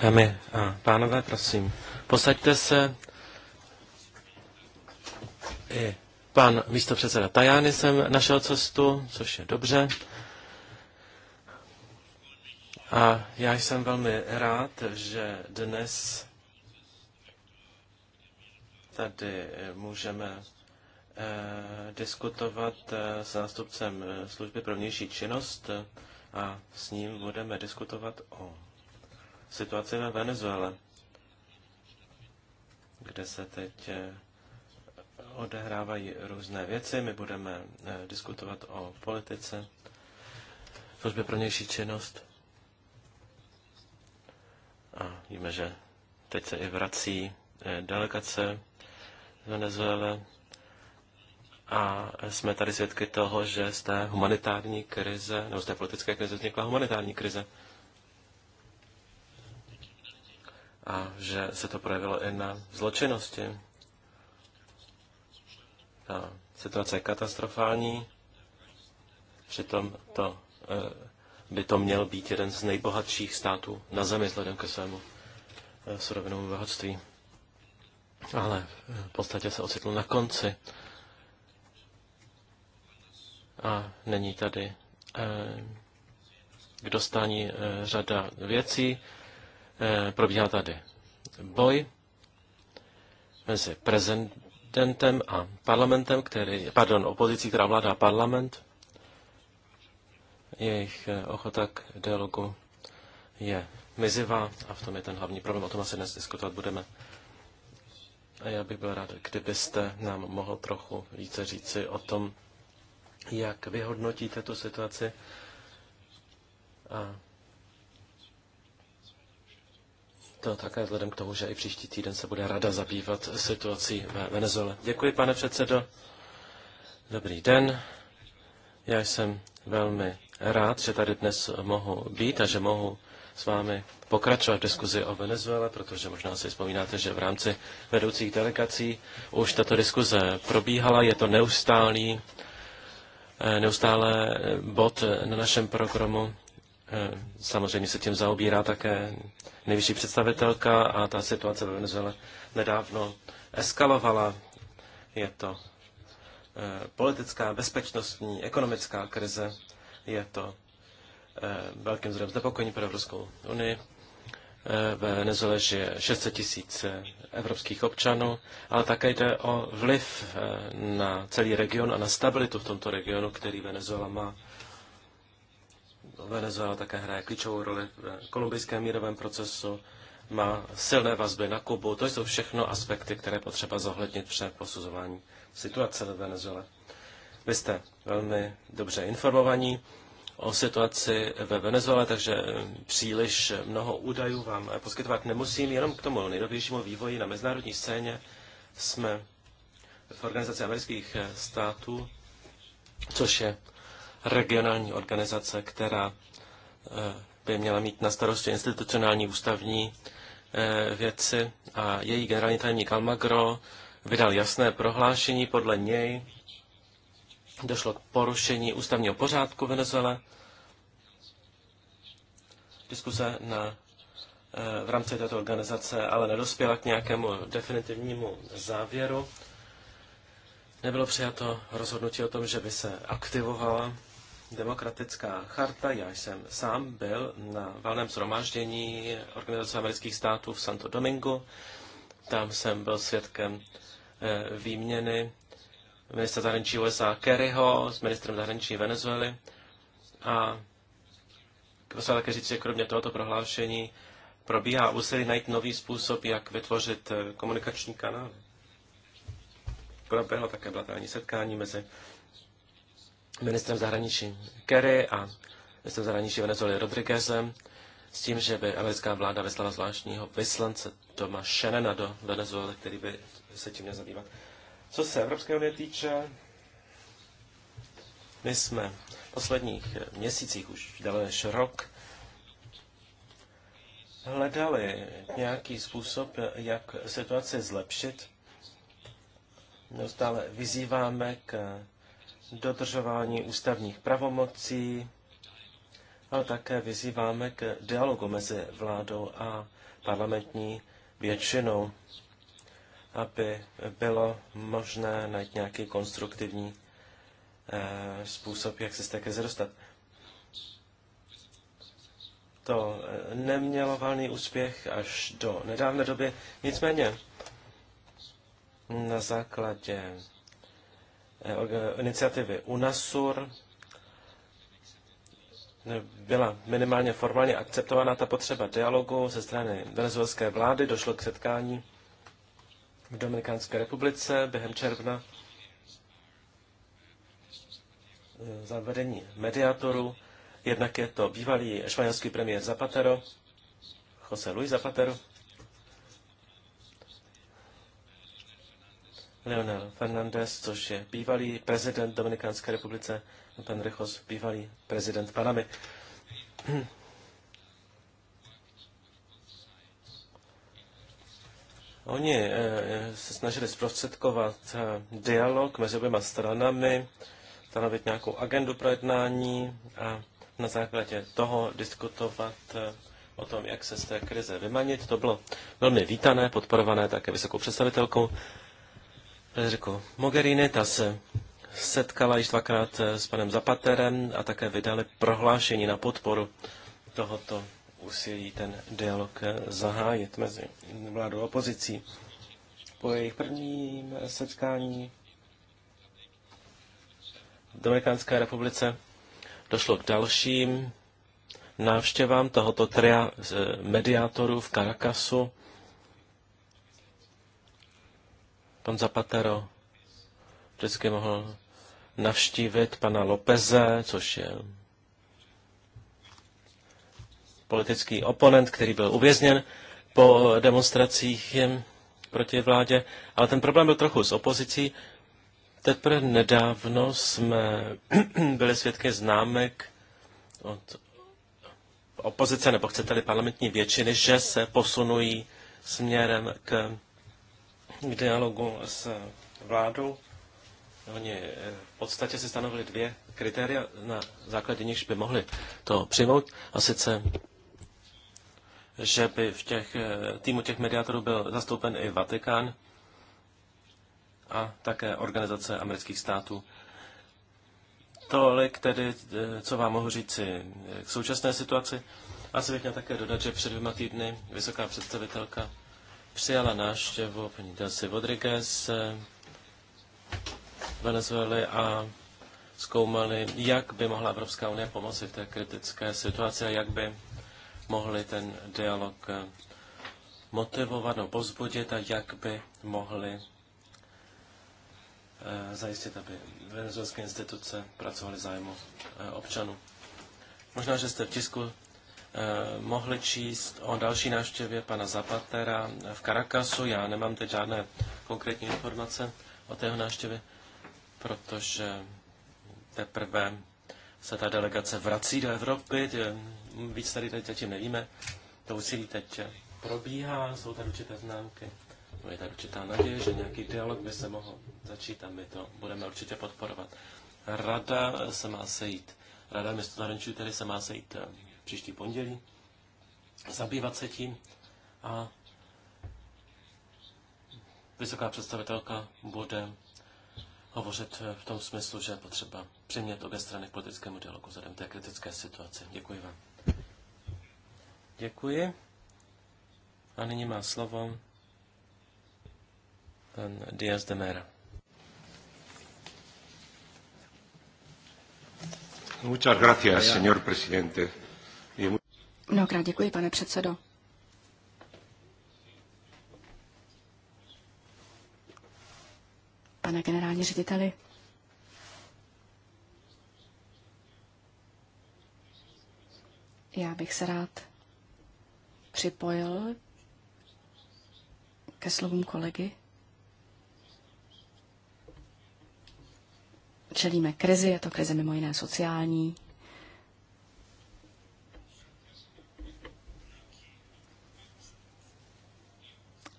Dámy a pánové, prosím, posaďte se. I pan místopředseda Tajány jsem našel cestu, což je dobře. A já jsem velmi rád, že dnes tady můžeme eh, diskutovat eh, s nástupcem eh, služby pro vnější činnost, eh, a s ním budeme diskutovat o situaci ve Venezuele, kde se teď eh, odehrávají různé věci. My budeme eh, diskutovat o politice, službě pro nější činnost. A víme, že teď se i vrací eh, delegace Venezuele. A jsme tady svědky toho, že z té humanitární krize, nebo z té politické krize vznikla humanitární krize. A že se to projevilo i na zločinnosti. Ta situace je katastrofální, přitom to eh, by to měl být jeden z nejbohatších států na zemi vzhledem ke svému eh, surovinovému bohatství. Ale v podstatě se ocitl na konci a není tady eh, k dostání eh, řada věcí. Eh, probíhá tady boj mezi prezidentem a parlamentem, který, pardon, opozicí, která vládá parlament. Jejich ochota k dialogu je mizivá a v tom je ten hlavní problém. O tom asi dnes diskutovat budeme. A já bych byl rád, kdybyste nám mohl trochu více říci o tom, jak vyhodnotíte tu situaci? A to také vzhledem k tomu, že i příští týden se bude rada zabývat situací ve Venezuele. Děkuji, pane předsedo. Dobrý den. Já jsem velmi rád, že tady dnes mohu být a že mohu s vámi pokračovat v diskuzi o Venezuele, protože možná si vzpomínáte, že v rámci vedoucích delegací už tato diskuze probíhala. Je to neustálý Eh, neustále eh, bod eh, na našem programu. Samozřejmě se tím zaobírá také nejvyšší představitelka a ta situace ve Venezuele nedávno eskalovala. Je to politická, bezpečnostní, ekonomická krize. Je to velkým zdrojem znepokojení pro Evropskou unii. Ve Venezuele žije 600 tisíc evropských občanů, ale také jde o vliv eh, na celý region a na stabilitu v tomto regionu, který Venezuela má. Venezuela také hraje klíčovou roli v kolumbijském mírovém procesu, má silné vazby na Kubu. To jsou všechno aspekty, které potřeba zohlednit při posuzování situace ve Venezuele. Vy jste velmi dobře informovaní o situaci ve Venezuele, takže eh, příliš mnoho údajů vám eh, poskytovat nemusím. Jenom k tomu nejnovějšímu vývoji na mezinárodní scéně jsme v Organizaci amerických eh, států, což je regionální organizace, která by měla mít na starosti institucionální ústavní věci a její generální tajemník Almagro vydal jasné prohlášení, podle něj došlo k porušení ústavního pořádku Venezuele. Diskuse na, eh, v rámci této organizace ale nedospěla k nějakému definitivnímu závěru. Nebylo přijato rozhodnutí o tom, že by se aktivovala demokratická charta. Já jsem sám byl na valném zhromáždění Organizace amerických států v Santo Domingo. Tam jsem byl svědkem eh, výměny ministra zahraničí USA Kerryho s ministrem zahraničí Venezuely. A musím také říct, že kromě tohoto prohlášení probíhá úsilí najít nový způsob, jak vytvořit eh, komunikační kanál. Proběhlo také bilaterální setkání mezi ministrem zahraničí Kerry a ministrem zahraničí Venezuely Rodriguezem s tím, že by americká vláda vyslala zvláštního vyslance Toma Shannona do Venezuely, který by se tím měl zabývat. Co se Evropské unie týče, my jsme v posledních měsících, už déle než rok, hledali nějaký způsob, jak situaci zlepšit. Neustále vyzýváme k dodržování ústavních pravomocí, ale také vyzýváme k dialogu mezi vládou a parlamentní většinou aby bylo možné najít nějaký konstruktivní eh, způsob, jak se z té krize dostat. To eh, nemělo valný úspěch až do nedávné doby, nicméně na základě eh, iniciativy UNASUR byla minimálně formálně akceptována ta potřeba dialogu ze strany venezuelské vlády, došlo k setkání v Dominikánské republice během června eh, zavedení mediátorů. Jednak je to bývalý španělský premiér Zapatero, José Luis Zapatero, Leonel Fernández, což je bývalý prezident Dominikánské republice, pan Rechos, bývalý prezident Panamy. Oni eh, se snažili zprostředkovat eh, dialog mezi oběma stranami, stanovit nějakou agendu pro jednání a na základě toho diskutovat eh, o tom, jak se z té krize vymanit. To bylo velmi vítané, podporované také vysokou představitelkou Federico Mogherini. Ta se setkala již dvakrát s panem Zapaterem a také vydali prohlášení na podporu tohoto usilí ten dialog eh, zahájit mezi vládou a opozicí. Po jejich prvním setkání v Dominikánské republice došlo k dalším návštěvám tohoto tria eh, mediátorů v Caracasu. Pan Zapatero vždycky mohl navštívit pana Lopeze, což je politický oponent, který byl uvězněn po demonstracích proti vládě, ale ten problém byl trochu s opozicí. Teprve nedávno jsme byli svědky známek od opozice, nebo chcete-li parlamentní většiny, že se posunují směrem k, k dialogu s vládou. Oni eh, v podstatě si stanovili dvě kritéria, na základě nichž by mohli to přijmout, a sice že by v těch, eh, týmu těch mediátorů byl zastoupen i Vatikán a také Organizace amerických států. Tolik tedy, eh, co vám mohu říci eh, k současné situaci. Asi bych měl také dodat, že před dvěma týdny vysoká představitelka přijala návštěvu paní Delcy Rodriguez Venezuely a zkoumali, jak by mohla Evropská unie pomoci v té kritické situaci a jak by mohli ten dialog eh, motivovat nebo pozbudit a jak by mohli eh, zajistit, aby venezuelské instituce pracovaly zájmu eh, občanů. Možná, že jste v tisku mohli číst o další návštěvě pana Zapatera v Caracasu. Já nemám teď žádné konkrétní informace o tého návštěvě, protože teprve se ta delegace vrací do Evropy víc tady teď zatím nevíme. To úsilí teď probíhá, jsou tady určité známky. No, je tady určitá naděje, že nějaký dialog by se mohl začít a my to budeme určitě podporovat. Rada se má sejít. Rada město zahraničí tedy se má sejít eh, příští pondělí, zabývat se tím a vysoká představitelka bude hovořit eh, v tom smyslu, že je potřeba přimět obě strany k politickému dialogu vzhledem té kritické situaci. Děkuji vám. Děkuji. A nyní má slovo pan Diaz de Mera. Muchas gracias, señor presidente. Mnohokrát děkuji, pane předsedo. Pane generální řediteli, já bych se rád připojil ke slovům kolegy. Čelíme krizi, je to krize mimo jiné sociální.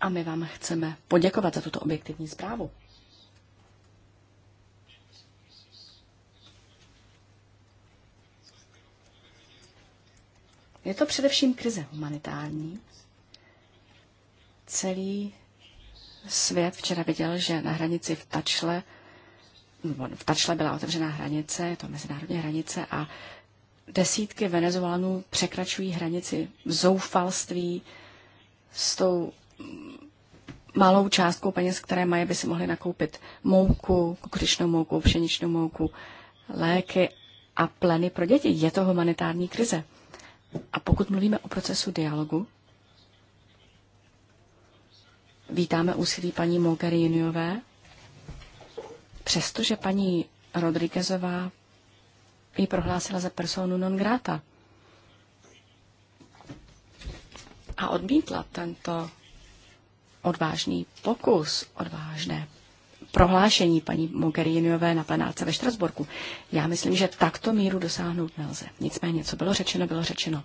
A my vám chceme poděkovat za tuto objektivní zprávu. Je to především krize humanitární. Celý svět včera viděl, že na hranici v Tačle, v Tačle byla otevřená hranice, je to mezinárodní hranice a desítky Venezuelanů překračují hranici v zoufalství s tou malou částkou peněz, které mají, by si mohli nakoupit mouku, kukuřičnou mouku, pšeničnou mouku, léky a pleny pro děti. Je to humanitární krize. A pokud mluvíme o procesu dialogu, vítáme úsilí paní Mogheriniové, přestože paní Rodriguezová ji prohlásila za personu non grata a odmítla tento odvážný pokus, odvážné prohlášení paní Mogheriniové na plenárce ve Štrasburku. Já myslím, že takto míru dosáhnout nelze. Nicméně, co bylo řečeno, bylo řečeno.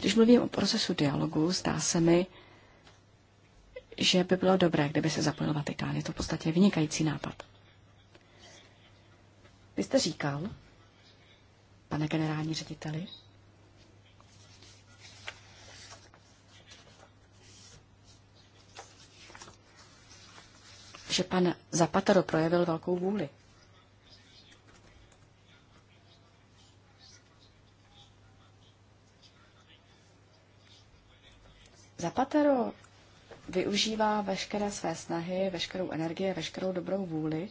Když mluvím o procesu dialogu, zdá se mi, že by bylo dobré, kdyby se zapojil Vatikán. Je to v podstatě vynikající nápad. Vy jste říkal, pane generální řediteli, že pan Zapatero projevil velkou vůli. Zapatero využívá veškeré své snahy, veškerou energii, veškerou dobrou vůli.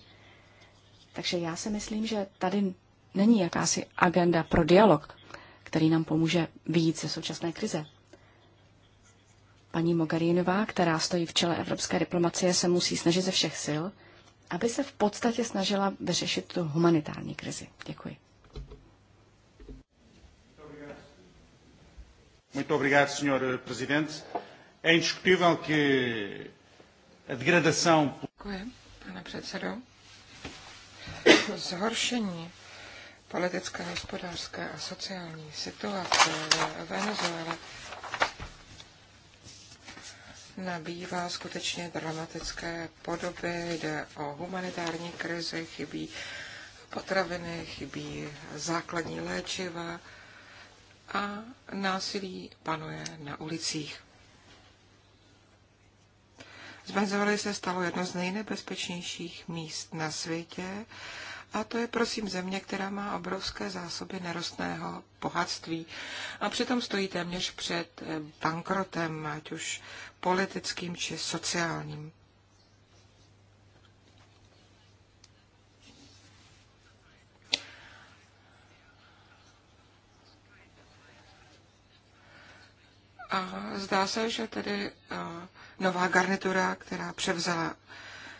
Takže já si myslím, že tady není jakási agenda pro dialog, který nám pomůže vyjít ze současné krize. Paní Mogarinová, která stojí v čele evropské diplomacie, se musí snažit ze všech sil, aby se v podstatě snažila vyřešit tu humanitární krizi. Děkuji. Muito obrigado, Sr. Presidente. É indiscutível que a degradação. Děkuji, pane předsedo. Zhoršení politické, hospodářské a sociální situace v Venezuele nabývá skutečně dramatické podoby, jde o humanitární krizi, chybí potraviny, chybí základní léčiva a násilí panuje na ulicích. Zbenzoli se stalo jedno z nejnebezpečnějších míst na světě a to je prosím země, která má obrovské zásoby nerostného bohatství a přitom stojí téměř před eh, bankrotem, ať už politickým či sociálním. A zdá se, že tedy eh, nová garnitura, která převzala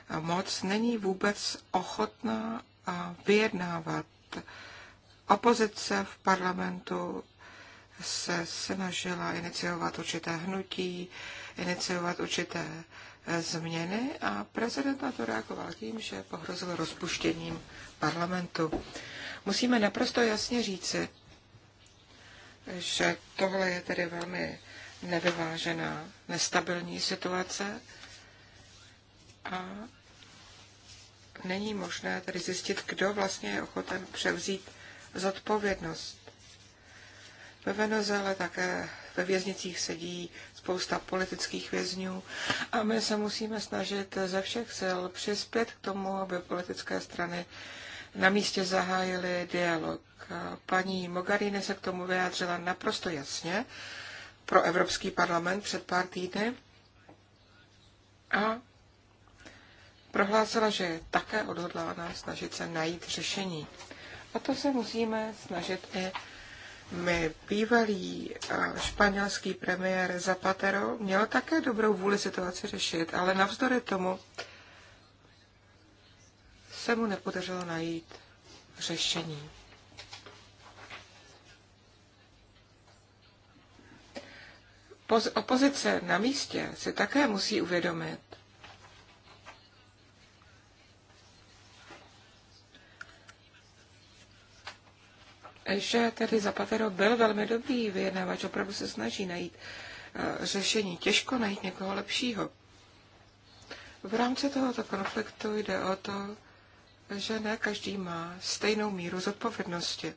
eh, moc, není vůbec ochotná a vyjednávat. Opozice v parlamentu se snažila iniciovat určité hnutí, iniciovat určité eh, změny a prezident na to reagoval tím, že pohrozil rozpuštěním parlamentu. Musíme naprosto jasně říci, že tohle je tedy velmi nevyvážená, nestabilní situace a není možné tedy zjistit, kdo vlastně je ochoten převzít zodpovědnost. Ve Venezuele také ve věznicích sedí spousta politických vězňů a my se musíme snažit ze všech sil přispět k tomu, aby politické strany na místě zahájily dialog. Paní Mogarine se k tomu vyjádřila naprosto jasně pro Evropský parlament před pár týdny a prohlásila, že je také odhodlána snažit se najít řešení. A to se musíme snažit i my. Bývalý eh, španělský premiér Zapatero měl také dobrou vůli situaci řešit, ale navzdory tomu se mu nepodařilo najít řešení. Opozice na místě si také musí uvědomit, že tedy Zapatero byl velmi dobrý vyjednávač, opravdu se snaží najít eh, řešení. Těžko najít někoho lepšího. V rámci tohoto konfliktu jde o to, že ne každý má stejnou míru zodpovědnosti.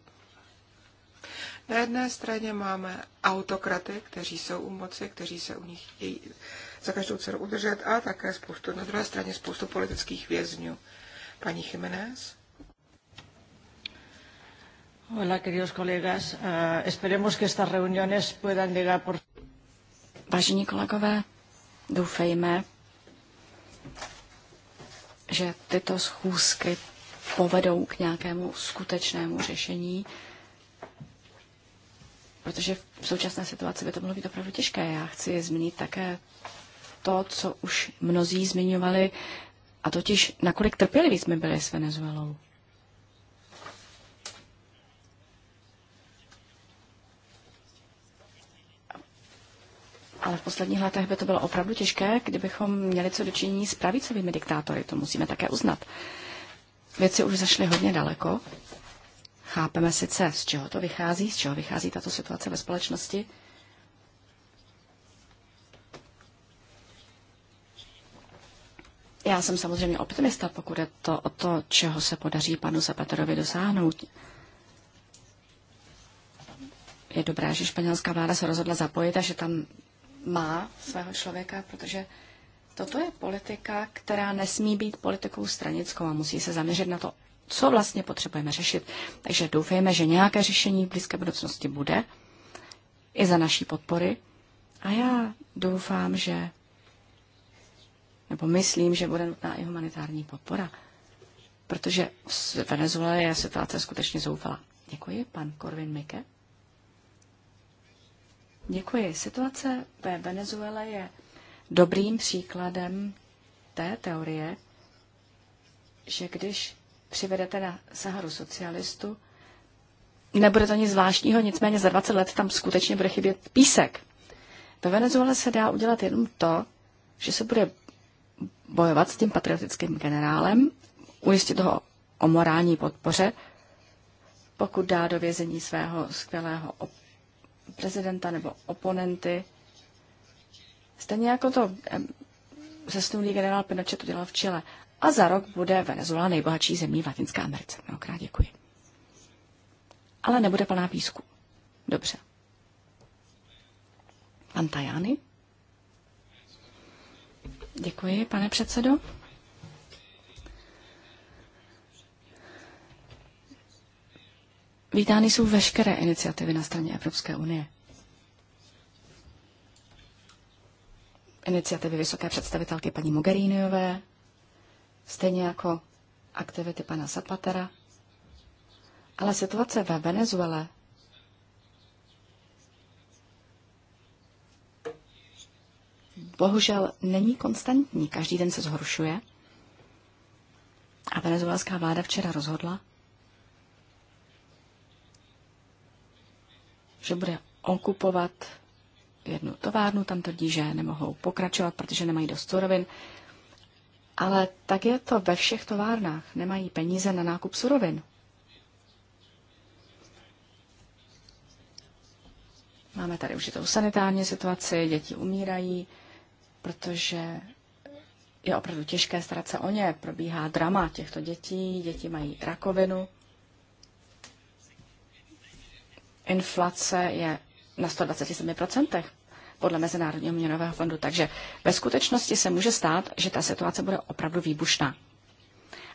Na jedné straně máme autokraty, kteří jsou u moci, kteří se u nich chtějí za každou cenu udržet, a také spoustu, na druhé straně spoustu politických vězňů. Paní Jiménez Hola, queridos colegas. Uh, esperemos que estas reuniones puedan llegar por... Vážení kolegové, doufejme, že tyto schůzky povedou k nějakému skutečnému řešení, protože v současné situaci by to bylo být opravdu těžké. Já chci zmínit také to, co už mnozí zmiňovali, a totiž nakolik trpěliví jsme byli s Venezuelou. Ale v posledních letech by to bylo opravdu těžké, kdybychom měli co dočinění s pravicovými diktátory. To musíme také uznat. Věci už zašly hodně daleko. Chápeme sice, z čeho to vychází, z čeho vychází tato situace ve společnosti. Já jsem samozřejmě optimista, pokud je to o to, čeho se podaří panu Zapaterovi dosáhnout. Je dobré, že španělská vláda se rozhodla zapojit a že tam má svého člověka, protože toto je politika, která nesmí být politikou stranickou a musí se zaměřit na to, co vlastně potřebujeme řešit. Takže doufejme, že nějaké řešení v blízké budoucnosti bude i za naší podpory. A já doufám, že, nebo myslím, že bude nutná i humanitární podpora, protože v Venezuele je situace skutečně zoufalá. Děkuji, pan Korvin Mike. Děkuji. Situace ve Venezuele je dobrým příkladem té teorie, že když přivedete na Saharu socialistu, nebude to nic zvláštního, nicméně za 20 let tam skutečně bude chybět písek. Ve Venezuele se dá udělat jenom to, že se bude bojovat s tím patriotickým generálem, ujistit ho o morální podpoře, pokud dá do vězení svého skvělého prezidenta nebo oponenty. Stejně jako to zesnulý generál Pinochet udělal v Chile. A za rok bude Venezuela nejbohatší zemí v Latinské Americe. Mnohokrát děkuji. Ale nebude plná písku. Dobře. Pan Tajany? Děkuji, pane předsedo. vítány jsou veškeré iniciativy na straně Evropské unie. Iniciativy vysoké představitelky paní Mogherinové, stejně jako aktivity pana Zapatera. Ale situace ve Venezuele bohužel není konstantní. Každý den se zhoršuje. A venezuelská vláda včera rozhodla, že bude okupovat jednu továrnu, tam tvrdí, že nemohou pokračovat, protože nemají dost surovin. Ale tak je to ve všech továrnách. Nemají peníze na nákup surovin. Máme tady určitou sanitární situaci, děti umírají, protože je opravdu těžké starat se o ně. Probíhá drama těchto dětí, děti mají rakovinu. inflace je na 127%, podle Mezinárodního měnového fondu. Takže ve skutečnosti se může stát, že ta situace bude opravdu výbušná.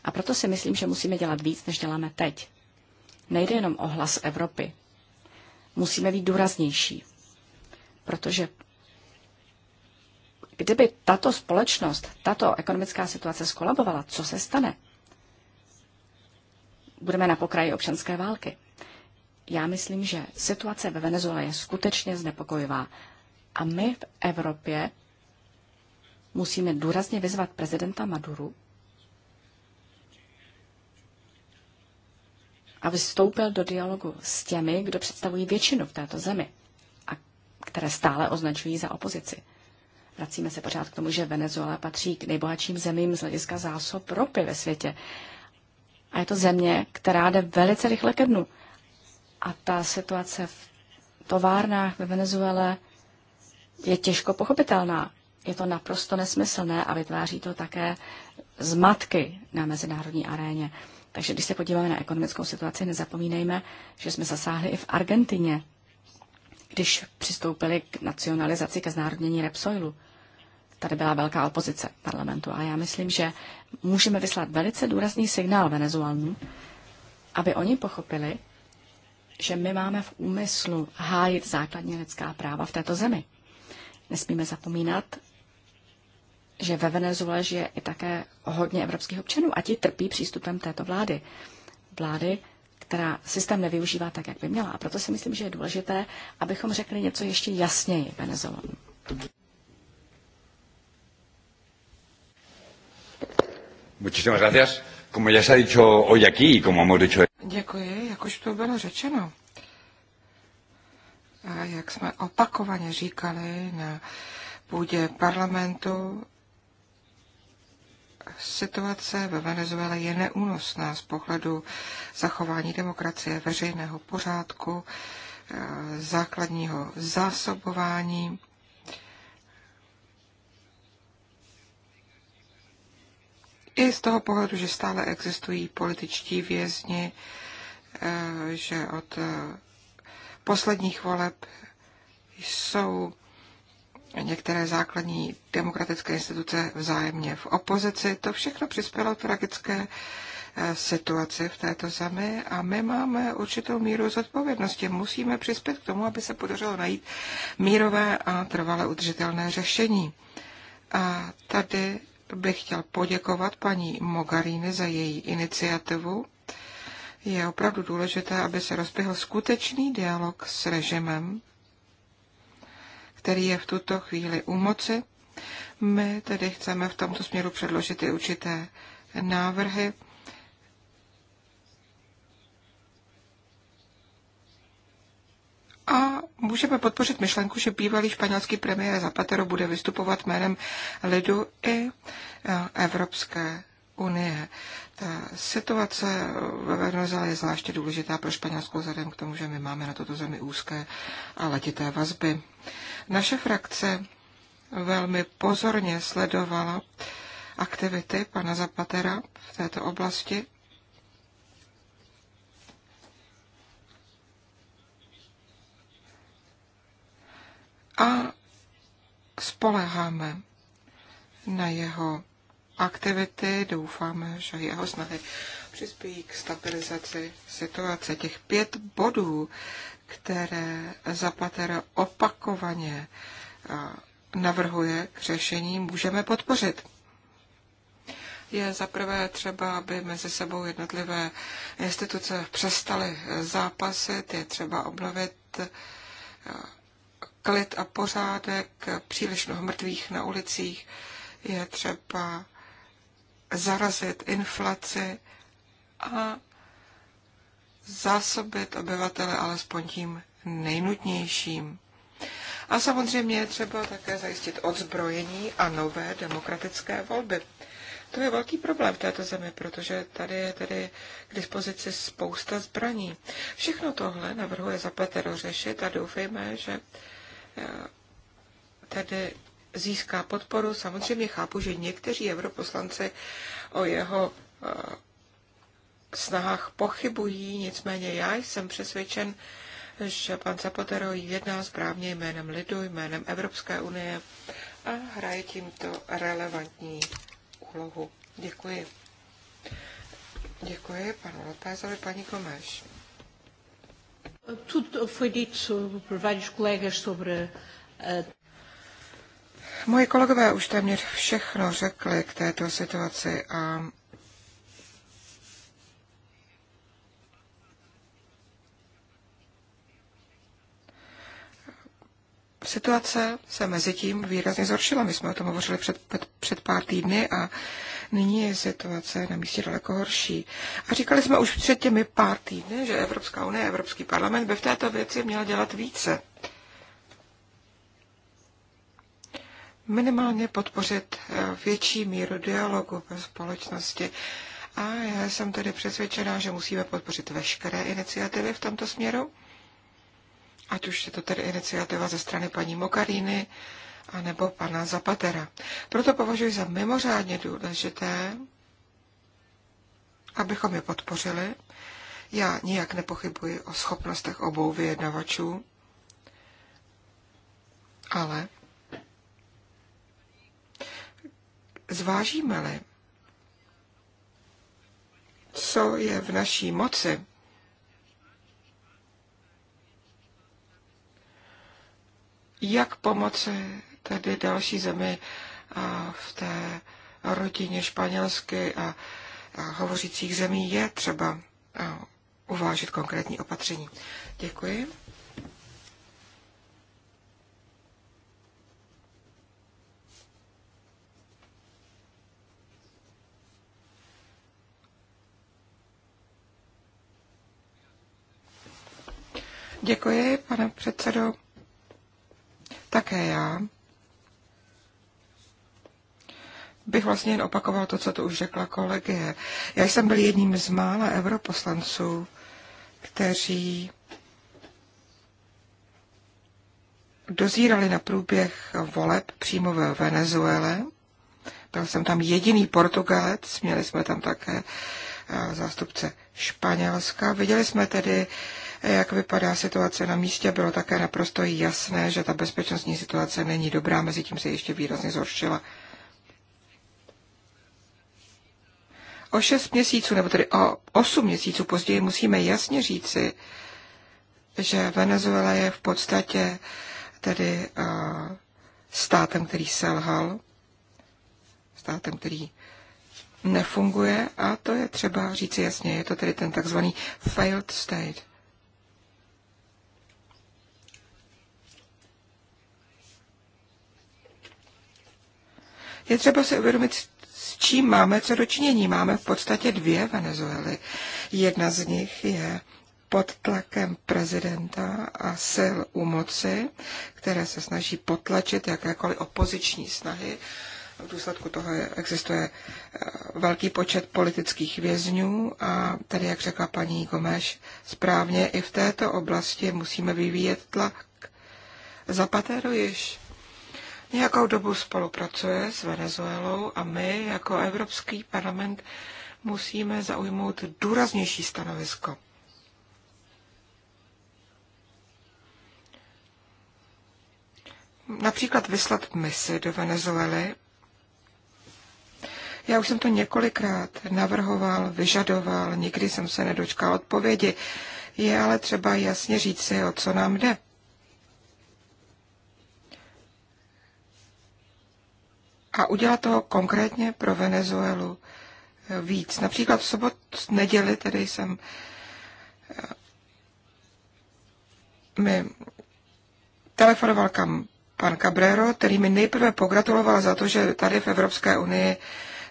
A proto si myslím, že musíme dělat víc, než děláme teď. Nejde jenom o hlas Evropy. Musíme být důraznější. Protože kdyby tato společnost, tato ekonomická situace skolabovala, co se stane? Budeme na pokraji občanské války. Já myslím, že situace ve Venezuele je skutečně znepokojivá. A my v Evropě musíme důrazně vyzvat prezidenta Maduru, aby vstoupil do dialogu s těmi, kdo představují většinu v této zemi a které stále označují za opozici. Vracíme se pořád k tomu, že Venezuela patří k nejbohatším zemím z hlediska zásob ropy ve světě. A je to země, která jde velice rychle ke dnu. A ta situace v továrnách ve Venezuele je těžko pochopitelná. Je to naprosto nesmyslné a vytváří to také zmatky na mezinárodní aréně. Takže když se podíváme na ekonomickou situaci, nezapomínejme, že jsme zasáhli i v Argentině, když přistoupili k nacionalizaci, ke znárodnění Repsoilu. Tady byla velká opozice parlamentu a já myslím, že můžeme vyslat velice důrazný signál Venezuelům, aby oni pochopili, že my máme v úmyslu hájit základní lidská práva v této zemi. Nesmíme zapomínat, že ve Venezuele žije i také hodně evropských občanů a ti trpí přístupem této vlády. Vlády, která systém nevyužívá tak, jak by měla. A proto si myslím, že je důležité, abychom řekli něco ještě jasněji Venezuelanům. Muchísimas gracias como ya se ha dicho hoy aquí y como hemos dicho... Děkuji, jak už to bylo řečeno. A jak jsme opakovaně říkali na půdě parlamentu, situace ve Venezuele je neúnosná z pohledu zachování demokracie, veřejného pořádku, eh, základního zásobování I z toho pohledu, že stále existují političtí vězni, eh, že od eh, posledních voleb jsou některé základní demokratické instituce vzájemně v opozici. To všechno přispělo k tragické eh, situaci v této zemi a my máme určitou míru zodpovědnosti. Musíme přispět k tomu, aby se podařilo najít mírové a trvale udržitelné řešení. A tady bych chtěl poděkovat paní Mogarini za její iniciativu. Je opravdu důležité, aby se rozběhl skutečný dialog s režimem, který je v tuto chvíli u moci. My tedy chceme v tomto směru předložit i určité návrhy. a můžeme podpořit myšlenku, že bývalý španělský premiér Zapatero bude vystupovat jménem lidu i eh, Evropské unie. Ta situace ve Venezuele je zvláště důležitá pro Španělskou vzhledem k tomu, že my máme na toto zemi úzké a letité vazby. Naše frakce velmi pozorně sledovala aktivity pana Zapatera v této oblasti a spoleháme na jeho aktivity. Doufáme, že jeho snahy přispějí k stabilizaci situace. Těch pět bodů, které Zapatero opakovaně navrhuje k řešení, můžeme podpořit. Je zaprvé třeba, aby mezi sebou jednotlivé instituce přestaly zápasit, je třeba obnovit klid a pořádek, příliš mnoho mrtvých na ulicích, je třeba zarazit inflaci a zásobit obyvatele alespoň tím nejnutnějším. A samozřejmě je třeba také zajistit odzbrojení a nové demokratické volby. To je velký problém v této zemi, protože tady je tedy k dispozici spousta zbraní. Všechno tohle navrhuje Zapatero řešit a doufejme, že Eh, tedy získá podporu. Samozřejmě chápu, že někteří europoslanci o jeho eh, snahách pochybují, nicméně já jsem přesvědčen, že pan Zapatero jedná správně jménem lidu, jménem Evropské unie a hraje tímto relevantní úlohu. Děkuji. Děkuji panu Lopézovi, paní Komáš. Tudo foi dito por vários colegas sobre Moji kolegové už téměř všechno řekli k této situaci a Situace se mezi tím výrazně zhoršila. My jsme o tom hovořili před, před, před pár týdny a Nyní je situace na místě daleko horší. A říkali jsme už před těmi pár týdny, že Evropská unie, Evropský parlament by v této věci měla dělat více. Minimálně podpořit eh, větší míru dialogu ve společnosti. A já jsem tedy přesvědčená, že musíme podpořit veškeré iniciativy v tomto směru. Ať už je to tedy iniciativa ze strany paní Mokaríny, anebo pana Zapatera. Proto považuji za mimořádně důležité, abychom je podpořili. Já nijak nepochybuji o schopnostech obou vyjednavačů, ale zvážíme-li, co je v naší moci, jak pomoci tedy další zemi v té rodině španělsky a hovořících zemí je třeba uvážit konkrétní opatření. Děkuji. Děkuji, pane předsedo. Také já bych vlastně jen opakoval to, co tu už řekla kolegie. Já jsem byl jedním z mála europoslanců, kteří dozírali na průběh voleb přímo ve Venezuele. Byl jsem tam jediný Portugalec, měli jsme tam také eh, zástupce Španělska. Viděli jsme tedy, jak vypadá situace na místě. Bylo také naprosto jasné, že ta bezpečnostní situace není dobrá, mezi tím se ještě výrazně zhoršila. O šest měsíců, nebo tedy o osm měsíců později musíme jasně říci, že Venezuela je v podstatě tedy eh, státem, který selhal, státem, který nefunguje a to je třeba říci jasně, je to tedy ten takzvaný failed state. Je třeba si uvědomit s čím máme co dočinění. Máme v podstatě dvě Venezuely. Jedna z nich je pod tlakem prezidenta a sil u moci, které se snaží potlačit jakékoliv opoziční snahy. V důsledku toho existuje eh, velký počet politických vězňů a tady, jak řekla paní Gomeš, správně i v této oblasti musíme vyvíjet tlak. Zapatero již nějakou dobu spolupracuje s Venezuelou a my jako Evropský parlament musíme zaujmout důraznější stanovisko. Například vyslat misi do Venezuely. Já už jsem to několikrát navrhoval, vyžadoval, nikdy jsem se nedočkal odpovědi. Je ale třeba jasně říci, o co nám jde. a udělat toho konkrétně pro Venezuelu eh, víc. Například v sobot, neděli, tedy jsem eh, mi telefonoval kam pan Cabrero, který mi nejprve pogratuloval za to, že tady v Evropské unii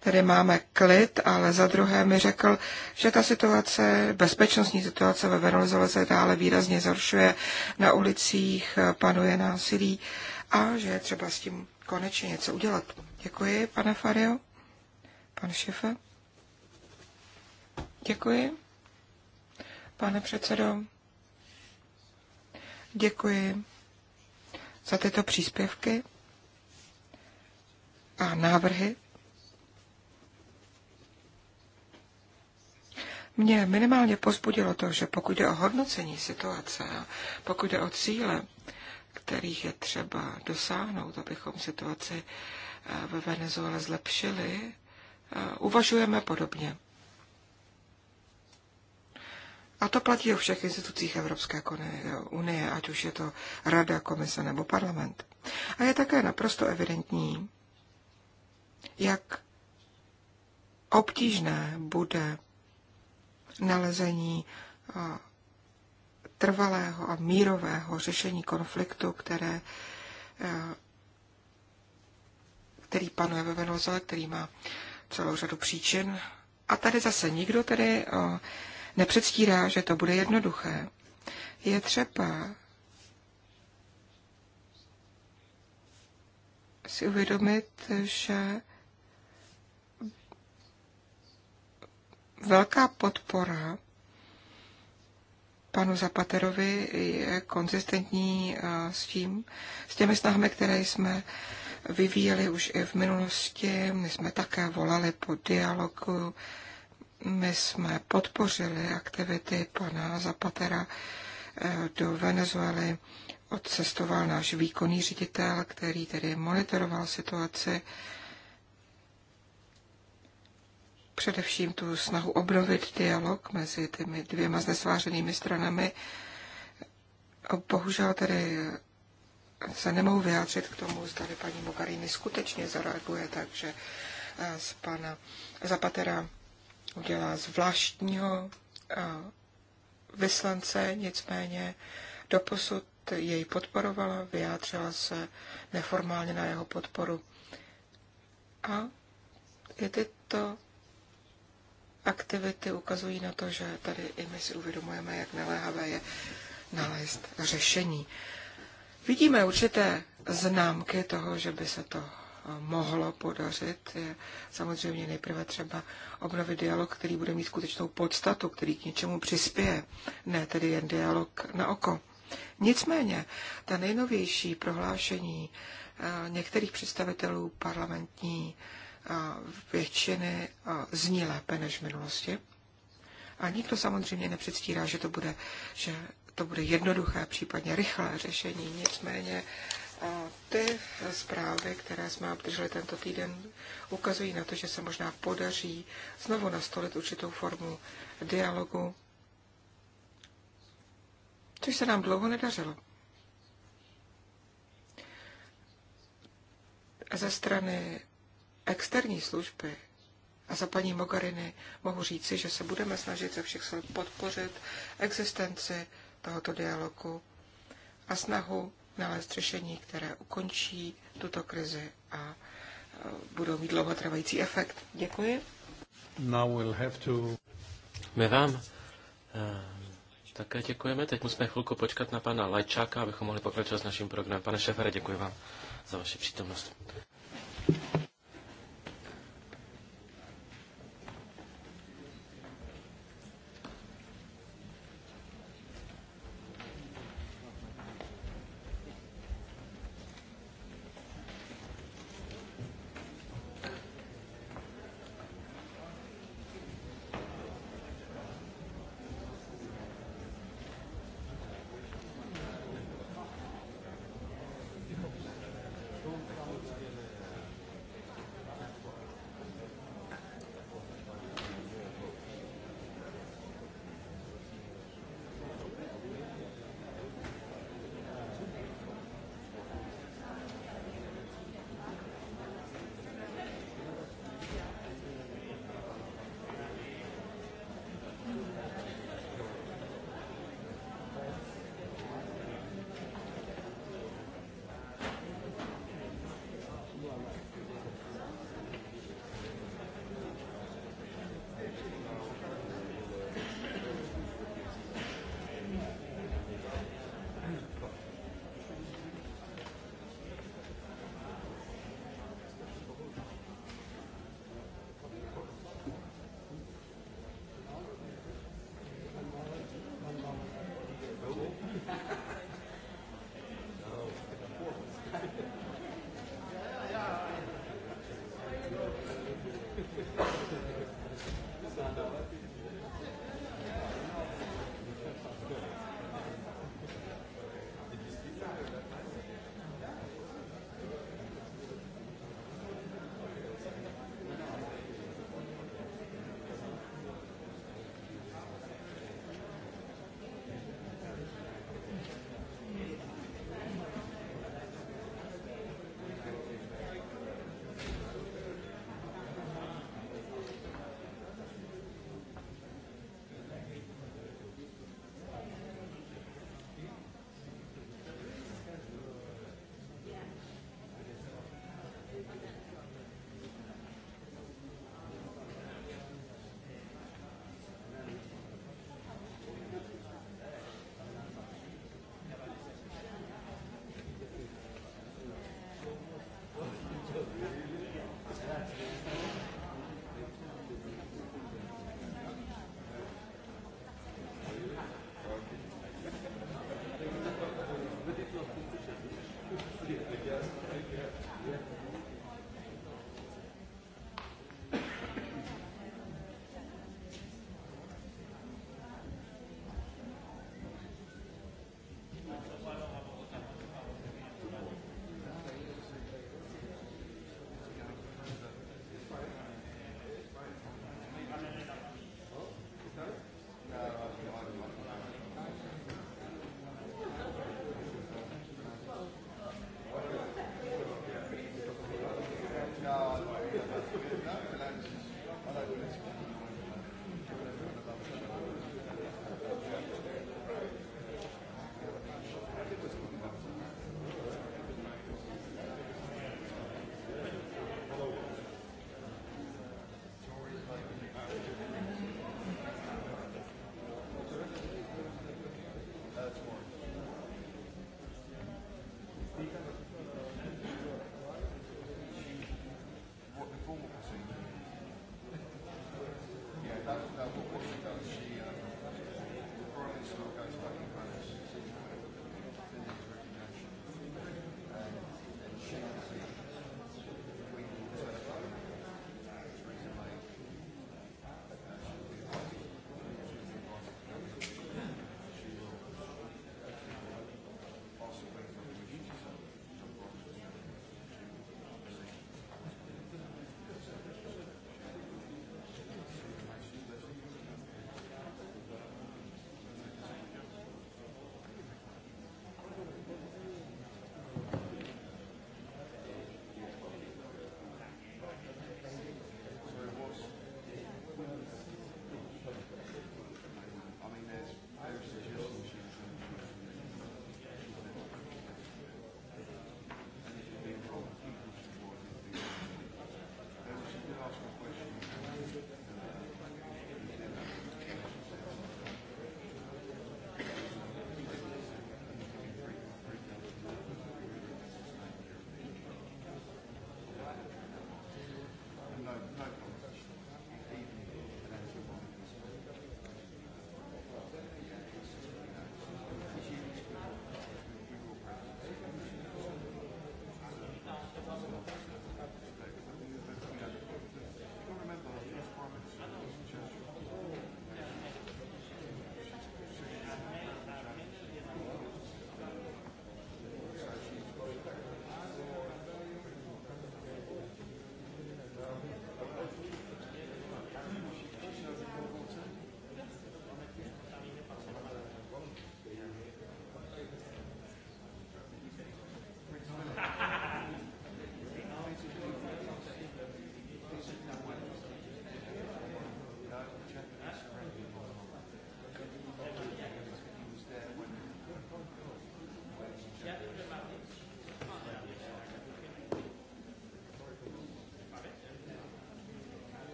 tedy máme klid, ale za druhé mi řekl, že ta situace, bezpečnostní situace ve Venezuele se dále výrazně zhoršuje, na ulicích eh, panuje násilí a že je třeba s tím konečně něco udělat. Děkuji, pane Fario. Pan šefe. Děkuji. Pane předsedo. Děkuji za tyto příspěvky a návrhy. Mě minimálně pozbudilo to, že pokud jde o hodnocení situace a pokud jde o cíle, kterých je třeba dosáhnout, abychom situaci ve Venezuele zlepšily, eh, uvažujeme podobně. A to platí o všech institucích Evropské unie, ať už je to Rada, Komise nebo Parlament. A je také naprosto evidentní, jak obtížné bude nalezení eh, trvalého a mírového řešení konfliktu, které eh, který panuje ve Venezuele, který má celou řadu příčin. A tady zase nikdo tedy nepředstírá, že to bude jednoduché. Je třeba si uvědomit, že velká podpora panu Zapaterovi je konzistentní s tím, s těmi snahami, které jsme vyvíjeli už i v minulosti. My jsme také volali po dialogu, my jsme podpořili aktivity pana Zapatera eh, do Venezuely. Odcestoval náš výkonný ředitel, který tedy monitoroval situaci. Především tu snahu obnovit dialog mezi těmi dvěma znesvářenými stranami. Bohužel tedy se nemohu vyjádřit k tomu, zda paní Mogarini skutečně zareaguje, takže eh, z pana Zapatera udělá zvláštního eh, vyslance, nicméně doposud jej podporovala, vyjádřila se neformálně na jeho podporu. A i tyto aktivity ukazují na to, že tady i my si uvědomujeme, jak naléhavé je nalézt řešení. Vidíme určité známky toho, že by se to eh, mohlo podařit, je samozřejmě nejprve třeba obnovit dialog, který bude mít skutečnou podstatu, který k něčemu přispěje, ne tedy jen dialog na oko. Nicméně, ta nejnovější prohlášení eh, některých představitelů parlamentní eh, většiny zní lépe než v minulosti. A nikdo samozřejmě nepředstírá, že to bude, že to bude jednoduché, případně rychlé řešení. Nicméně ty zprávy, které jsme obdrželi tento týden, ukazují na to, že se možná podaří znovu nastolit určitou formu dialogu, což se nám dlouho nedařilo. Ze strany externí služby a za paní Mogariny mohu říci, že se budeme snažit ze všech sil podpořit existenci tohoto dialogu a snahu nalézt řešení, které ukončí tuto krizi a e, budou mít dlouhotrvající efekt. Děkuji. Now we'll have to... My vám uh, také děkujeme. Teď musíme chvilku počkat na pana Lajčáka, abychom mohli pokračovat s naším programem. Pane šéfere, děkuji vám za vaši přítomnost.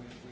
Děkuji.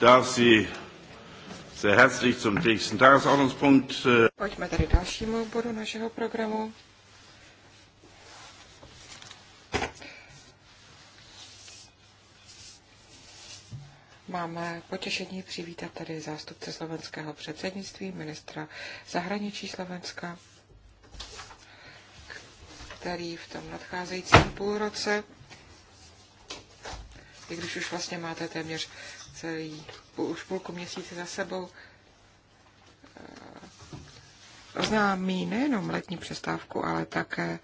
darf Sie sehr herzlich zum nächsten Tagesordnungspunkt. Äh, Pojďme tedy dalšímu bodu našeho programu. Máme potěšení přivítat tady zástupce slovenského předsednictví, ministra zahraničí Slovenska, který v tom nadcházejícím půlroce, i když už vlastně máte téměř celý už půlku měsíce za sebou eh, oznámí nejenom letní přestávku, ale také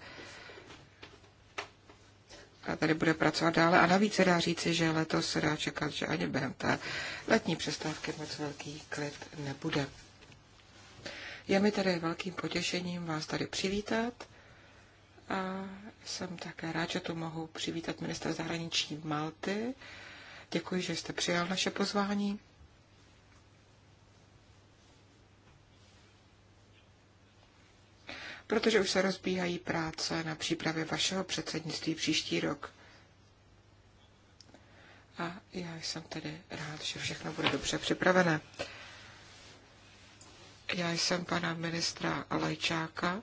a tady bude pracovat dále. A navíc se dá říci, že letos se dá čekat, že ani během té letní přestávky moc velký klid nebude. Je mi tedy velkým potěšením vás tady přivítat a jsem také rád, že tu mohu přivítat ministra zahraničí Malty, Děkuji, že jste přijal naše pozvání. Protože už se rozbíhají práce na přípravě vašeho předsednictví příští rok. A já jsem tedy rád, že všechno bude dobře připravené. Já jsem pana ministra Lajčáka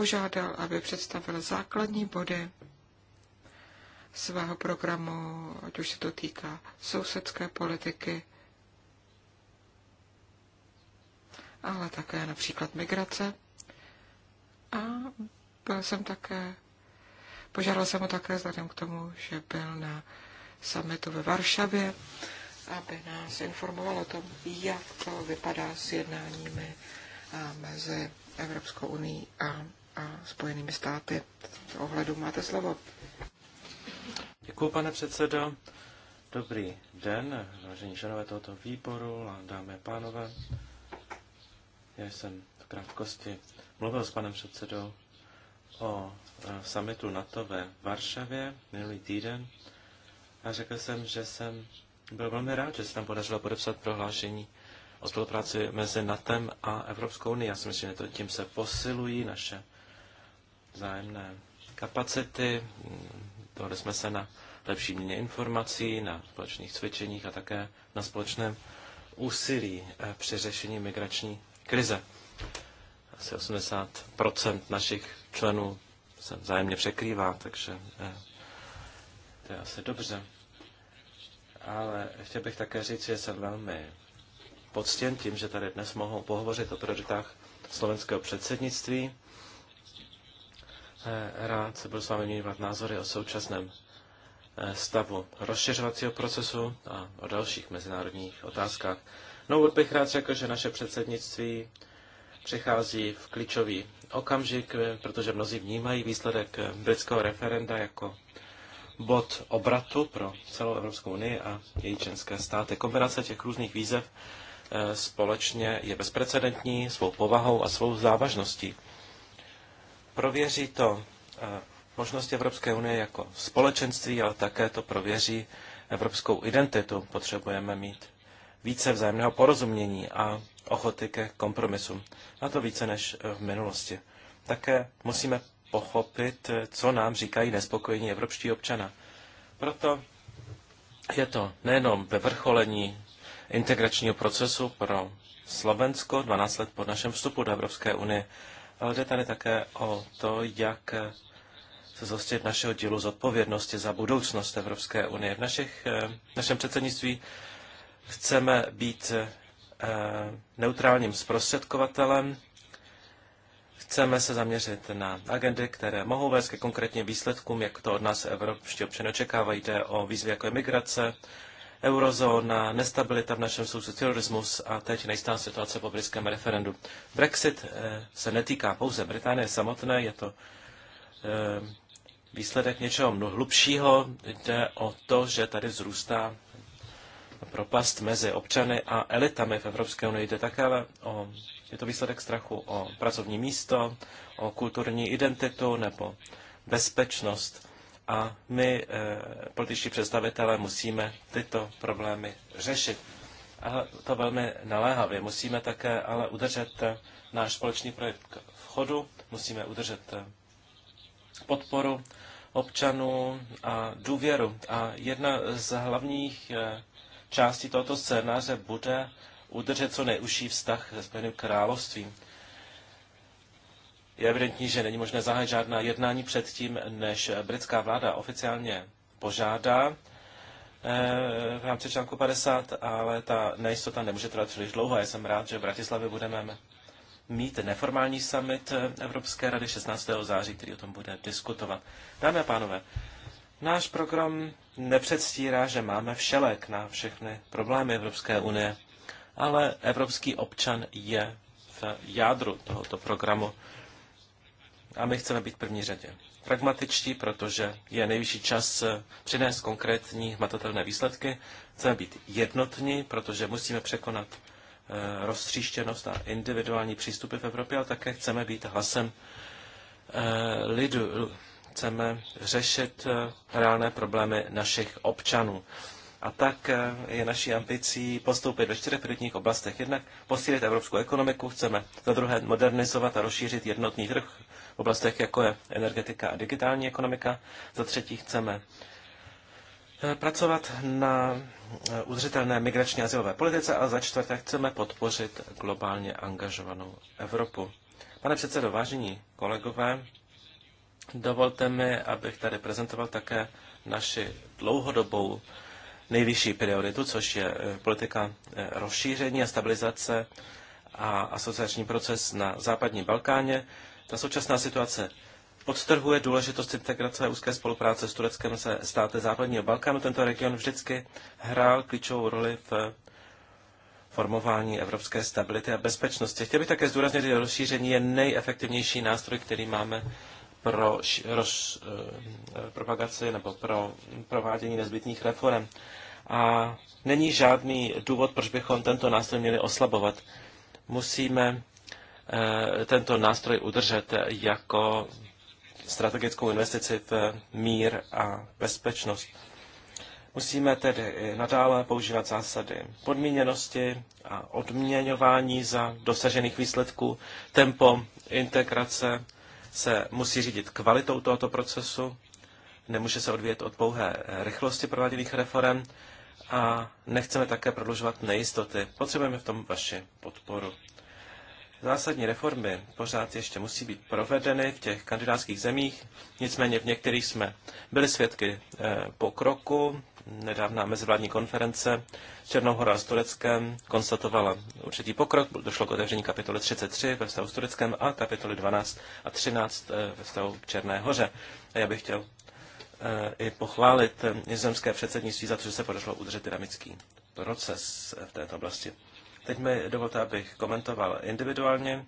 požádal, aby představil základní body svého programu, ať už se to týká sousedské politiky, ale také například migrace. A byl jsem také, požádal jsem ho také vzhledem k tomu, že byl na summitu ve Varšavě, aby nás informoval o tom, jak to vypadá s jednáními mezi Evropskou unii a a Spojenými státy. V ohledu máte slovo. Děkuji, pane předsedo. Dobrý den, vážení členové tohoto výboru a dámy a pánové. Já jsem v krátkosti mluvil s panem předsedou o e, summitu NATO ve Varšavě minulý týden a řekl jsem, že jsem byl velmi rád, že se tam podařilo podepsat prohlášení o spolupráci mezi NATO a Evropskou unii. Já si myslím, že to tím se posilují naše vzájemné kapacity. Dohodli jsme se na lepší měně informací, na společných cvičeních a také na společném úsilí eh, při řešení migrační krize. Asi 80 našich členů se vzájemně překrývá, takže eh, to je asi dobře. Ale chtěl bych také říct, že jsem velmi poctěn tím, že tady dnes mohou pohovořit o prioritách slovenského předsednictví Eh, rád se budu s vámi měnit názory o současném eh, stavu rozšiřovacího procesu a o dalších mezinárodních otázkách. No, bych rád řekl, že naše předsednictví přichází v klíčový okamžik, eh, protože mnozí vnímají výsledek britského referenda jako bod obratu pro celou Evropskou unii a její členské státy. Kombinace těch různých výzev společně je bezprecedentní svou povahou a svou závažností. Prověří to eh, možnosti Evropské unie jako společenství, ale také to prověří evropskou identitu. Potřebujeme mít více vzájemného porozumění a ochoty ke kompromisu. A to více než eh, v minulosti. Také musíme pochopit, eh, co nám říkají nespokojení evropští občana. Proto je to nejenom ve vrcholení integračního procesu pro Slovensko 12 let po našem vstupu do Evropské unie, ale jde tady také o to, jak se zhostit našeho dílu zodpovědnosti za budoucnost Evropské unie. V, našich, eh, v našem předsednictví chceme být eh, neutrálním zprostředkovatelem, chceme se zaměřit na agendy, které mohou vést ke konkrétním výsledkům, jak to od nás evropští občané očekávají. Jde o výzvy jako emigrace eurozóna, nestabilita v našem sousedství, terorismus a teď nejistá situace po britském referendu. Brexit eh, se netýká pouze Británie samotné, je to eh, výsledek něčeho mnoho hlubšího. Jde o to, že tady vzrůstá propast mezi občany a elitami v Evropské unii. Jde také o, je to výsledek strachu o pracovní místo, o kulturní identitu nebo bezpečnost a my, eh, političtí představitelé, musíme tyto problémy řešit. A to velmi naléhavě. Musíme také ale udržet eh, náš společný projekt v chodu, musíme udržet eh, podporu občanů a důvěru. A jedna z hlavních částí tohoto scénáře bude udržet co nejužší vztah se Spojeným královstvím. Je evidentní, že není možné zahájit žádná jednání předtím, než britská vláda oficiálně požádá eh, v rámci článku 50, ale ta nejistota nemůže trvat příliš dlouho. Já jsem rád, že v Bratislavě budeme mít neformální summit Evropské rady 16. září, který o tom bude diskutovat. Dámy a pánové, náš program nepředstírá, že máme všelek na všechny problémy Evropské unie, ale evropský občan je v jádru tohoto programu. A my chceme být v první řadě pragmatičtí, protože je nejvyšší čas eh, přinést konkrétní hmatatelné výsledky. Chceme být jednotní, protože musíme překonat eh, roztříštěnost a individuální přístupy v Evropě, ale také chceme být hlasem eh, lidu. Chceme řešit reálné problémy našich občanů. A tak je naší ambicí postoupit ve čtyřech prioritních oblastech. Jednak posílit evropskou ekonomiku, chceme za druhé modernizovat a rozšířit jednotný trh oblastech, jako je energetika a digitální ekonomika. Za třetí chceme eh, pracovat na eh, udržitelné migrační azylové politice a za čtvrté chceme podpořit globálně angažovanou Evropu. Pane předsedo, vážení kolegové, dovolte mi, abych tady prezentoval také naši dlouhodobou nejvyšší prioritu, což je eh, politika rozšíření a stabilizace a asociační proces na západní Balkáně. Ta současná situace podtrhuje důležitost integrace a úzké spolupráce s Tureckem se státy západního Balkánu. Tento region vždycky hrál klíčovou roli v formování evropské stability a bezpečnosti. Chtěl bych také zdůraznit, že rozšíření je nejefektivnější nástroj, který máme pro roz, eh, propagaci nebo pro provádění nezbytných reform. A není žádný důvod, proč bychom tento nástroj měli oslabovat. Musíme Eh, tento nástroj udržet jako strategickou investici v mír a bezpečnost. Musíme tedy nadále používat zásady podmíněnosti a odměňování za dosažených výsledků. Tempo integrace se musí řídit kvalitou tohoto procesu, nemůže se odvíjet od pouhé rychlosti prováděných reform a nechceme také prodlužovat nejistoty. Potřebujeme v tom vaši podporu. Zásadní reformy pořád ještě musí být provedeny v těch kandidátských zemích, nicméně v některých jsme byli svědky eh, pokroku. Nedávná mezivládní konference Černohora s Tureckem konstatovala určitý pokrok. Došlo k otevření kapitoly 33 ve vztahu s Tureckem a kapitoly 12 a 13 eh, ve vztahu k Černé hoře. A já bych chtěl eh, i pochválit nizozemské předsednictví za to, že se podařilo udržet dynamický proces v této oblasti. Teď mi dovolte, abych komentoval individuálně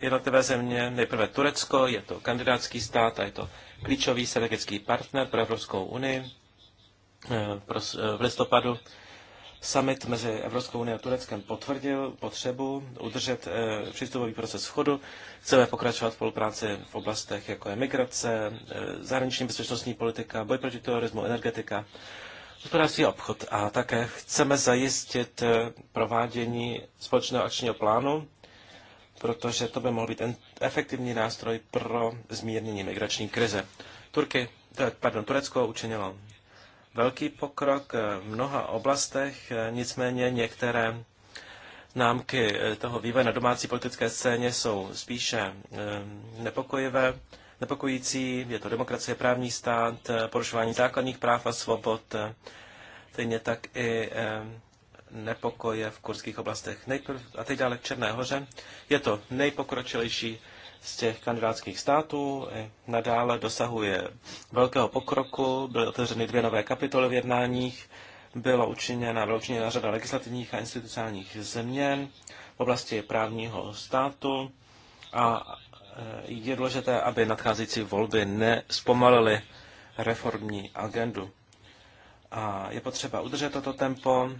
jednotlivé země. Nejprve Turecko, je to kandidátský stát a je to klíčový strategický partner pro Evropskou unii. Eh, eh, v listopadu summit mezi Evropskou unii a Tureckem potvrdil potřebu udržet eh, přístupový proces vchodu. Chceme pokračovat v spolupráci v oblastech, jako je migrace, zahraniční bezpečnostní politika, boj proti terorismu, energetika hospodářský obchod a také chceme zajistit eh, provádění společného akčního plánu, protože to by mohl být efektivní nástroj pro zmírnění migrační krize. Turky, pardon, Turecko učinilo velký pokrok eh, v mnoha oblastech, eh, nicméně některé známky toho vývoje na domácí politické scéně jsou spíše nepokojivé nepokojící. Je to demokracie, právní stát, eh, porušování základních práv a svobod, eh, stejně tak i eh, nepokoje v kurských oblastech. Nejprv, a teď dále k Černé hoře. Je to nejpokročilejší z těch kandidátských států. Nadále dosahuje velkého pokroku. Byly otevřeny dvě nové kapitoly v jednáních. Byla učiněna, byla učiněna řada legislativních a institucionálních změn v oblasti právního státu a Eh, je důležité, aby nadcházející volby nespomalily reformní agendu. A je potřeba udržet toto tempo.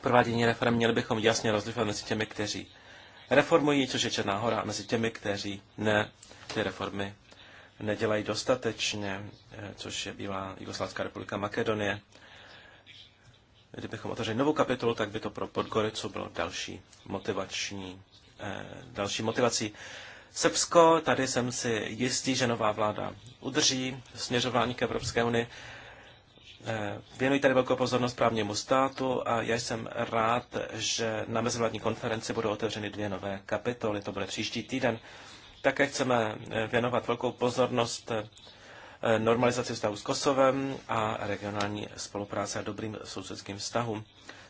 Provádění reform měli bychom jasně rozlišovat mezi těmi, kteří reformují, což je Černá hora, a mezi těmi, kteří ne, ty reformy nedělají dostatečně, eh, což je bývá Jugoslávská republika Makedonie. Kdybychom otevřeli novou kapitolu, tak by to pro Podgoricu bylo další motivační, eh, další motivací. Srbsko. Tady jsem si jistý, že nová vláda udrží směřování k Evropské unii. Eh, Věnují tady velkou pozornost právnímu státu a já jsem rád, že na mezivládní konferenci budou otevřeny dvě nové kapitoly, to bude příští týden. Také chceme eh, věnovat velkou pozornost eh, normalizaci vztahu s Kosovem a regionální spolupráce a dobrým sousedským vztahům.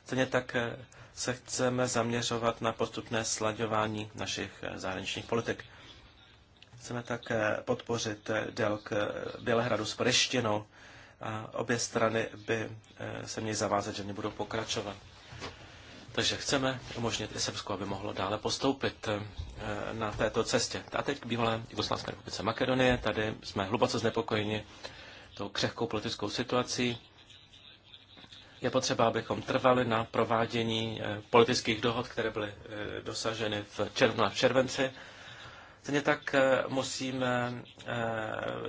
Stejně tak se chceme zaměřovat na postupné slaďování našich eh, zahraničních politik. Chceme také eh, podpořit eh, délk Bělehradu s Prištinou a obě strany by se měly zavázat, že nebudou pokračovat. Takže chceme umožnit i Srbsku, aby mohlo dále postoupit na této cestě. A teď k bývalé Jugoslávské republice Makedonie. Tady jsme hluboce znepokojeni tou křehkou politickou situací. Je potřeba, abychom trvali na provádění eh, politických dohod, které byly eh, dosaženy v červnu a v červenci. Stejně tak eh, musíme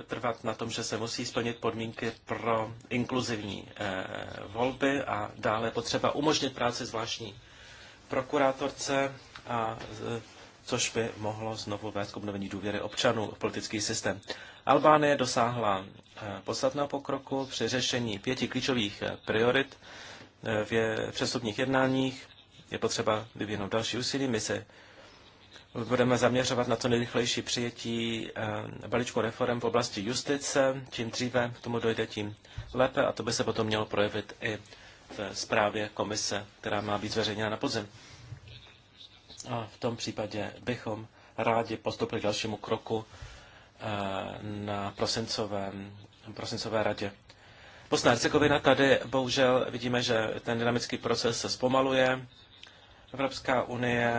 trvat na tom, že se musí splnit podmínky pro inkluzivní volby a dále potřeba umožnit práci zvláštní prokurátorce, a, což by mohlo znovu vést k obnovení důvěry občanů v politický systém. Albánie dosáhla podstatného pokroku při řešení pěti klíčových eh, priorit eh, v přestupních jednáních. Je potřeba vyvinout další úsilí. My se budeme zaměřovat na co nejrychlejší přijetí eh, balíčku reform v oblasti justice. Čím dříve k tomu dojde, tím lépe a to by se potom mělo projevit i v zprávě komise, která má být zveřejněna na podzim. A v tom případě bychom rádi postupili k dalšímu kroku na prosincovém prosincové radě. Bosna Hercegovina tady bohužel vidíme, že ten dynamický proces se zpomaluje. Evropská unie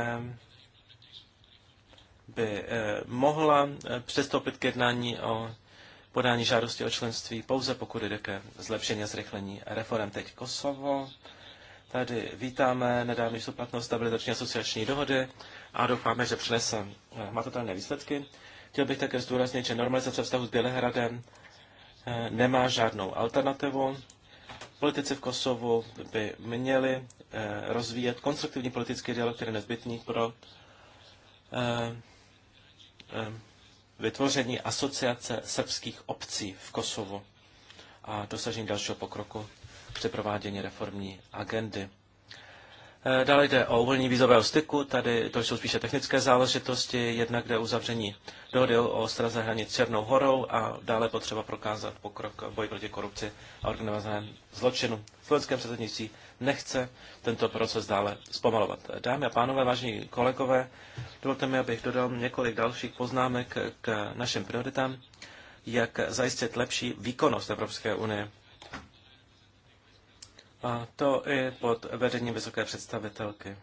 by eh, mohla eh, přistoupit k jednání o podání žádosti o členství pouze pokud jde ke zlepšení a zrychlení reform. Teď Kosovo. Tady vítáme nedávný platnost stabilizační asociační dohody a doufáme, že přinese eh, hmatatelné výsledky. Chtěl bych také zdůraznit, že normalizace vztahu s Bělehradem Eh, nemá žádnou alternativu. Politici v Kosovu by měli eh, rozvíjet konstruktivní politický dialog, který je nezbytný pro eh, vytvoření asociace srbských obcí v Kosovu a dosažení dalšího pokroku při provádění reformní agendy. Eh, dále jde o uvolnění vízového styku, tady to jsou spíše technické záležitosti, jednak jde o uzavření dohody o straze hranic Černou horou a dále potřeba prokázat pokrok v boji proti korupci a organizovaném zločinu. Slovenské předsednictví nechce tento proces dále zpomalovat. Dámy a pánové, vážení kolegové, dovolte mi, abych dodal několik dalších poznámek k našim prioritám, jak zajistit lepší výkonnost Evropské unie. A to i pod vedením vysoké představitelky eh,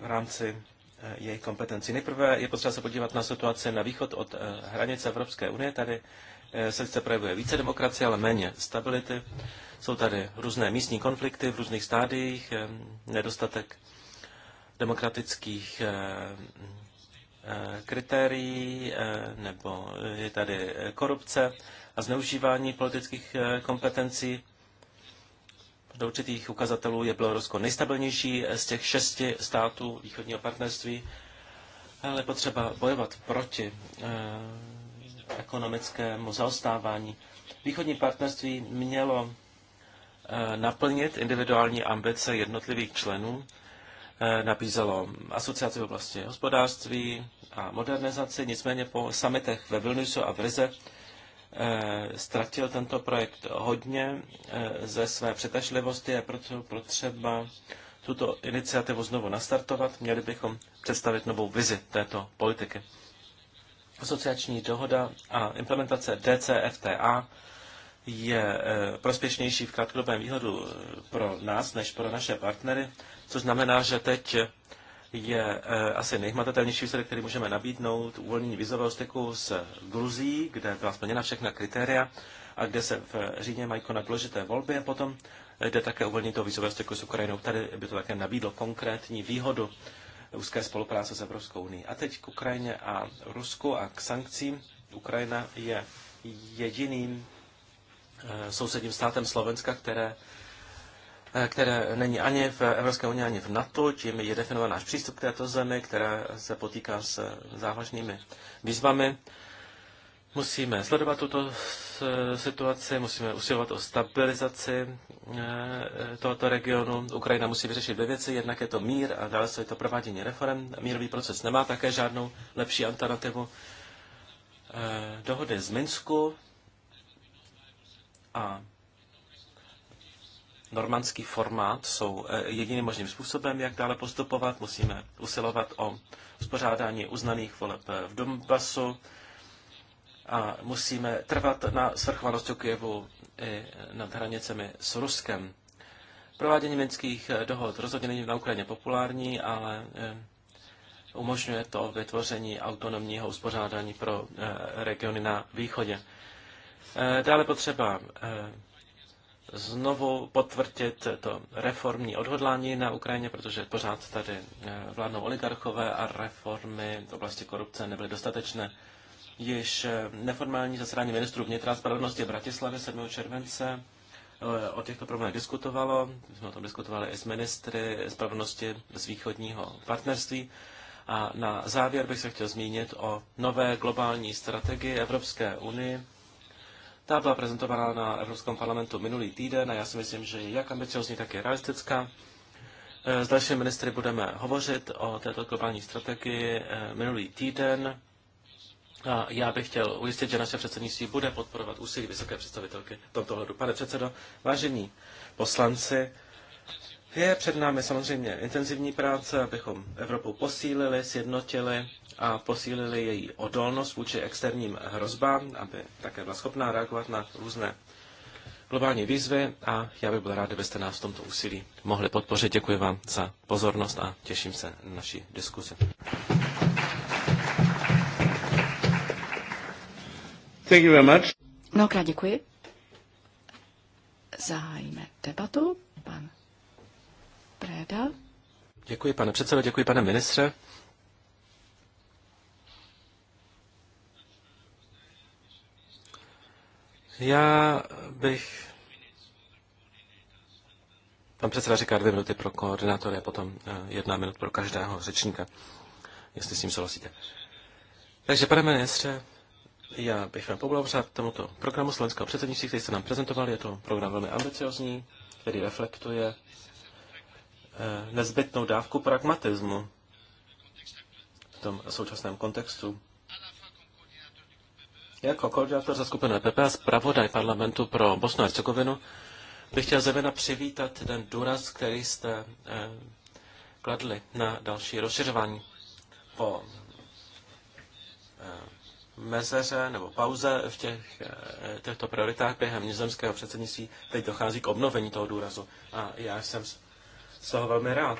v rámci eh, jejich kompetencí. Nejprve je potřeba se podívat na situaci na východ od eh, hranice Evropské unie. Tady se chce projevuje více demokracie, ale méně stability. Jsou tady různé místní konflikty v různých stádiích, nedostatek demokratických kritérií, nebo je tady korupce a zneužívání politických eh, kompetencí. Do určitých ukazatelů je Bělorusko nejstabilnější eh, z těch šesti států východního partnerství, ale potřeba bojovat proti eh, ekonomickému zaostávání. Východní partnerství mělo naplnit individuální ambice jednotlivých členů, nabízelo asociaci v oblasti hospodářství a modernizaci, nicméně po samitech ve Vilniusu a v Rize Eh, ztratil tento projekt hodně eh, ze své přetažlivosti, a proto potřeba tuto iniciativu znovu nastartovat. Měli bychom představit novou vizi této politiky. Asociační dohoda a implementace DCFTA je eh, prospěšnější v krátkodobém výhodu pro nás než pro naše partnery, což znamená, že teď je eh, asi nejhmatatelnější výsledek, který můžeme nabídnout, uvolnění vizového styku s Gruzí, kde byla splněna všechna kritéria a kde se v Římě mají konat důležité volby a potom jde také uvolnění toho vizového styku s Ukrajinou. Tady by to také nabídlo konkrétní výhodu úzké spolupráce s Evropskou unii. A teď k Ukrajině a Rusku a k sankcím. Ukrajina je jediným eh, sousedním státem Slovenska, které Eh, které není ani v Evropské unii, ani v NATO, tím je definován náš přístup k této zemi, která se potýká s závažnými výzvami. Musíme sledovat tuto situaci, musíme usilovat o stabilizaci eh, tohoto regionu. Ukrajina musí vyřešit dvě věci. Jednak je to mír a dále se je to provádění reform. Mírový proces nemá také žádnou lepší alternativu. Eh, dohody z Minsku a normandský formát jsou eh, jediným možným způsobem, jak dále postupovat. Musíme usilovat o uspořádání uznaných voleb eh, v Donbasu a musíme trvat na svrchovanosti Kijevu i nad hranicemi s Ruskem. Provádění minských eh, dohod rozhodně není na Ukrajině populární, ale umožňuje to vytvoření autonomního uspořádání pro regiony na východě. Dále potřeba znovu potvrdit to reformní odhodlání na Ukrajině, protože pořád tady eh, vládnou oligarchové a reformy v oblasti korupce nebyly dostatečné. Již eh, neformální zasedání ministrů vnitra spravedlnosti v Bratislavě 7. července eh, o těchto problémech diskutovalo. My jsme o tom diskutovali i s ministry spravedlnosti z východního partnerství. A na závěr bych se chtěl zmínit o nové globální strategii Evropské unie ta byla prezentována na Evropském parlamentu minulý týden a já si myslím, že je jak ambiciozní, tak i realistická. E, s dalšími ministry budeme hovořit o této globální strategii e, minulý týden. A já bych chtěl ujistit, že naše předsednictví bude podporovat úsilí vysoké představitelky v tomto hledu. Pane předsedo, vážení poslanci, je před námi samozřejmě intenzivní práce, abychom Evropu posílili, sjednotili a posílili její odolnost vůči externím hrozbám, aby také byla schopná reagovat na různé globální výzvy a já bych byl rád, kdybyste nás v tomto úsilí mohli podpořit. Děkuji vám za pozornost a těším se na naší diskuzi. Thank you very much. Mnohokrát děkuji. Zájme debatu. Pan Preda. Děkuji, pane předsedo, děkuji, pane ministře. Já bych... Pan předseda říká dvě minuty pro koordinátory a potom eh, jedna minut pro každého řečníka, jestli s tím souhlasíte. Takže, pane ministře, já bych vám poblahopřát tomuto programu slovenského předsednictví, který jste nám prezentoval. Je to program velmi ambiciozní, který reflektuje eh, nezbytnou dávku pragmatismu v tom současném kontextu. Jako koordinátor za skupinu EPP a zpravodaj parlamentu pro Bosnu a Hercegovinu bych chtěl zejména přivítat ten důraz, který jste eh, kladli na další rozšiřování. Po eh, mezeře nebo pauze v těch, eh, těchto prioritách během nizozemského předsednictví teď dochází k obnovení toho důrazu a já jsem z toho velmi rád.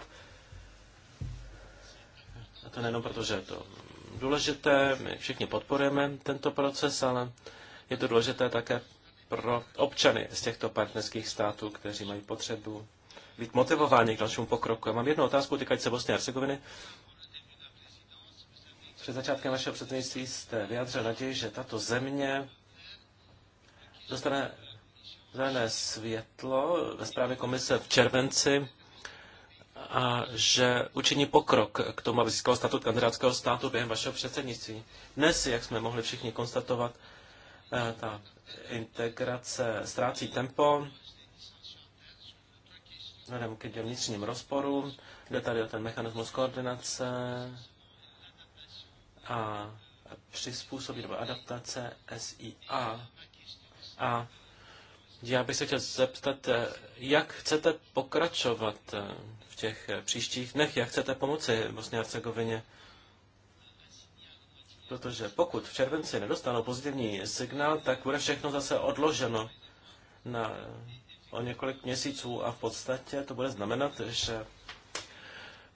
A to nejenom proto, že to důležité, my všichni podporujeme tento proces, ale je to důležité také pro občany z těchto partnerských států, kteří mají potřebu být motivováni k dalšímu pokroku. Já mám jednu otázku týkající se Bosny a Hercegoviny. Před začátkem vašeho předsednictví jste vyjádřil naději, že tato země dostane zelené světlo ve zprávě komise v červenci a že učiní pokrok k tomu, aby získal statut kandidátského státu během vašeho předsednictví. Dnes, jak jsme mohli všichni konstatovat, eh, ta integrace ztrácí tempo vzhledem no, k těm vnitřním rozporům. Jde tady o ten mechanismus koordinace a přizpůsobit nebo adaptace SIA. A já bych se chtěl zeptat, eh, jak chcete pokračovat eh, v těch eh, příštích dnech, jak chcete pomoci Bosně a Hercegovině? Protože pokud v červenci nedostanou pozitivní signál, tak bude všechno zase odloženo na, o několik měsíců a v podstatě to bude znamenat, že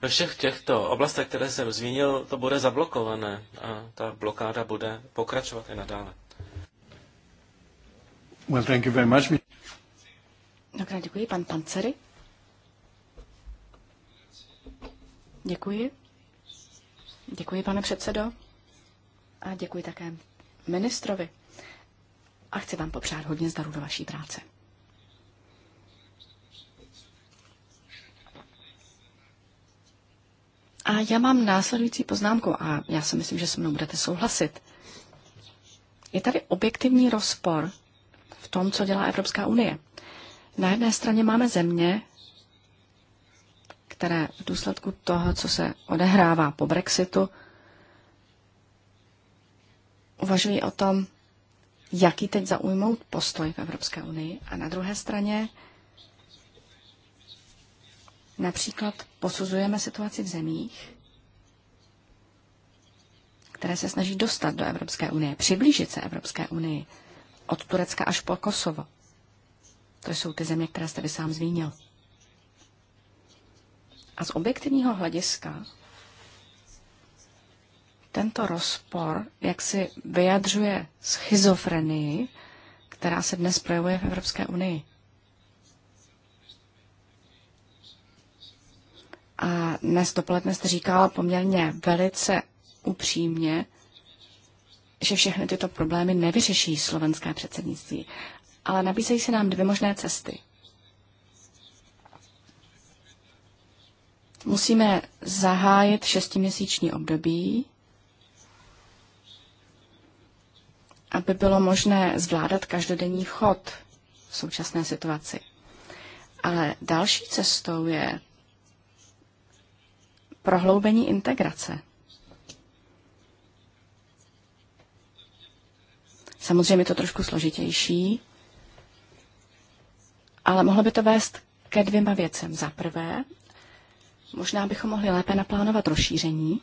ve všech těchto oblastech, které jsem zmínil, to bude zablokované a ta blokáda bude pokračovat i nadále. Well, thank you very much. Dobrá, děkuji. Pan Pancery. Děkuji. Děkuji, pane předsedo. A děkuji také ministrovi. A chci vám popřát hodně zdaru do vaší práce. A já mám následující poznámku a já si myslím, že se mnou budete souhlasit. Je tady objektivní rozpor v tom, co dělá Evropská unie. Na jedné straně máme země, které v důsledku toho, co se odehrává po Brexitu, uvažují o tom, jaký teď zaujmout postoj v Evropské unii. A na druhé straně například posuzujeme situaci v zemích, které se snaží dostat do Evropské unie, přiblížit se Evropské unii od Turecka až po Kosovo. To jsou ty země, které jste vy sám zmínil. A z objektivního hlediska tento rozpor jak si vyjadřuje schizofrenii, která se dnes projevuje v Evropské unii. A dnes dopoledne jste říkala poměrně velice upřímně, že všechny tyto problémy nevyřeší slovenské předsednictví, ale nabízejí se nám dvě možné cesty. Musíme zahájit šestiměsíční období, aby bylo možné zvládat každodenní chod v současné situaci. Ale další cestou je prohloubení integrace. Samozřejmě je to trošku složitější, ale mohlo by to vést ke dvěma věcem. Za prvé, možná bychom mohli lépe naplánovat rozšíření,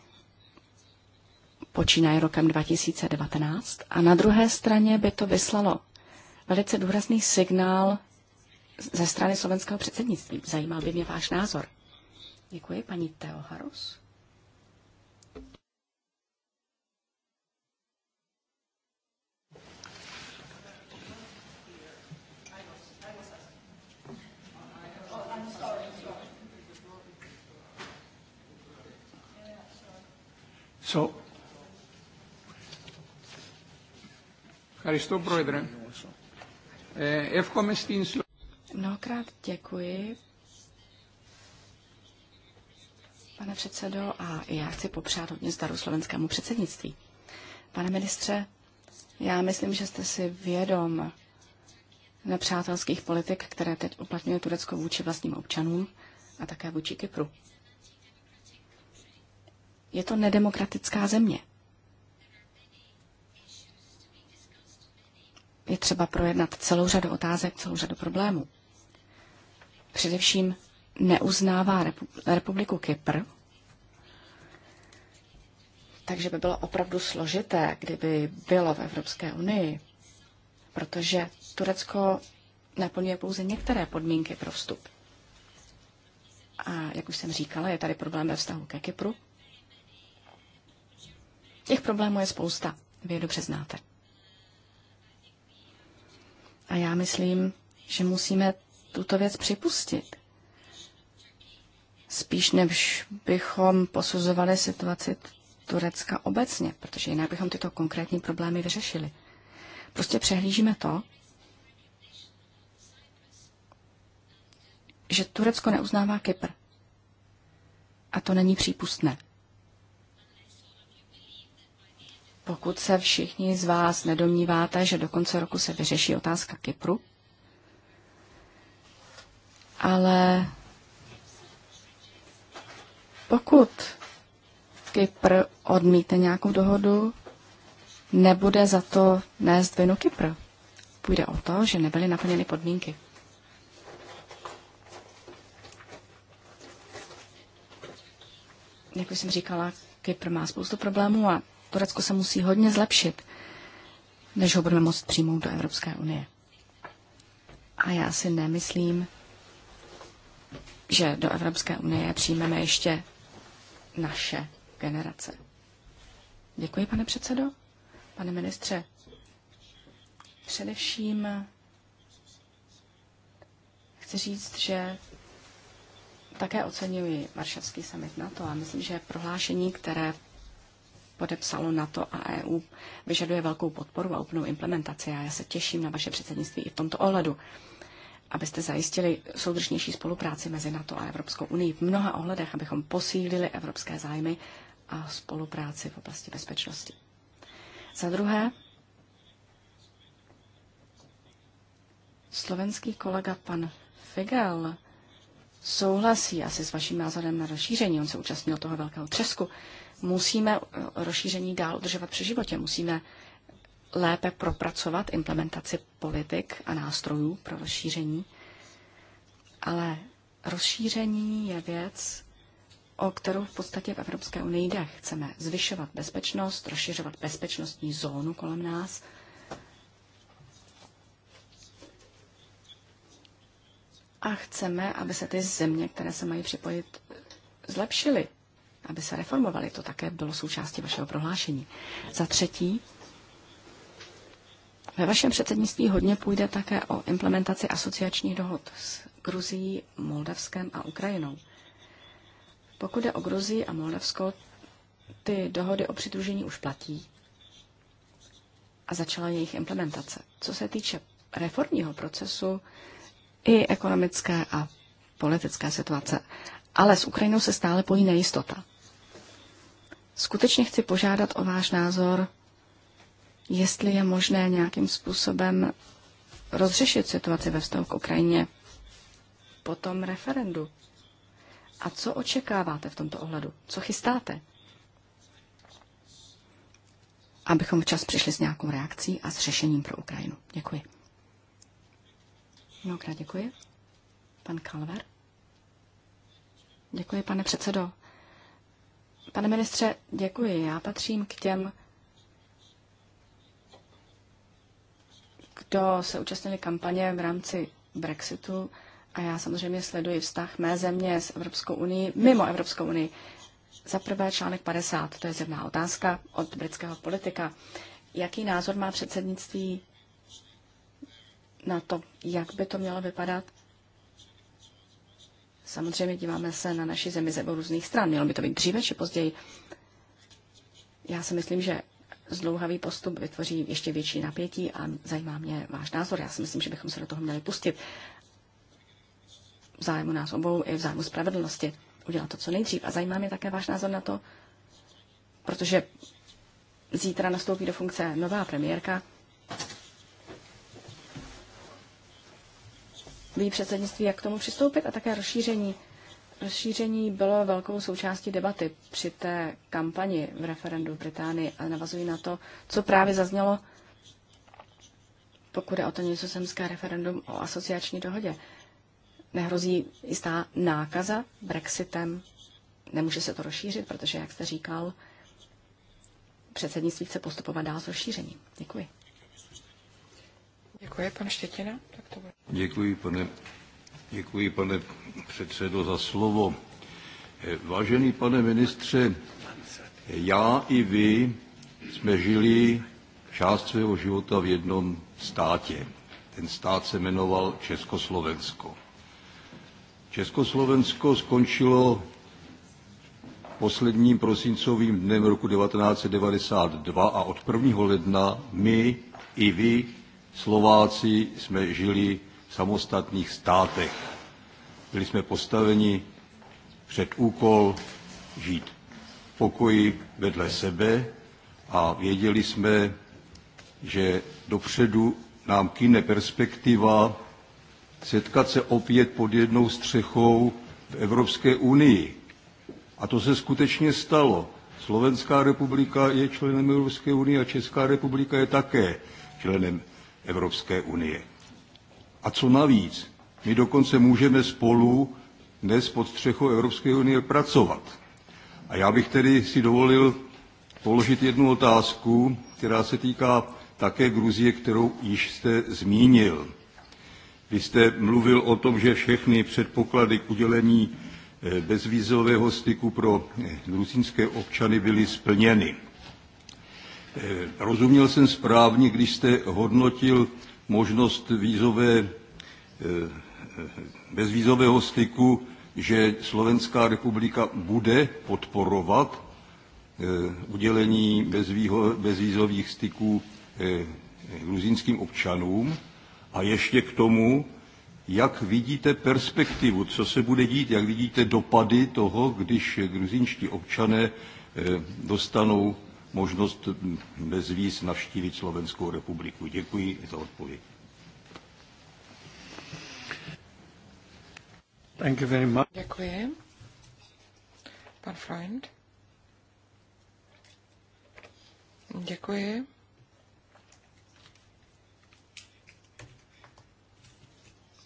počínaje rokem 2019, a na druhé straně by to vyslalo velice důrazný signál ze strany slovenského předsednictví. Zajímal by mě váš názor. Děkuji, paní Teo Harus. So, Ευχαριστώ, Πρόεδρε. Ε, εύχομαι στην Mnohokrát děkuji, pane předsedo, a já chci popřát hodně zdaru slovenskému předsednictví. Pane ministře, já myslím, že jste si vědom nepřátelských politik, které teď uplatňuje Turecko vůči vlastním občanům a také vůči Kypru. Je to nedemokratická země. Je třeba projednat celou řadu otázek, celou řadu problémů. Především neuznává republiku Kypr, takže by bylo opravdu složité, kdyby bylo v Evropské unii, protože Turecko naplňuje pouze některé podmínky pro vstup. A jak už jsem říkala, je tady problém ve vztahu ke Kypru. Těch problémů je spousta, vy je dobře znáte. A já myslím, že musíme tuto věc připustit. Spíš než bychom posuzovali situaci Turecka obecně, protože jinak bychom tyto konkrétní problémy vyřešili. Prostě přehlížíme to, že Turecko neuznává Kypr. A to není přípustné. pokud se všichni z vás nedomníváte, že do konce roku se vyřeší otázka Kypru, ale pokud Kypr odmítne nějakou dohodu, nebude za to nést vinu Kypr. Půjde o to, že nebyly naplněny podmínky. Jak už jsem říkala, Kypr má spoustu problémů a Turecko se musí hodně zlepšit, než ho budeme moct přijmout do Evropské unie. A já si nemyslím, že do Evropské unie přijmeme ještě naše generace. Děkuji, pane předsedo. Pane ministře, především chci říct, že také oceňuji Varšavský summit NATO a myslím, že prohlášení, které v podepsalo NATO a EU, vyžaduje velkou podporu a úplnou implementaci. A já se těším na vaše předsednictví i v tomto ohledu, abyste zajistili soudržnější spolupráci mezi NATO a Evropskou unii v mnoha ohledech, abychom posílili evropské zájmy a spolupráci v oblasti bezpečnosti. Za druhé, slovenský kolega pan Figel souhlasí asi s vaším názorem na rozšíření. On se účastnil toho velkého třesku musíme rozšíření dál udržovat při životě. Musíme lépe propracovat implementaci politik a nástrojů pro rozšíření. Ale rozšíření je věc, o kterou v podstatě v Evropské unii jde. Chceme zvyšovat bezpečnost, rozšiřovat bezpečnostní zónu kolem nás. A chceme, aby se ty země, které se mají připojit, zlepšily aby se reformovali To také bylo součástí vašeho prohlášení. Za třetí, ve vašem předsednictví hodně půjde také o implementaci asociačních dohod s Gruzií, Moldavskem a Ukrajinou. Pokud je o Gruzii a Moldavsko, ty dohody o přidružení už platí a začala jejich implementace. Co se týče reformního procesu, i ekonomické a politické situace. Ale s Ukrajinou se stále pojí nejistota. Skutečně chci požádat o váš názor, jestli je možné nějakým způsobem rozřešit situaci ve vztahu k Ukrajině po tom referendu. A co očekáváte v tomto ohledu? Co chystáte? Abychom včas přišli s nějakou reakcí a s řešením pro Ukrajinu. Děkuji. Mnohokrát děkuji. Pan Kalver. Děkuji, pane předsedo. Pane ministře, děkuji. Já patřím k těm, kdo se účastnili kampaně v rámci Brexitu a já samozřejmě sleduji vztah mé země s Evropskou unii, mimo Evropskou unii. Za prvé článek 50, to je zjevná otázka od britského politika. Jaký názor má předsednictví na to, jak by to mělo vypadat Samozřejmě díváme se na naši zemi ze různých stran. Mělo by to být dříve či později. Já si myslím, že zdlouhavý postup vytvoří ještě větší napětí a zajímá mě váš názor. Já si myslím, že bychom se do toho měli pustit. V zájmu nás obou i v zájmu spravedlnosti udělat to, co nejdřív. A zajímá mě také váš názor na to, protože zítra nastoupí do funkce nová premiérka, ví předsednictví, jak k tomu přistoupit a také rozšíření. Rozšíření bylo velkou součástí debaty při té kampani v referendu v Británii a navazují na to, co právě zaznělo, pokud je o to nizozemské referendum o asociační dohodě. Nehrozí jistá nákaza Brexitem, nemůže se to rozšířit, protože, jak jste říkal, předsednictví chce postupovat dál s rozšířením. Děkuji. Děkuji, pan Štětina. Tak to bude. Děkuji, pane, děkuji, pane předsedo, za slovo. Eh, vážený pane ministře, já i vy jsme žili část svého života v jednom státě. Ten stát se jmenoval Československo. Československo skončilo posledním prosincovým dnem roku 1992 a od 1. ledna my i vy Slováci jsme žili v samostatných státech. Byli jsme postaveni před úkol žít v pokoji vedle sebe a věděli jsme, že dopředu nám kine perspektiva setkat se opět pod jednou střechou v Evropské unii. A to se skutečně stalo. Slovenská republika je členem Evropské unie a Česká republika je také členem Evropské unie. A co navíc, my dokonce můžeme spolu dnes pod střechou Evropské unie pracovat. A já bych tedy si dovolil položit jednu otázku, která se týká také Gruzie, kterou již jste zmínil. Vy jste mluvil o tom, že všechny předpoklady k udělení eh, bezvízového styku pro eh, gruzínské občany byly splněny. Eh, rozuměl jsem správně, když jste hodnotil možnost vízové, eh, eh, bezvízového styku, že Slovenská republika bude podporovat udělení bezvízových styků gruzínským občanům. A ještě k tomu, jak vidíte perspektivu, co se bude dít, jak vidíte dopady toho, když gruzínští občané dostanou možnost bez víz navštívit Slovenskou republiku. Děkuji za odpověď. Thank you very much. Děkuji. Pan Freund. Děkuji.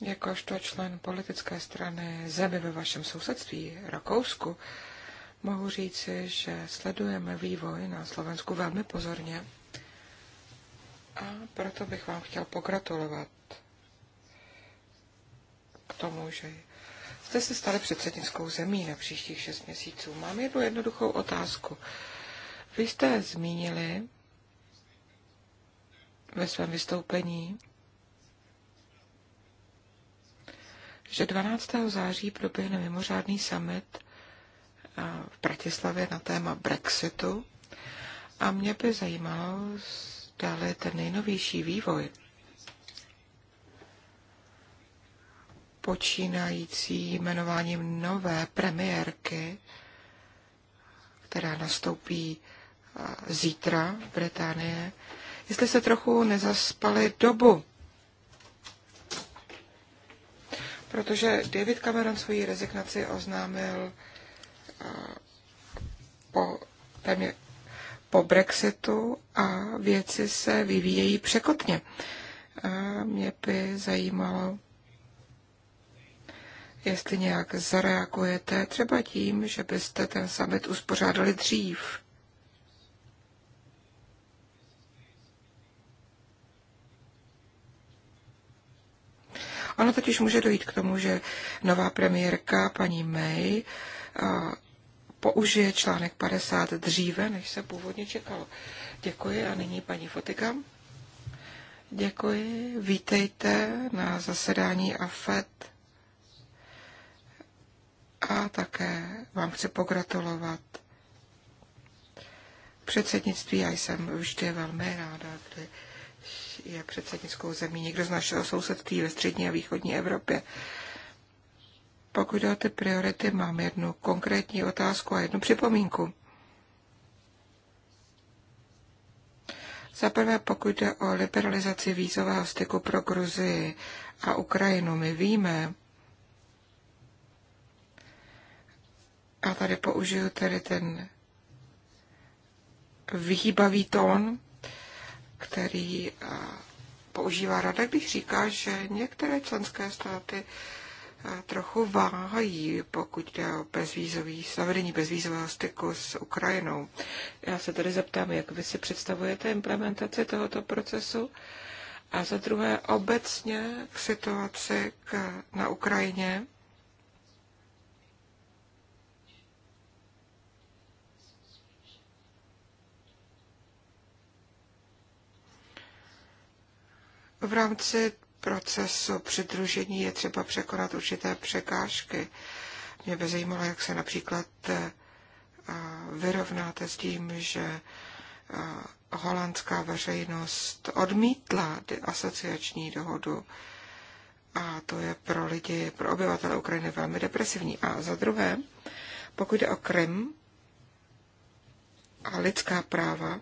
Jakožto člen politické strany zemi ve vašem sousedství, Rakousku, mohu říci, že sledujeme vývoj na Slovensku velmi pozorně a proto bych vám chtěl pogratulovat k tomu, že jste se stali předsednickou zemí na příštích šest měsíců. Mám jednu jednoduchou otázku. Vy jste zmínili ve svém vystoupení, že 12. září proběhne mimořádný summit v Bratislavě na téma Brexitu a mě by zajímalo, dále ten nejnovější vývoj počínající jmenováním nové premiérky, která nastoupí zítra v Británie, jestli se trochu nezaspali dobu. Protože David Cameron svoji rezignaci oznámil po, téměř po Brexitu a věci se vyvíjejí překotně. A mě by zajímalo, jestli nějak zareagujete třeba tím, že byste ten summit uspořádali dřív. Ono totiž může dojít k tomu, že nová premiérka paní May použije článek 50 dříve, než se původně čekalo. Děkuji a nyní paní Fotika. Děkuji, vítejte na zasedání AFET a také vám chci pogratulovat předsednictví. Já jsem vždy velmi ráda, kdy je předsednickou zemí někdo z našeho sousedství ve střední a východní Evropě. Pokud jde o ty priority, mám jednu konkrétní otázku a jednu připomínku. Za prvé, pokud jde o liberalizaci vízového styku pro Gruzii a Ukrajinu, my víme, a tady použiju tedy ten vyhýbavý tón, který používá rada, když říká, že některé členské státy trochu váhají, pokud jde o bezvízový, zavedení bezvízového styku s Ukrajinou. Já se tedy zeptám, jak vy si představujete implementaci tohoto procesu a za druhé obecně k situaci k, na Ukrajině. V rámci procesu přidružení je třeba překonat určité překážky. Mě by zajímalo, jak se například eh, vyrovnáte s tím, že eh, holandská veřejnost odmítla asociační dohodu a to je pro lidi, pro obyvatele Ukrajiny velmi depresivní. A za druhé, pokud jde o Krym a lidská práva,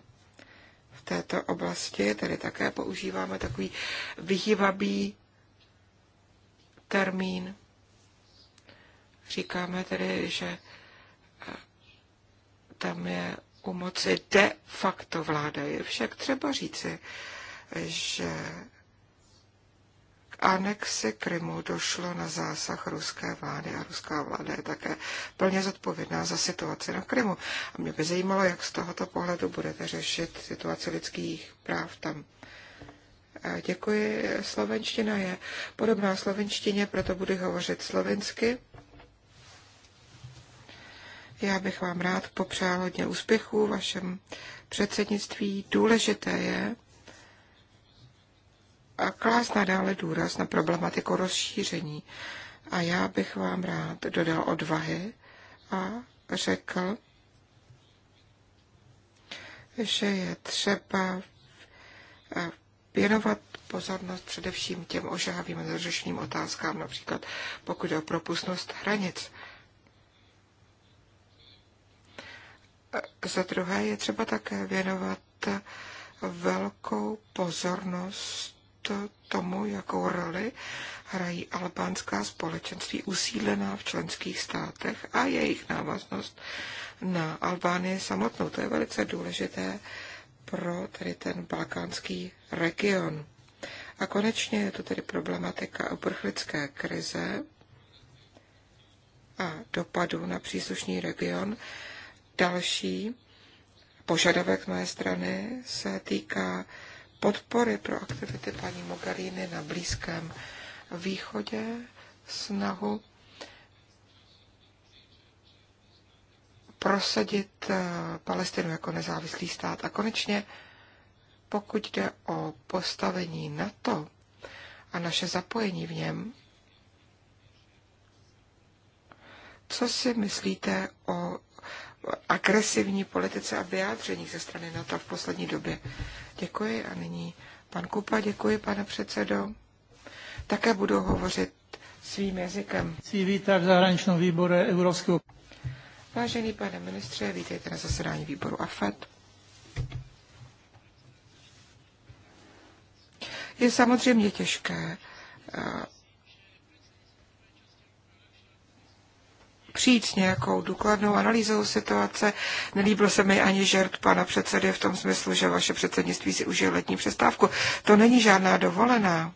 této oblasti, tedy také používáme takový vyhýbavý termín. Říkáme tedy, že eh, tam je u moci de facto vláda. Je však třeba říci, že k anexi Krymu došlo na zásah ruské vlády a ruská vláda je také plně zodpovědná za situaci na Krymu. A mě by zajímalo, jak z tohoto pohledu budete řešit situaci lidských práv tam. E, děkuji. Slovenština je podobná slovenštině, proto budu hovořit slovensky. Já bych vám rád popřál hodně úspěchů v vašem předsednictví. Důležité je, a klást nadále důraz na problematiku rozšíření. A já bych vám rád dodal odvahy a řekl, že je třeba věnovat pozornost především těm ožávým a neřešeným otázkám, například pokud je o propustnost hranic. Za druhé je třeba také věnovat velkou pozornost tomu, jakou roli hrají albánská společenství usílená v členských státech a jejich návaznost na Albánii samotnou. To je velice důležité pro tedy ten balkánský region. A konečně je tu tedy problematika uprchlické krize a dopadu na příslušný region. Další požadavek mé strany se týká podpory pro aktivity paní Mogherini na Blízkém východě, snahu prosadit eh, Palestinu jako nezávislý stát. A konečně, pokud jde o postavení NATO a naše zapojení v něm, co si myslíte o agresivní politice a vyjádření ze strany NATO v poslední době. Děkuji a nyní pan Kupa, děkuji pane předsedo. Také budu hovořit svým jazykem. Chci vítat v zahraničním výboru Evropského. Vážený pane ministře, vítejte na zasedání výboru AFET. Je samozřejmě těžké eh, přijít s nějakou důkladnou analýzou situace. Nelíbil se mi ani žert pana předsedy v tom smyslu, že vaše předsednictví si užije letní přestávku. To není žádná dovolená.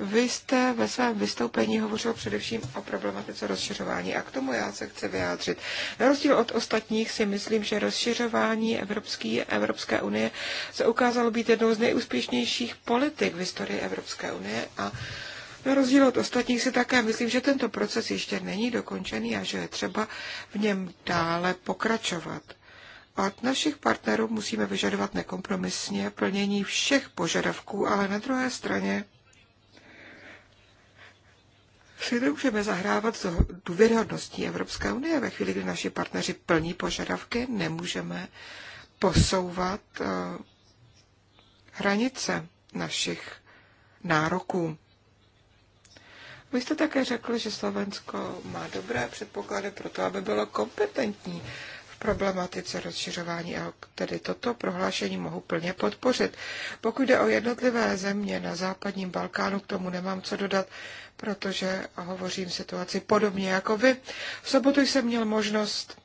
Vy jste ve svém vystoupení hovořil především o problematice rozšiřování a k tomu já se chci vyjádřit. Na rozdíl od ostatních si myslím, že rozšiřování Evropský, Evropské unie se ukázalo být jednou z nejúspěšnějších politik v historii Evropské unie a na rozdíl od ostatních si také myslím, že tento proces ještě není dokončený a že je třeba v něm dále pokračovat. Od našich partnerů musíme vyžadovat nekompromisně plnění všech požadavků, ale na druhé straně si nemůžeme zahrávat s důvěrhodností Evropské unie. Ve chvíli, kdy naši partneři plní požadavky, nemůžeme posouvat eh, hranice našich nároků. Vy jste také řekl, že Slovensko má dobré předpoklady pro to, aby bylo kompetentní v problematice rozšiřování a tedy toto prohlášení mohu plně podpořit. Pokud jde o jednotlivé země na západním Balkánu, k tomu nemám co dodat, protože hovořím situaci podobně jako vy. V sobotu jsem měl možnost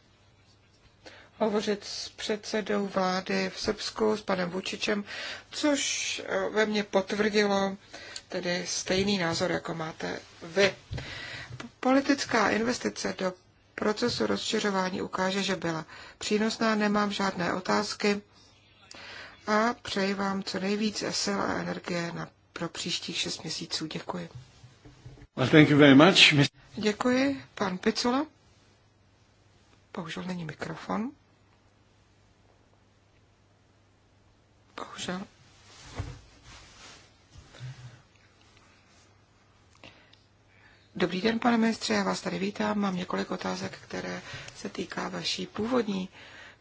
hovořit s předsedou vlády v Srbsku, s panem Vučičem, což eh, ve mně potvrdilo tedy stejný názor, jako máte vy. Politická investice do procesu rozšiřování ukáže, že byla přínosná, nemám žádné otázky a přeji vám co nejvíc sil a energie na, pro příštích šest měsíců. Děkuji. Well, thank you very much. Děkuji. Pan Picula. Bohužel není mikrofon. Bohužel. Dobrý den, pane ministře, já vás tady vítám. Mám několik otázek, které se týká vaší původní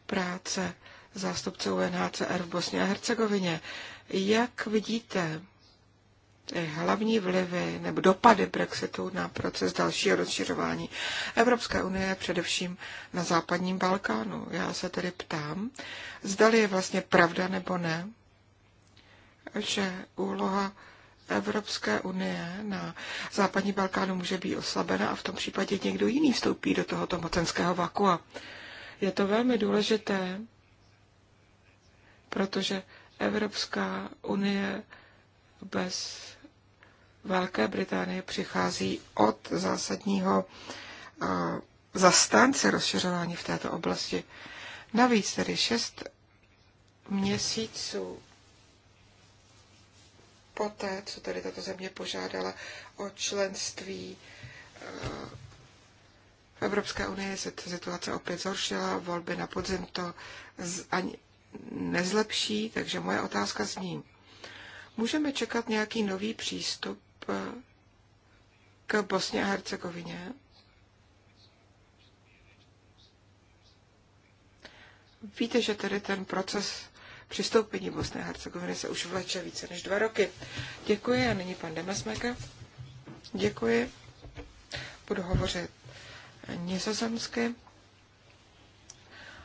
práce zástupce UNHCR v Bosně a Hercegovině. Jak vidíte eh, hlavní vlivy nebo dopady Brexitu na proces dalšího rozšiřování Evropské unie, především na západním Balkánu? Já se tedy ptám, zdali je vlastně pravda nebo ne, že úloha Evropské unie na západní Balkánu může být oslabena a v tom případě někdo jiný vstoupí do tohoto mocenského vakua. Je to velmi důležité, protože Evropská unie bez Velké Británie přichází od zásadního zastánce rozšiřování v této oblasti. Navíc tedy šest měsíců poté, co tady tato země požádala o členství v eh, Evropské unii, se situace opět zhoršila, volby na podzim to ani nezlepší, takže moje otázka zní. Můžeme čekat nějaký nový přístup eh, k Bosně a Hercegovině? Víte, že tedy ten proces přistoupení Bosny a Hercegoviny se už vleče více než dva roky. Děkuji a nyní pan Demesmeka. Děkuji. Budu hovořit nizozemsky,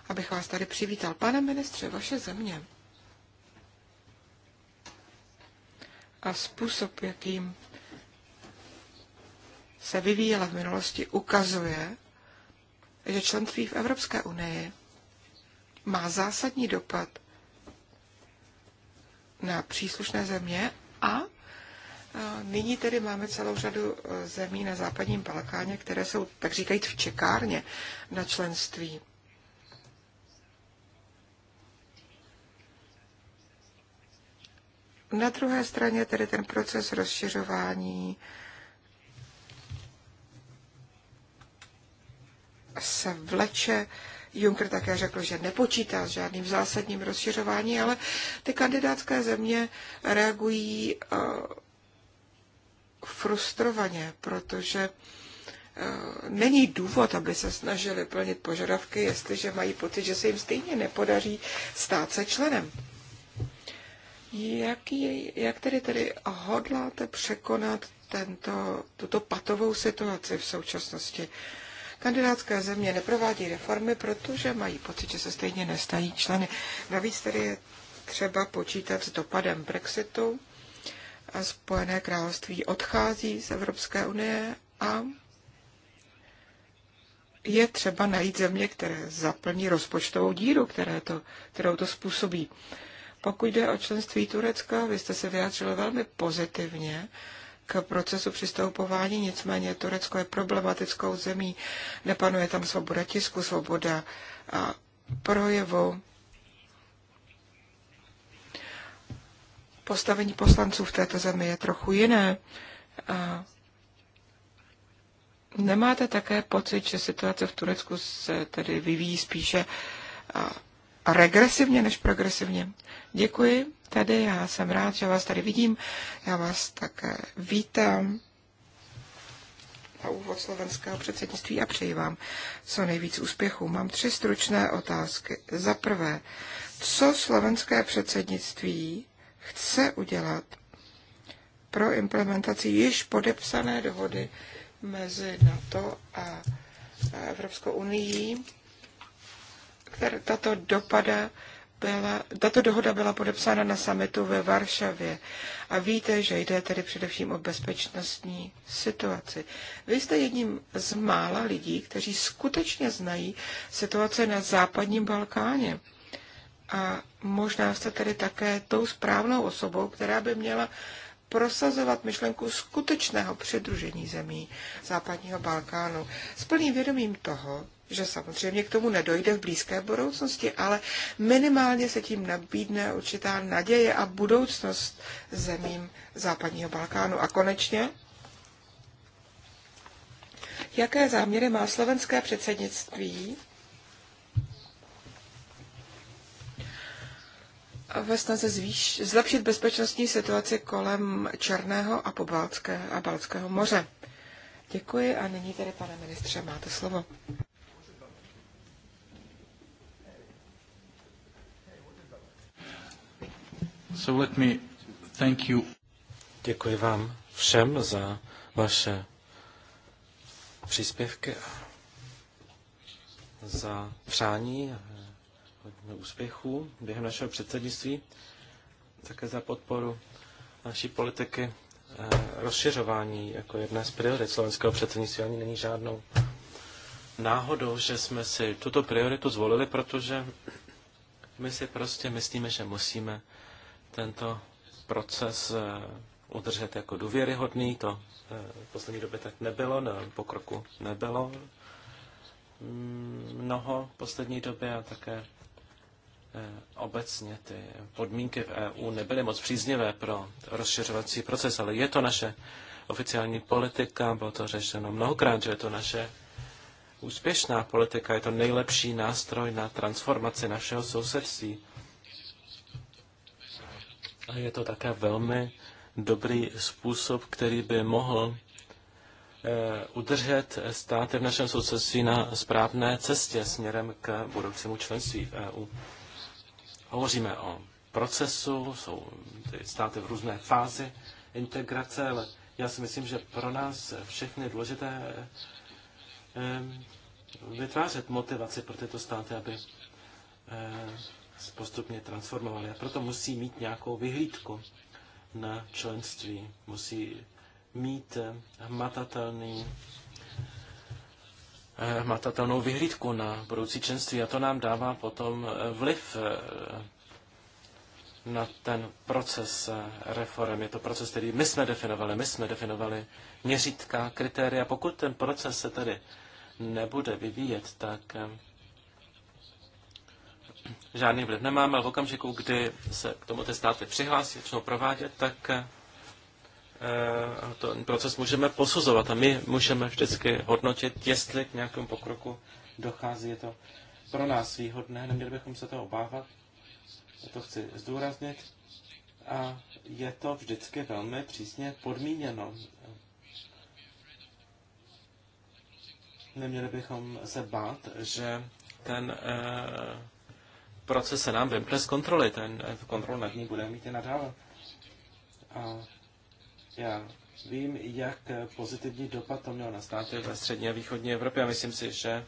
abych vás tady přivítal. Pane ministře, vaše země a způsob, jakým se vyvíjela v minulosti, ukazuje, že členství v Evropské unii má zásadní dopad na příslušné země a Nyní tedy máme celou řadu e, zemí na západním Balkáně, které jsou, tak říkajíc, v čekárně na členství. Na druhé straně tedy ten proces rozšiřování se vleče Juncker také řekl, že nepočítá s žádným zásadním rozšiřování, ale ty kandidátské země reagují eh, frustrovaně, protože eh, není důvod, aby se snažili plnit požadavky, jestliže mají pocit, že se jim stejně nepodaří stát se členem. Jak, je, jak tedy tedy hodláte překonat tento, tuto patovou situaci v současnosti? Uh, Kandidátské země neprovádí reformy, protože mají pocit, že se stejně nestají členy. Navíc tedy je třeba počítat s dopadem Brexitu. A Spojené království odchází z Evropské unie a je třeba najít země, které zaplní rozpočtovou díru, které to, kterou to způsobí. Pokud jde o členství Turecka, vy jste se vyjádřili velmi pozitivně k procesu přistoupování, nicméně Turecko je problematickou zemí, nepanuje tam svoboda tisku, svoboda projevu. Postavení poslanců v této zemi je trochu jiné. A nemáte také pocit, že situace v Turecku se tedy vyvíjí spíše regresivně než progresivně. Děkuji tady, já jsem rád, že vás tady vidím, já vás také vítám na úvod slovenského předsednictví a přeji vám co nejvíc úspěchů. Mám tři stručné otázky. Za prvé, co slovenské předsednictví chce udělat pro implementaci již podepsané dohody mezi NATO a Evropskou unii které tato, dopada byla, tato dohoda byla podepsána na samitu ve Varšavě. A víte, že jde tedy především o bezpečnostní situaci. Vy jste jedním z mála lidí, kteří skutečně znají situace na západním Balkáně. A možná jste tedy také tou správnou osobou, která by měla prosazovat myšlenku skutečného předružení zemí západního Balkánu s plným vědomím toho, že samozřejmě k tomu nedojde v blízké budoucnosti, ale minimálně se tím nabídne určitá naděje a budoucnost zemím západního Balkánu. A konečně, jaké záměry má slovenské předsednictví ve snaze zvýš, zlepšit bezpečnostní situaci kolem Černého a Pobaltské a Balckého moře. Děkuji a nyní tedy, pane ministře, máte slovo. So let me thank you. Děkuji vám všem za vaše příspěvky a za přání hodně úspěchů během našeho předsednictví, také za podporu naší politiky eh, rozšiřování jako jedné z priorit slovenského předsednictví ani není žádnou náhodou, že jsme si tuto prioritu zvolili, protože my si prostě myslíme, že musíme tento proces eh, udržet jako důvěryhodný. To eh, v poslední době tak nebylo, ne, pokroku nebylo mm, mnoho v poslední době a také eh, obecně ty podmínky v EU nebyly moc příznivé pro rozšiřovací proces, ale je to naše oficiální politika, bylo to řešeno mnohokrát, že je to naše úspěšná politika, je to nejlepší nástroj na transformaci našeho sousedství. A je to také velmi dobrý způsob, který by mohl eh, udržet státy v našem sousedství na správné cestě směrem k budoucímu členství v EU. Hovoříme o procesu, jsou ty státy v různé fázi integrace, ale já si myslím, že pro nás všechny je důležité eh, vytvářet motivaci pro tyto státy, aby eh, postupně transformovali. A proto musí mít nějakou vyhlídku na členství. Musí mít eh, hmatatelný eh, hmatatelnou vyhlídku na budoucí členství a to nám dává potom eh, vliv na ten proces reform. Je to proces, který my jsme definovali. My jsme definovali měřítka, kritéria. Pokud ten proces se tady nebude vyvíjet, tak žádný vliv nemáme, ale v okamžiku, kdy se k tomu ty státy přihlásí, začnou provádět, tak eh, ten proces můžeme posuzovat a my můžeme vždycky hodnotit, jestli k nějakému pokroku dochází. Je to pro nás výhodné, neměli bychom se toho obávat, to chci zdůraznit. A je to vždycky velmi přísně podmíněno. Neměli bychom se bát, že ten e, proces se nám vymkne z kontroly. Ten eh, kontrol nad ní budeme mít i nadále. A já vím, jak eh, pozitivní dopad to mělo na státy ve střední a východní Evropě a myslím si, že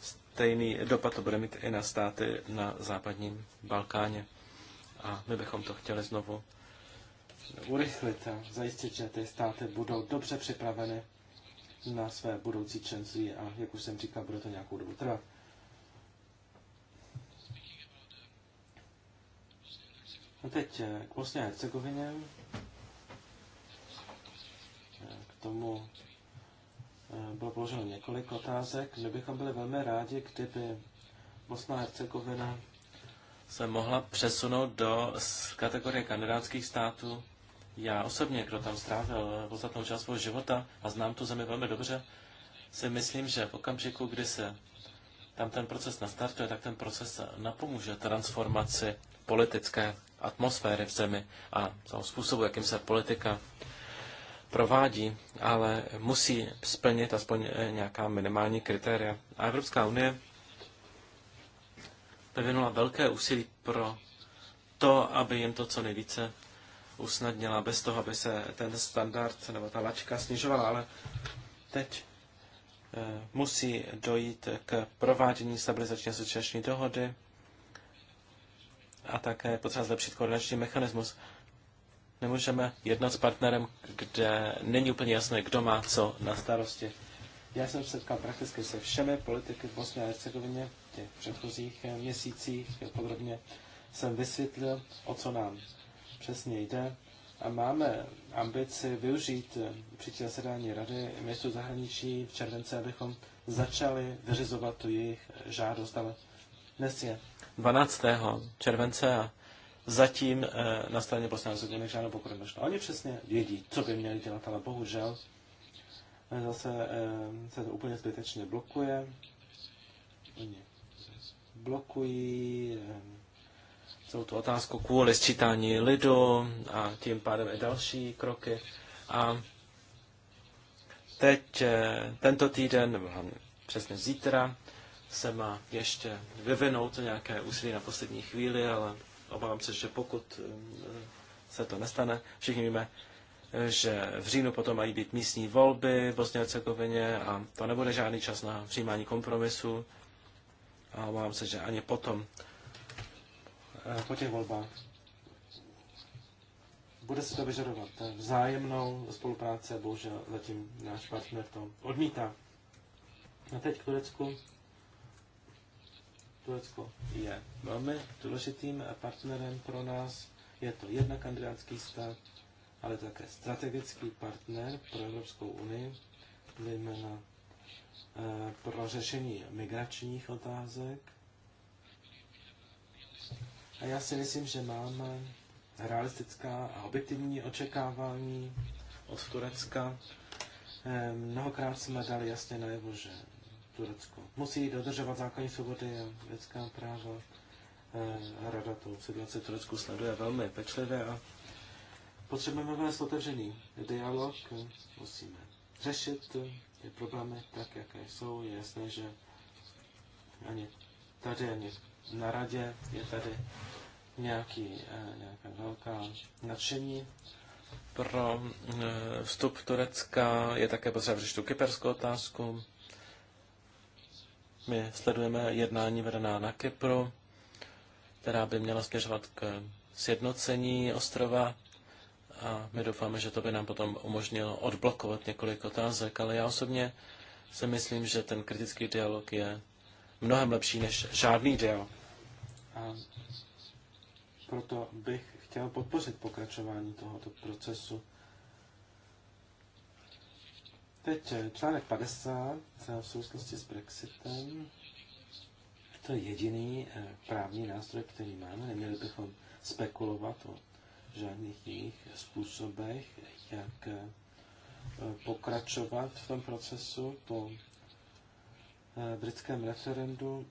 stejný dopad to bude mít i na státy na západním Balkáně. A my bychom to chtěli znovu urychlit a zajistit, že ty státy budou dobře připraveny na své budoucí členství a, jak už jsem říkal, bude to nějakou dobu trvat. A teď eh, k Bosně a Hercegovině, eh, k tomu eh, bylo položeno několik otázek. My bychom byli velmi rádi, kdyby Bosna a Hercegovina se mohla přesunout do kategorie kandidátských států. Já osobně, kdo tam strávil podstatnou část svého života a znám tu zemi velmi dobře, si myslím, že v okamžiku, kdy se tam ten proces nastartuje, tak ten proces napomůže transformaci politické atmosféry v zemi a toho způsobu, jakým se politika provádí, ale musí splnit aspoň eh, nějaká minimální kritéria. A Evropská unie vyvinula velké úsilí pro to, aby jim to co nejvíce usnadnila, bez toho, aby se ten standard nebo ta lačka snižovala, ale teď eh, musí dojít k provádění stabilizační asociační dohody a také je potřeba zlepšit koordinační mechanismus. Nemůžeme jednat s partnerem, kde není úplně jasné, kdo má co na starosti. Já jsem se setkal prakticky se všemi politiky v Bosně a Hercegovině v těch předchozích eh, měsících. Podrobně jsem vysvětlil, o co nám přesně jde. A máme ambici využít eh, příští zasedání Rady městu zahraničí v červenci, abychom začali vyřizovat tu jejich žádost, ale dnes je 12. července a zatím eh, na straně Bosny a Hercegoviny žádnou pokoru nešlo. Oni přesně vědí, co by měli dělat, ale bohužel eh, zase eh, se to úplně zbytečně blokuje. Oni blokují celou tu otázku kvůli sčítání lidu a tím pádem i další kroky. A teď tento týden, nebo přesně zítra, se má ještě vyvinout nějaké úsilí na poslední chvíli, ale obávám se, že pokud um, se to nestane, všichni víme, že v říjnu potom mají být místní volby v Bosně a Hercegovině a to nebude žádný čas na přijímání kompromisu. A obávám se, že ani potom, eh, po těch volbách, bude se to vyžadovat eh, vzájemnou spolupráce, bohužel zatím náš partner to odmítá. A teď k Turecku. Turecko je velmi důležitým partnerem pro nás. Je to jedna kandidátský stát, ale také strategický partner pro Evropskou unii, zejména eh, pro řešení migračních otázek. A já si myslím, že máme realistická a objektivní očekávání od Turecka. Eh, mnohokrát jsme dali jasně najevo, že Turecko. Musí dodržovat základní svobody a lidská práva. Eh, Rada tu situaci Turecku sleduje velmi pečlivě a potřebujeme vést otevřený dialog. Musíme řešit ty problémy tak, jaké jsou. Je jasné, že ani tady, ani na radě je tady nějaký, eh, nějaká velká nadšení pro eh, vstup Turecka. Je také potřeba řešit tu kyperskou otázku. My sledujeme jednání vedená na Kypru, která by měla směřovat k sjednocení ostrova a my doufáme, že to by nám potom umožnilo odblokovat několik otázek, ale já osobně si myslím, že ten kritický dialog je mnohem lepší než žádný dialog. A proto bych chtěl podpořit pokračování tohoto procesu. Teď eh, článek 50 eh, v souvislosti s Brexitem. To je jediný eh, právní nástroj, který máme. Neměli bychom spekulovat o žádných jiných způsobech, jak pokračovat v tom procesu po britském referendu.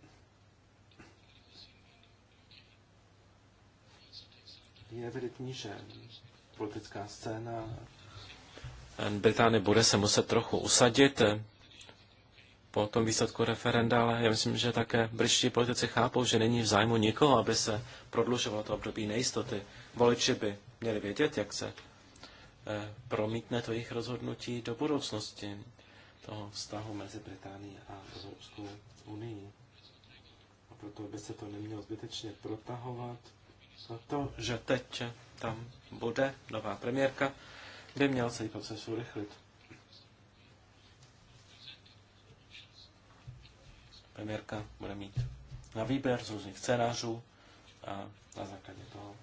Je evidentní, že politická scéna Británie bude se muset trochu usadit eh, po tom výsledku referenda, ale já myslím, že také britští politici chápou, že není v zájmu nikoho, aby se prodlužovalo to období nejistoty. Voliči by měli vědět, jak se eh, promítne to jejich rozhodnutí do budoucnosti toho vztahu mezi Británií a Evropskou unii. A proto by se to nemělo zbytečně protahovat. A to, že teď tam bude nová premiérka, by měl celý proces urychlit. Premiérka bude mít na výběr z různých scénářů a na základě toho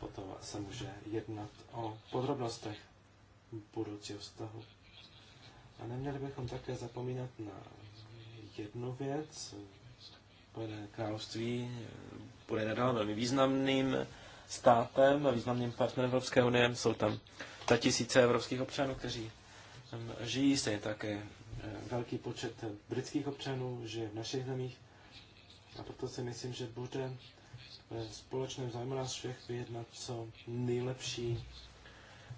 potom se může jednat o podrobnostech budoucího vztahu. A neměli bychom také zapomínat na jednu věc. Spojené království bude nadále velmi významným státem, významným partnerem Evropské unie. Jsou tam ta tisíce evropských občanů, kteří tam žijí, se je také e, velký počet britských občanů, žije v našich zemích. A proto si myslím, že bude ve společném zájmu nás všech vyjednat co nejlepší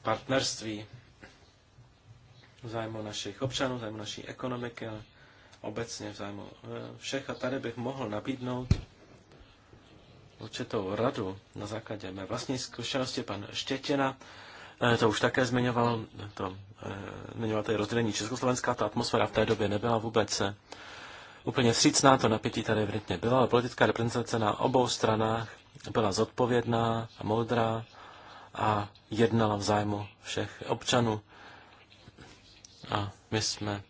partnerství v zájmu našich občanů, v zájmu naší ekonomiky, ale obecně v zájmu e, všech. A tady bych mohl nabídnout určitou radu na základě mé vlastní zkušenosti. Pan Štětina eh, to už také zmiňoval, to eh, zmiňoval tady rozdělení Československá, ta atmosféra v té době nebyla vůbec eh, úplně vřícná, to napětí tady evidentně bylo, ale politická reprezentace na obou stranách byla zodpovědná a moudrá a jednala v zájmu všech občanů. A my jsme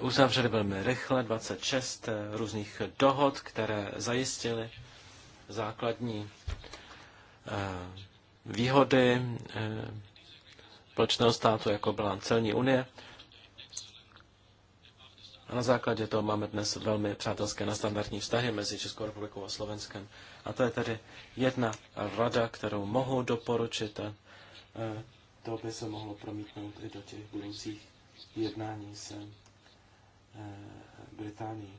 uzavřeli velmi rychle 26 různých dohod, které zajistily základní eh, výhody eh, společného státu, jako byla celní unie. A na základě toho máme dnes velmi přátelské na standardní vztahy mezi Českou republikou a Slovenskem. A to je tedy jedna rada, kterou mohu doporučit. A eh, to by se mohlo promítnout i do těch budoucích jednání se Británií.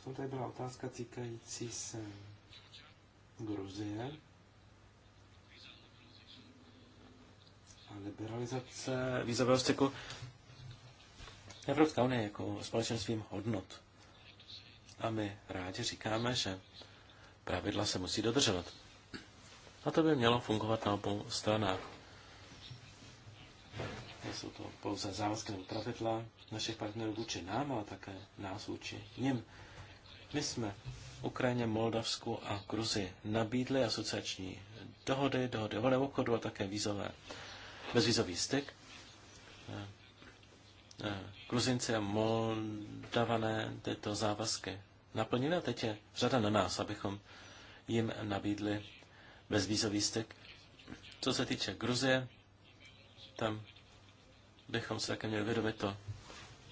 Potom tady byla otázka týkající se Gruzie a liberalizace vízového styku. Evropská unie jako společenstvím hodnot. A my rádi říkáme, že pravidla se musí dodržovat. A to by mělo fungovat na obou stranách. Jsou to pouze závazky nebo pravidla našich partnerů vůči nám, ale také nás vůči nim. My jsme Ukrajině, Moldavsku a Gruzi nabídli asociační dohody, dohody o volném obchodu a také vízové, bezvízový styk. Eh, eh, Gruzinci a Moldavané tyto závazky naplnili a teď je řada na nás, abychom jim nabídli bezvízový styk. Co se týče Gruzie, tam bychom se také měli vědomit to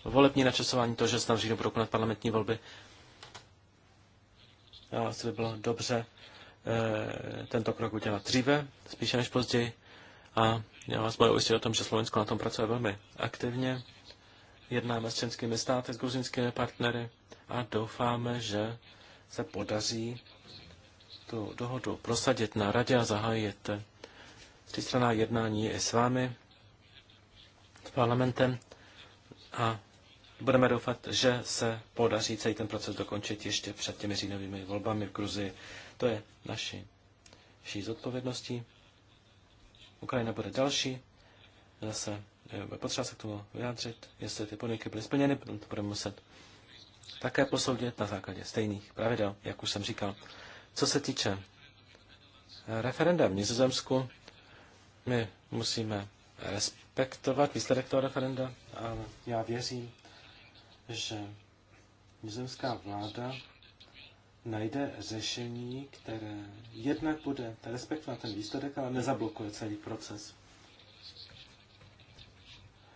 volební načasování, to, že se tam v říjnu budou konat parlamentní volby já no, asi by bylo dobře eh, tento krok udělat dříve, spíše než později. A já vás budu ujistit o tom, že Slovensko na tom pracuje velmi aktivně. Jednáme s českými státy, s gruzinskými partnery a doufáme, že se podaří tu dohodu prosadit na radě a zahájit třístraná jednání i s vámi, s parlamentem. A Budeme doufat, že se podaří celý ten proces dokončit ještě před těmi říjnovými volbami v Gruzii. To je naši, vší zodpovědností. Ukrajina bude další. Zase eh, potřeba se k tomu vyjádřit, jestli ty podmínky byly splněny, potom to budeme muset také posoudit na základě stejných pravidel, jak už jsem říkal. Co se týče eh, referenda v Nizozemsku, my musíme respektovat výsledek toho referenda, ale já věřím, že nizozemská vláda najde řešení, které jednak bude respektovat ten výsledek, ale nezablokuje celý proces.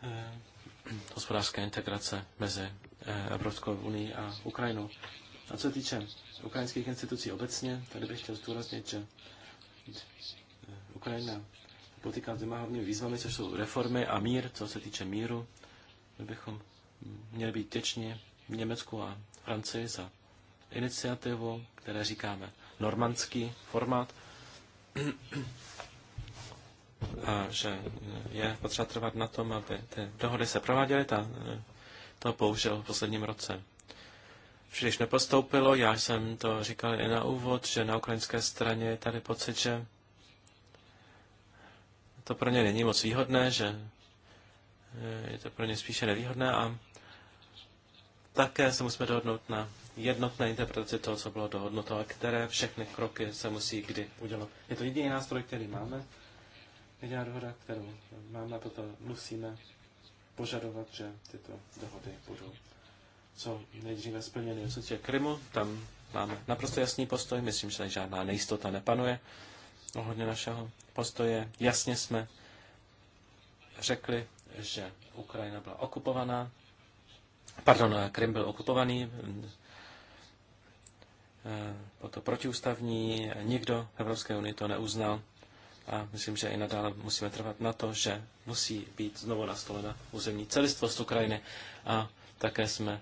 Eh, hospodářské integrace mezi eh, Evropskou unii a Ukrajinou. A co se týče ukrajinských institucí obecně, tady bych chtěl zdůraznit, že eh, Ukrajina potýká s dvěma hlavními výzvami, což jsou reformy a mír, co se týče míru. My bychom měli být vděční Německu a Francii za iniciativu, které říkáme normandský formát, a že je potřeba trvat na tom, aby ty dohody se prováděly. Ta, to bohužel v posledním roce příliš nepostoupilo. Já jsem to říkal i na úvod, že na ukrajinské straně je tady pocit, že to pro ně není moc výhodné, že je to pro ně spíše nevýhodné a také se musíme dohodnout na jednotné interpretaci toho, co bylo dohodnuto a které všechny kroky se musí kdy udělat. Je to jediný nástroj, který máme, jediná dohoda, kterou máme, a proto musíme požadovat, že tyto dohody budou co nejdříve splněny. V se Krymu, tam máme naprosto jasný postoj, myslím, že žádná nejistota nepanuje ohledně našeho postoje. Jasně jsme řekli, že Ukrajina byla okupovaná, Pardon, eh, Krym byl okupovaný, eh, bylo to protiústavní, nikdo v Evropské unii to neuznal a myslím, že i nadále musíme trvat na to, že musí být znovu nastolena územní celistvost Ukrajiny a také jsme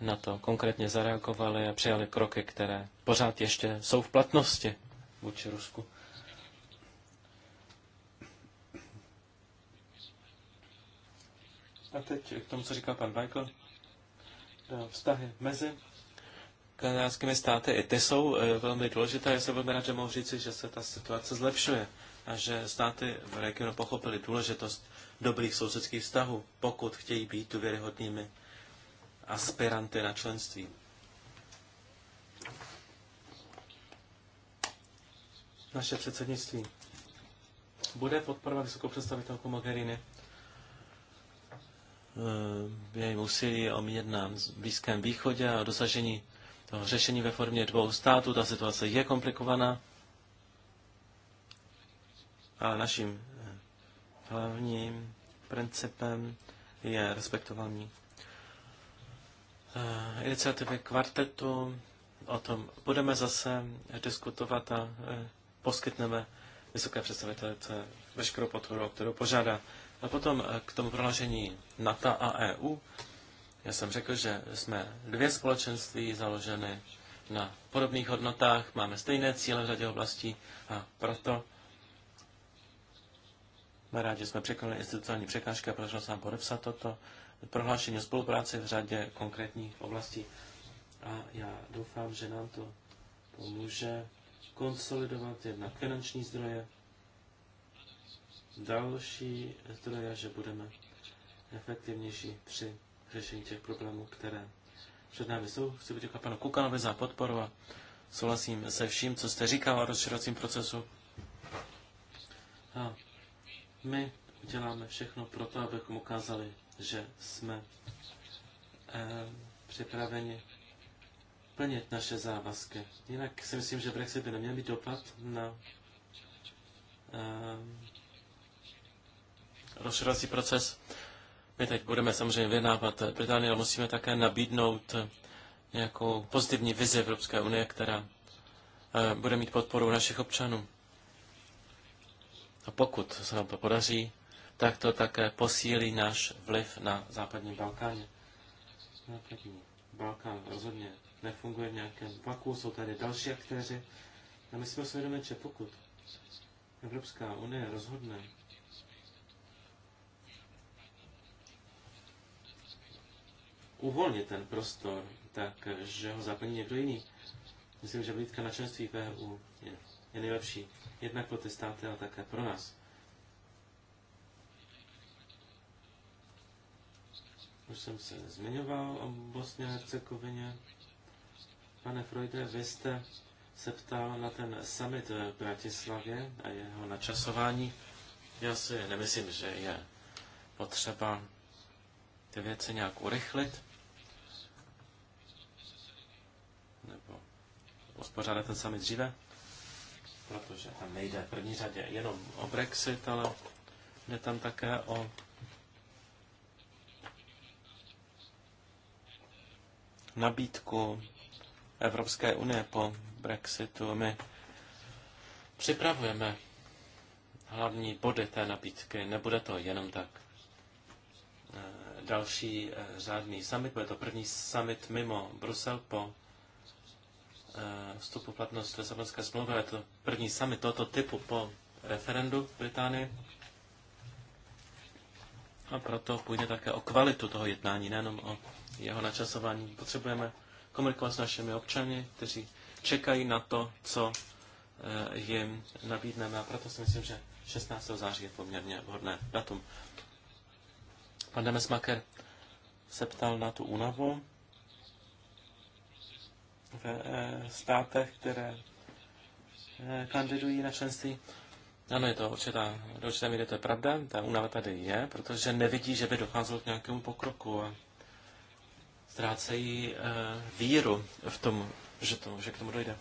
na to konkrétně zareagovali a přijali kroky, které pořád ještě jsou v platnosti vůči Rusku. A teď k tomu, co říkal pan Michael. Eh, vztahy mezi kanadskými státy. I ty jsou eh, velmi důležité. Já jsem velmi rád, že mohu říci, že se ta situace zlepšuje a že státy v regionu pochopili důležitost dobrých sousedských vztahů, pokud chtějí být důvěryhodnými aspiranty na členství. Naše předsednictví bude podporovat vysokou představitelku Mogherini Eh, jejím úsilí o mír na Blízkém východě a dosažení toho řešení ve formě dvou států. Ta situace je komplikovaná, a naším eh, hlavním principem je respektování eh, iniciativy kvartetu. O tom budeme zase diskutovat a poskytneme vysoké představitelce veškerou podporu, kterou požádá. A potom eh, k tomu prohlášení NATO a EU. Já jsem řekl, že jsme dvě společenství založeny na podobných hodnotách, máme stejné cíle v řadě oblastí a proto jsme rádi, že jsme překonali institucionální překážky a podařilo se nám podepsat toto prohlášení o spolupráci v řadě konkrétních oblastí. A já doufám, že nám to pomůže konsolidovat jednak finanční zdroje, další zdroje, že budeme efektivnější při řešení těch problémů, které před námi jsou. Chci poděkovat panu Kukanovi za podporu a souhlasím se vším, co jste říkal o rozširovacím procesu. A my uděláme všechno pro to, abychom ukázali, že jsme eh, připraveni plnit naše závazky. Jinak si myslím, že Brexit by neměl být dopad na eh, rozšiřovací proces. My teď budeme samozřejmě vyjednávat Británii, ale musíme také nabídnout nějakou pozitivní vizi Evropské unie, která eh, bude mít podporu našich občanů. A pokud se nám to podaří, tak to také posílí náš vliv na západním Balkáně. Západní Balkán rozhodně nefunguje v nějakém vaku, jsou tady další aktéři. A my jsme svědomi, že pokud Evropská unie rozhodne uvolnit ten prostor, tak že ho zaplní někdo jiný. Myslím, že vlídka na členství v e je, je nejlepší. Jednak pro ty státy, ale také pro nás. Už jsem se zmiňoval o Bosně a Hercegovině. Pane Freude, vy jste se ptal na ten summit v Bratislavě a jeho načasování. Já si nemyslím, že je potřeba ty věci nějak urychlit. uspořádat ten samý dříve, protože tam nejde v první řadě jenom o Brexit, ale jde tam také o nabídku Evropské unie po Brexitu. My připravujeme hlavní body té nabídky. Nebude to jenom tak eh, další eh, řádný summit, bude to první summit mimo Brusel po Eh, vstupu platnost Lisabonské smlouvy. Je to první summit tohoto typu po referendu v Británii. A proto půjde také o kvalitu toho jednání, nejenom o jeho načasování. Potřebujeme komunikovat s našimi občany, kteří čekají na to, co eh, jim nabídneme. A proto si myslím, že 16. září je poměrně vhodné datum. Pan Demesmaker se ptal na tu únavu v eh, státech, které eh, kandidují na členství. Ano, je to určitá, do určité míry to je pravda, ta únava tady je, protože nevidí, že by docházelo k nějakému pokroku a ztrácejí eh, víru v tom, že, to, že k tomu dojde.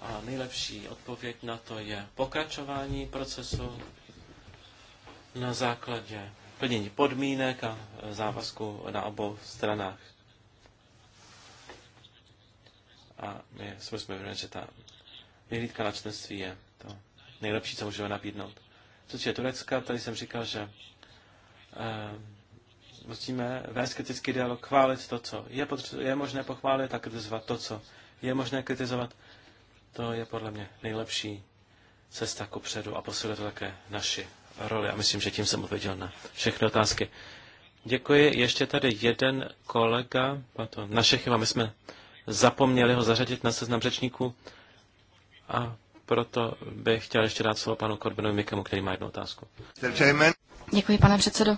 A nejlepší odpověď na to je pokračování procesu na základě plnění podmínek a závazku na obou stranách. a my jsme jsme že ta vyhlídka na čtenství je to nejlepší, co můžeme nabídnout. Co je Turecka, tady jsem říkal, že eh, musíme vést kritický dialog, chválit to, co je, je možné pochválit a kritizovat to, co je možné kritizovat. To je podle mě nejlepší cesta ku předu a posiluje to také naši roli. A myslím, že tím jsem odpověděl na všechny otázky. Děkuji. Ještě tady jeden kolega, to naše chyba, my jsme zapomněli ho zařadit na seznam řečníků. A proto bych chtěl ještě dát slovo panu Korbenovi Mikemu, který má jednu otázku. Děkuji, pane předsedo.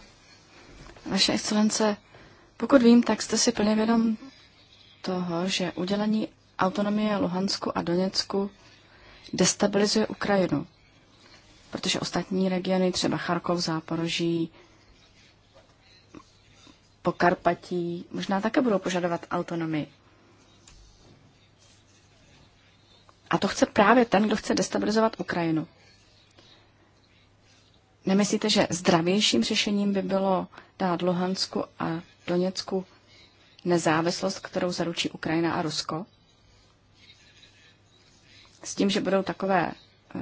Vaše excelence, pokud vím, tak jste si plně vědom toho, že udělení autonomie Luhansku a Doněcku destabilizuje Ukrajinu, protože ostatní regiony, třeba Charkov, Záporoží, Pokarpatí, možná také budou požadovat autonomii. A to chce právě ten, kdo chce destabilizovat Ukrajinu. Nemyslíte, že zdravějším řešením by bylo dát Luhansku a Doněcku nezávislost, kterou zaručí Ukrajina a Rusko? S tím, že budou takové eh,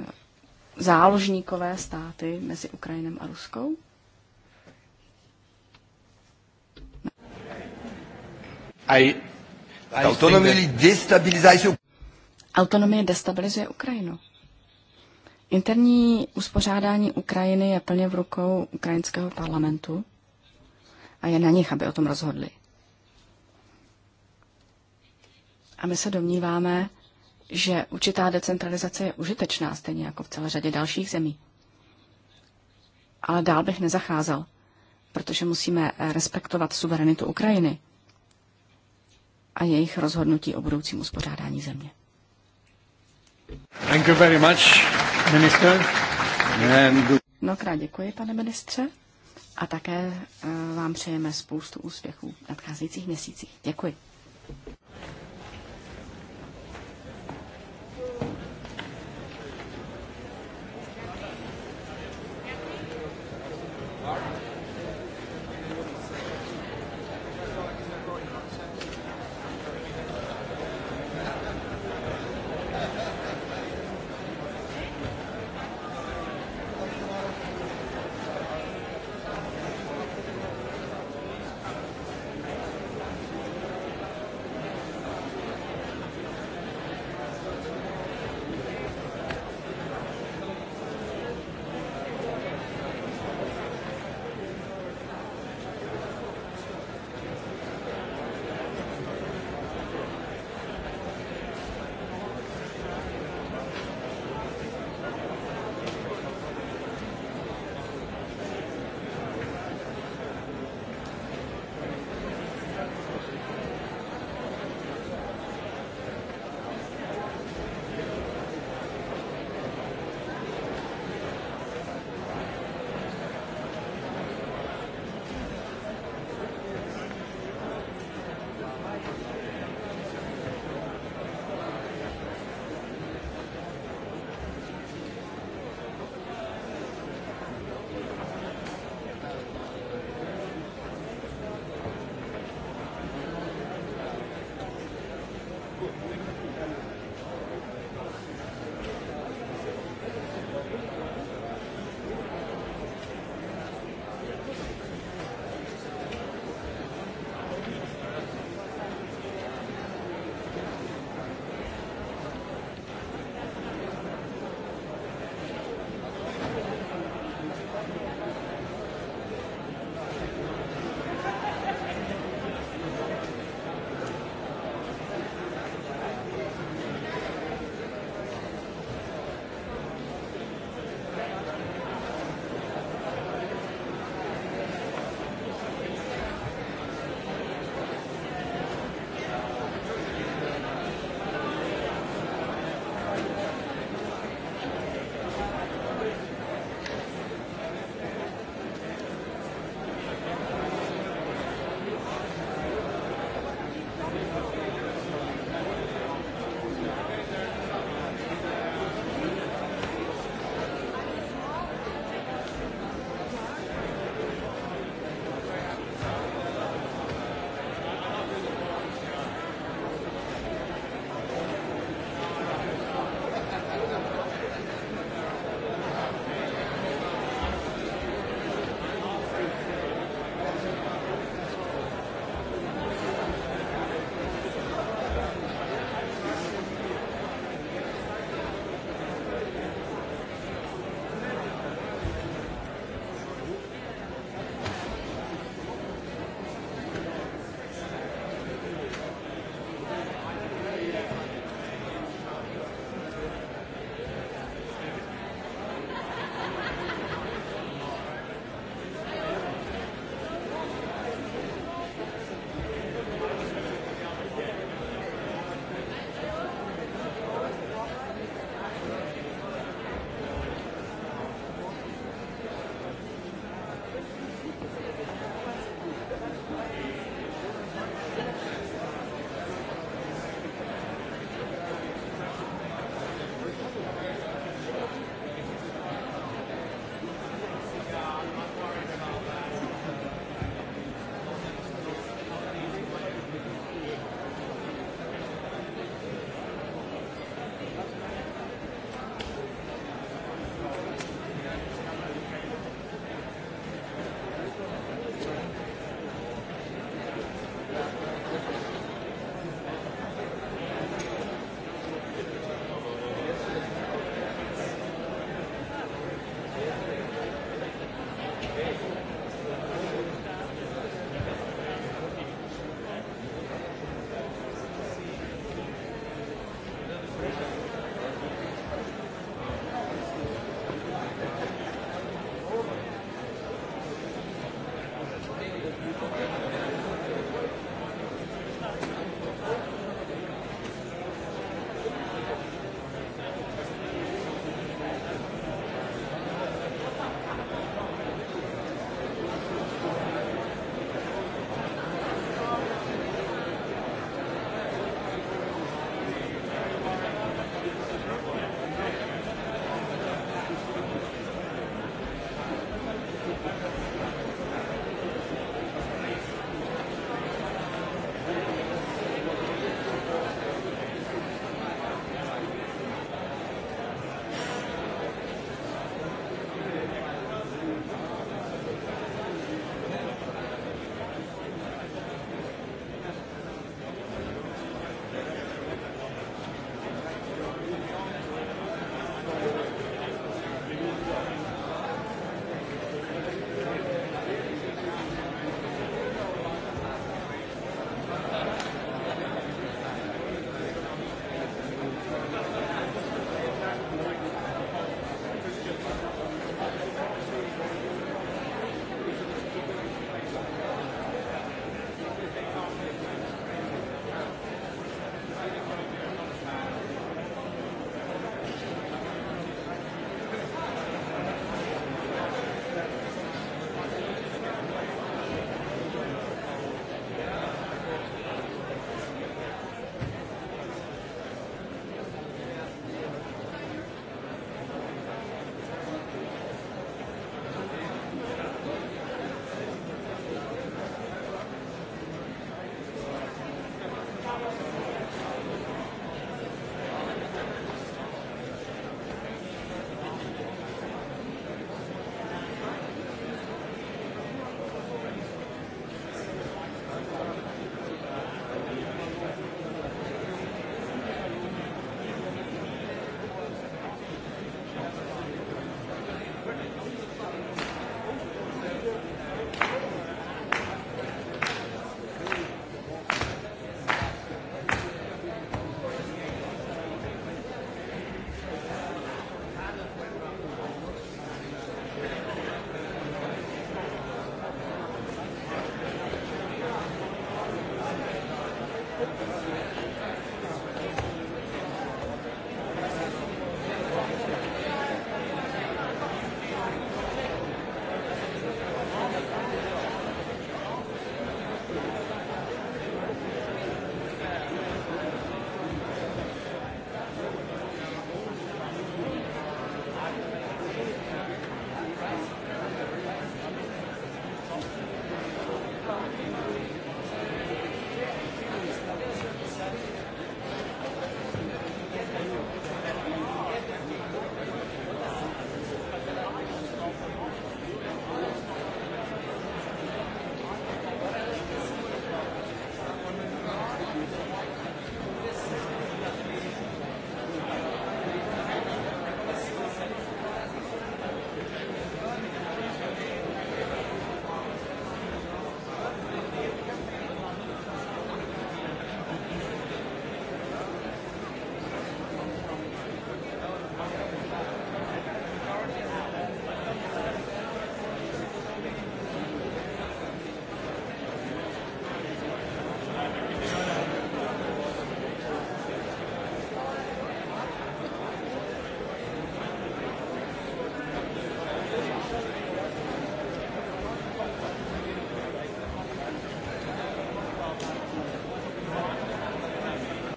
záložníkové státy mezi Ukrajinem a Ruskou? I, I autonomní destabilizace Autonomie destabilizuje Ukrajinu. Interní uspořádání Ukrajiny je plně v rukou ukrajinského parlamentu a je na nich, aby o tom rozhodli. A my se domníváme, že určitá decentralizace je užitečná, stejně jako v celé řadě dalších zemí. Ale dál bych nezacházel, protože musíme respektovat suverenitu Ukrajiny a jejich rozhodnutí o budoucím uspořádání země. Thank you very much, minister. And... Mnohokrát děkuji, pane ministře. A také eh, vám přejeme spoustu úspěchů v nadcházejících měsících. Děkuji.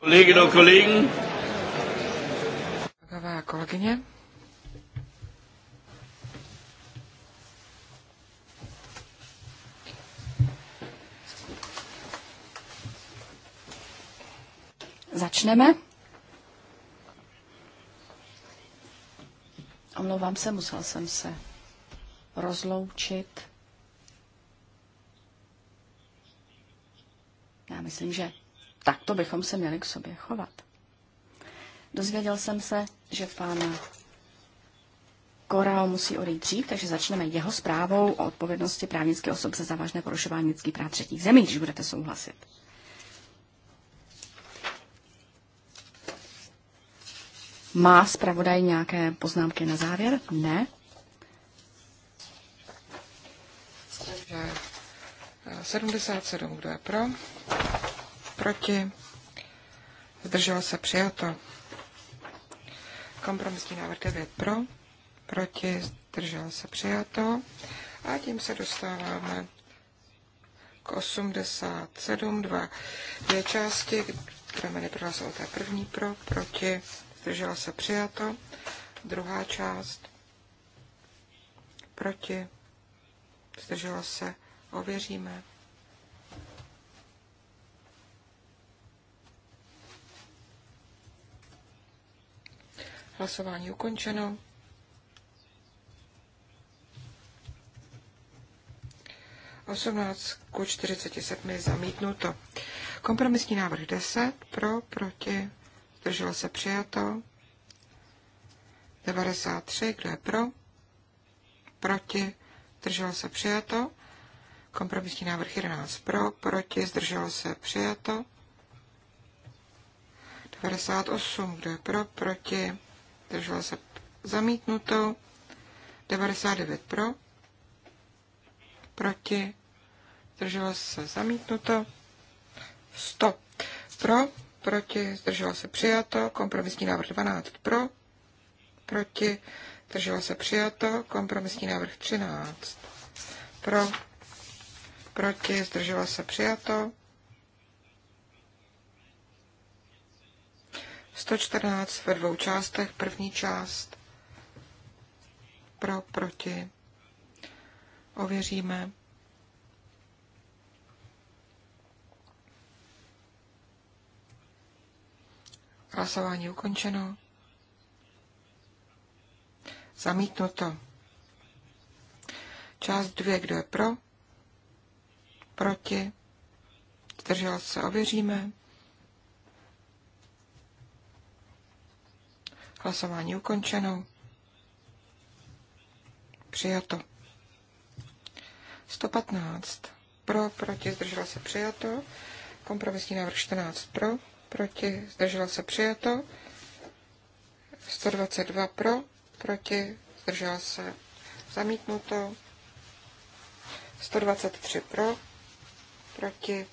Kolegyně a kolegy. kolegyně. Začneme. Omlouvám se, musel jsem se rozloučit. Já myslím, že takto bychom se měli k sobě chovat. Dozvěděl jsem se, že pan Korao musí odejít dřív, takže začneme jeho zprávou o odpovědnosti právnických osob za závažné porušování lidských práv třetích zemí, když budete souhlasit. Má zpravodaj nějaké poznámky na závěr? Ne. Eh, takže 77, kdo je pro? proti, Zdrželo se přijato. Kompromisní návrh 9 pro, proti, zdrželo se přijato. A tím se dostáváme k 87, dva, dvě části, prameny pro hlasovalo té první pro, proti, zdržela se přijato, druhá část, proti, zdržela se, ověříme. Hlasování ukončeno. Osmnáct ku 47 zamítnuto. Kompromisní návrh 10 pro, proti, zdrželo se přijato. 93, kdo je pro, proti, zdrželo se přijato. Kompromisní návrh 11 pro, proti, zdrželo se přijato. 98, kdo je pro, proti, zdržel se zamítnuto, 99 pro, proti, zdrželo se zamítnuto, 100 pro, proti, zdrželo se přijato, kompromisní návrh 12 pro, proti, zdrželo se přijato, kompromisní návrh 13 pro, proti, zdrželo se přijato, 114 ve dvou částech. První část pro, proti. Ověříme. Hlasování ukončeno. Zamítnuto. Část dvě, kdo je pro? Proti? Zdržel se, ověříme. Hlasování ukončeno. Přijato. 115. Pro, proti, zdržela se přijato. Kompromisní návrh 14. Pro, proti, zdržela se přijato. 122 pro, proti, zdržela se zamítnuto. 123 pro, proti,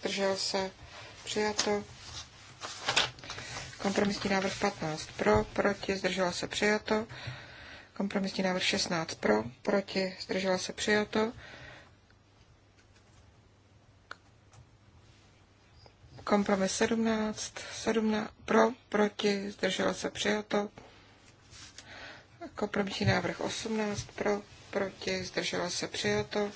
zdržela se přijato. Kompromisní návrh 15 pro, proti, zdržela se přijato. Kompromisní návrh 16 pro, proti, zdržela se přijato. Kompromis 17, 17 pro, proti, zdržela se přijato. Kompromisní návrh 18 pro, proti, zdržela se přijato.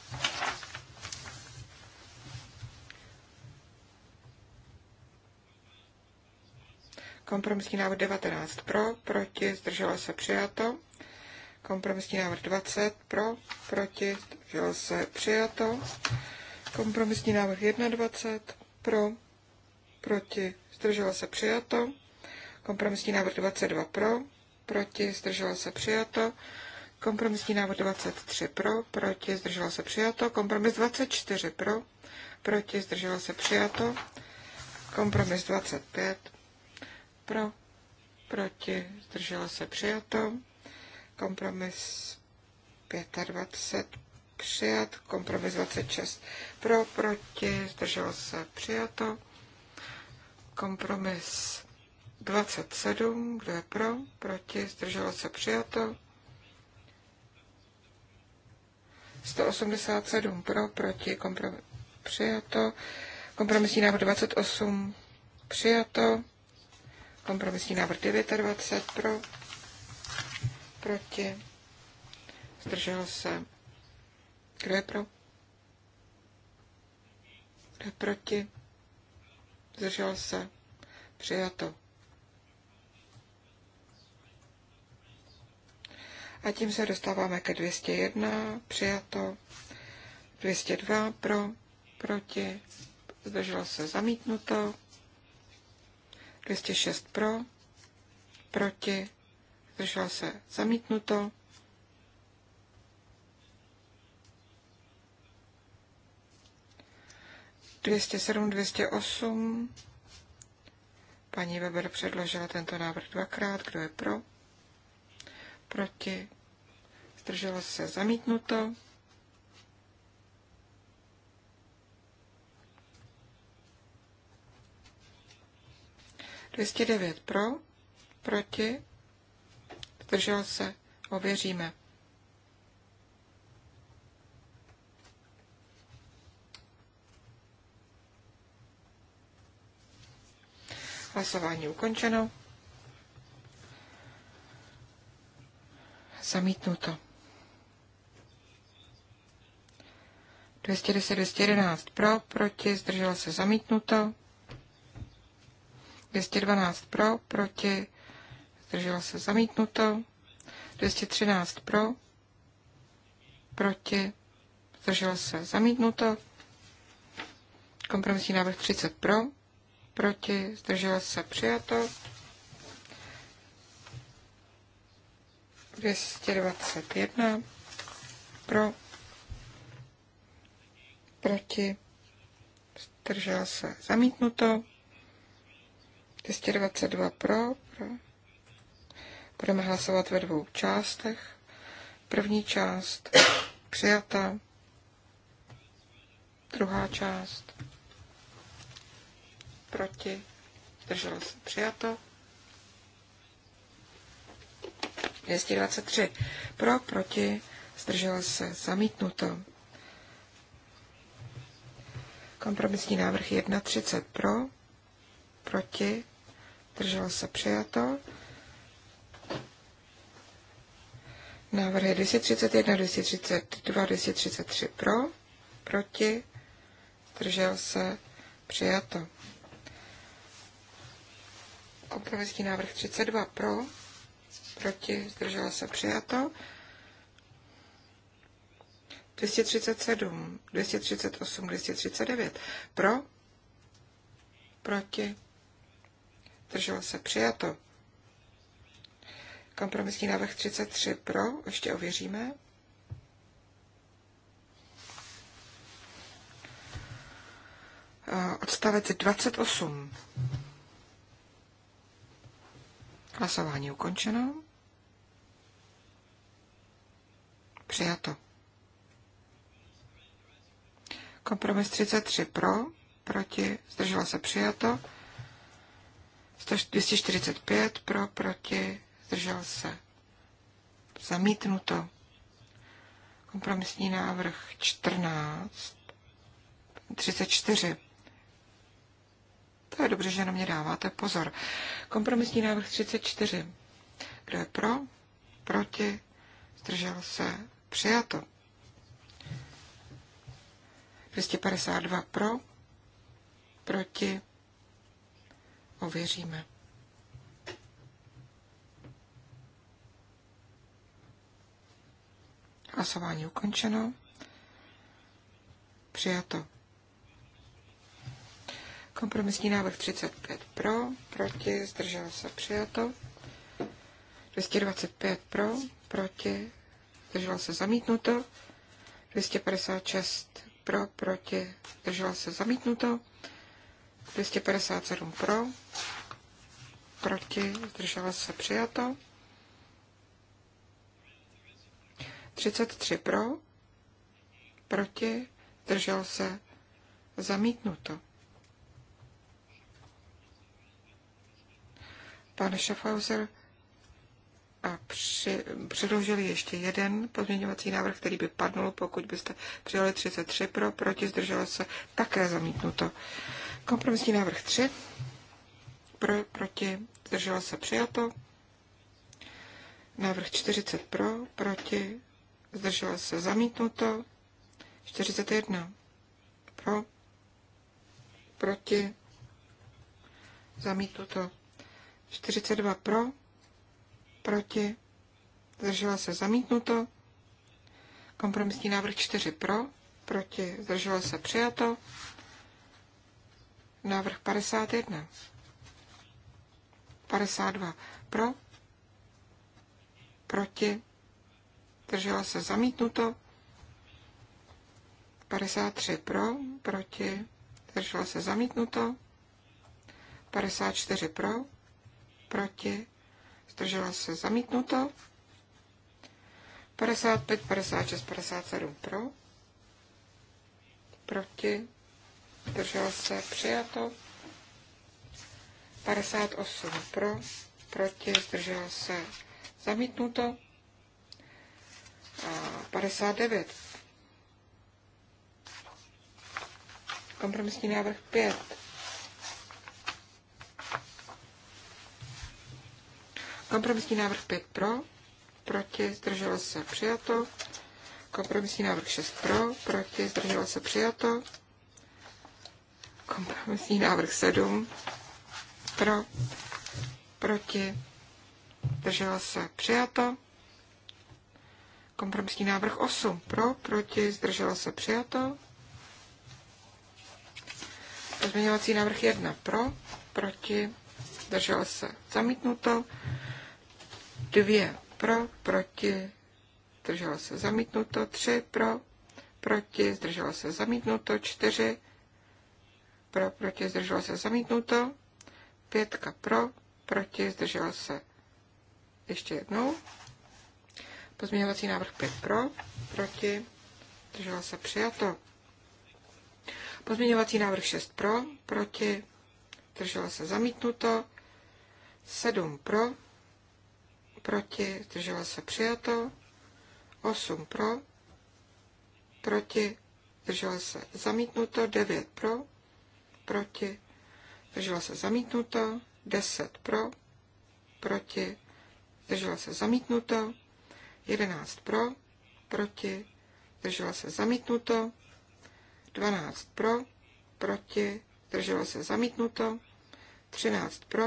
Kompromisní návrh 19 pro, proti, zdrželo se přijato. Kompromisní návrh 20 pro, proti, zdrželo se přijato. Kompromisní návrh 21 pro, proti, zdrželo se přijato. Kompromisní návrh 22 pro, proti, zdrželo se přijato. Kompromisní návrh 23 pro, proti, zdrželo se přijato. Kompromis 24 pro, proti, zdrželo se přijato. Kompromis 25 pro, proti, zdrželo se přijato, kompromis 25 přijat, kompromis 26 pro, proti, zdrželo se přijato, kompromis 27, kdo je pro, proti, zdrželo se přijato, 187 pro, proti, kompromis přijato, kompromisní návrh 28 přijato, Kompromisní návrh 29 pro, proti, zdržel se. Kdo je pro? Kdo je proti? Zdržel se. Přijato. A tím se dostáváme ke 201, přijato, 202 pro, proti, zdrželo se zamítnuto, 206 pro, proti, zdržel se zamítnuto. Dvěstě sedm, dvěstě osm. Paní Weber předložila tento návrh dvakrát. Kdo je pro? Proti? Zdrželo se zamítnuto. 209 pro, proti, zdržel se, ověříme. Hlasování ukončeno. Zamítnuto. 210, 211 pro, proti, zdržel se zamítnuto. 212 pro, proti, zdrželo se zamítnuto. 213 pro, proti, zdrželo se zamítnuto. Kompromisní návrh 30 pro, proti, zdrželo se přijato. 221 pro, proti, zdrželo se zamítnuto. 222 pro, pro. Budeme hlasovat ve dvou částech. První část přijata. Druhá část proti. Zdrželo se přijato. 223 pro, proti. Zdrželo se zamítnuto. Kompromisní návrh 1.30 pro, proti, zdržel se přijato. Návrhy 231, 232, 233 pro, proti, zdržel se přijato. Kompromisní návrh 32 pro, proti, zdržel se přijato. 237, 238, 239 pro, proti, zdržel se přijato. Kompromisní návrh 33 pro, ještě ověříme. Eh, odstavec 28. Hlasování ukončeno. Přijato. Kompromis 33 pro, proti, zdržela se přijato. 245 pro, proti, zdržel se. Zamítnuto. Kompromisní návrh 14, 34. To je dobře, že na mě dáváte pozor. Kompromisní návrh 34. Kdo je pro? Proti? Zdržel se? Přijato. 252 pro? Proti? ověříme. Hlasování ukončeno. Přijato. Kompromisní návrh 35 pro, proti, zdrželo se, přijato. 225 pro, proti, zdrželo se, zamítnuto. 256 pro, proti, zdrželo se, zamítnuto. 257 pro, proti, zdržela se přijato. 33 pro, proti, zdržel se zamítnuto. Pan Schaffhauser a při, předložili ještě jeden pozměňovací návrh, který by padnul, pokud byste přijali 33 pro, proti zdrželo se také zamítnuto. Kompromisní návrh 3. Pro, proti, zdrželo se přijato. Návrh 40 pro, proti, zdrželo se zamítnuto. 41 pro, proti, zamítnuto. 42 pro, proti, zdrželo se zamítnuto. Kompromisní návrh 4 pro, proti, zdrželo se přijato. Návrh 51. 52. Pro. Proti. Držela se zamítnuto. 53 pro, proti, Držela se zamítnuto. 54 pro, proti, zdržela se zamítnuto. 55, 56, 57 pro, proti, zdržel se, přijato. 58 pro, proti, zdržel se, zamítnuto. A 59. Kompromisní návrh 5. Kompromisní návrh 5 pro, proti, zdrželo se, přijato. Kompromisní návrh 6 pro, proti, zdrželo se, přijato. Kompromisní návrh 7. Pro, proti, drželo se, přijato. Kompromisní návrh 8. Pro, proti, zdrželo se, přijato. Pozměňovací návrh 1. Pro, proti, zdrželo se, zamítnuto. 2. Pro, proti, zdrželo se, zamítnuto. 3. Pro, proti, zdrželo se, zamítnuto. 4 pro, proti, zdržel se, zamítnuto. Pětka pro, proti, zdržel se. Ještě jednou. Pozměňovací návrh 5 pro, proti, zdržel se, přijato. Pozměňovací návrh 6 pro, proti, zdržel se, zamítnuto. 7 pro, proti, zdržel se, přijato. 8 pro, proti, zdržel se, zamítnuto. 9 pro, proti, zdržela se zamítnuto, 10 pro, proti, zdržela se zamítnuto, 11 pro, proti, zdržela se zamítnuto, 12 pro, proti, zdržela se zamítnuto, 13 pro,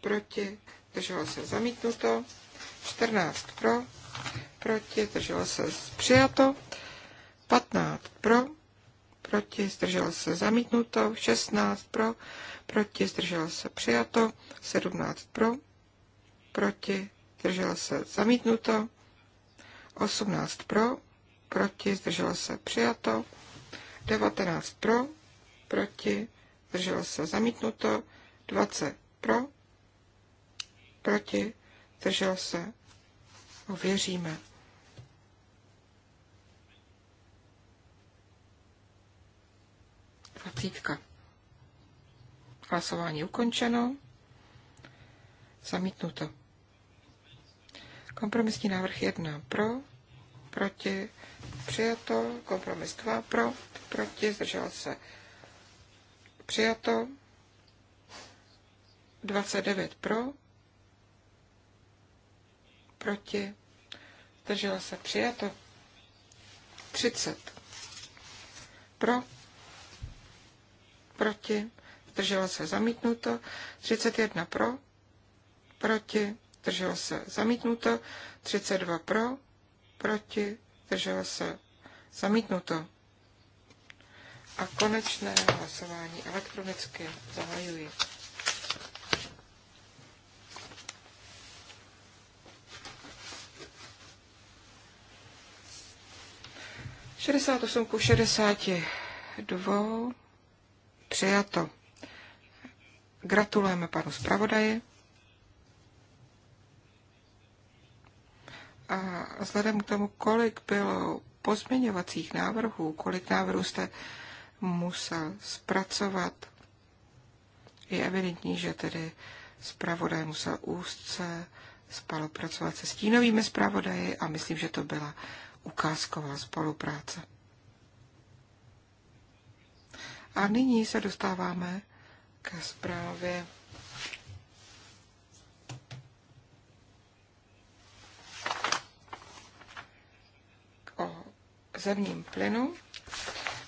proti, zdržela se zamítnuto, 14 pro, proti, zdržela se přijato, 15 pro, proti, zdržel se zamítnuto, 16 pro, proti, zdržel se přijato, 17 pro, proti, zdržel se zamítnuto, 18 pro, proti, zdržel se přijato, 19 pro, proti, zdržel se zamítnuto, 20 pro, proti, zdržel se, ověříme. Tlačítka. Hlasování ukončeno. Zamítnuto. Kompromisní návrh 1 pro, proti, přijato. Kompromis 2 pro, proti, zdržel se. Přijato. 29 pro, proti, zdržel se. Přijato. 30 pro, proti, zdrželo se zamítnuto, 31 pro, proti, zdrželo se zamítnuto, 32 pro, proti, zdrželo se zamítnuto. A konečné hlasování elektronicky zahajuji. Šedesát osm ku šedesáti dvou. Přijato. Gratulujeme panu zpravodaji. A vzhledem k tomu, kolik bylo pozměňovacích návrhů, kolik návrhů jste musel zpracovat, je evidentní, že tedy zpravodaj musel úzce spolupracovat se stínovými zpravodaji a myslím, že to byla ukázková spolupráce. A nyní se dostáváme ke zprávě o zemním plynu.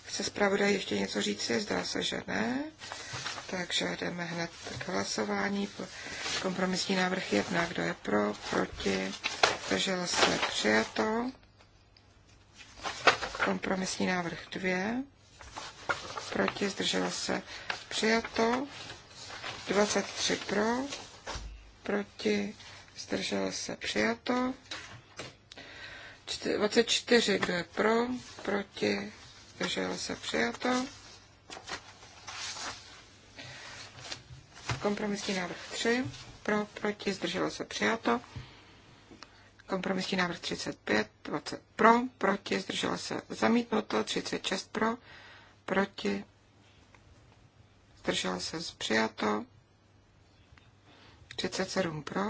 Chce zpravodaj ještě něco říct, Zdá se, že ne. Takže jdeme hned k hlasování. Kompromisní návrh jedna, Kdo je pro? Proti? Zdržel se? Přijato. Kompromisní návrh dvě proti, zdržela se, přijato. 23 pro, proti, zdržela se, přijato. 24, kdo je pro, proti, zdržela se, přijato. Kompromisní návrh 3, pro, proti, zdrželo se, přijato. Kompromisní návrh 35, 20 pro, proti, zdržela se zamítnuto, 36 pro, proti, zdržel se přijato, 37 pro,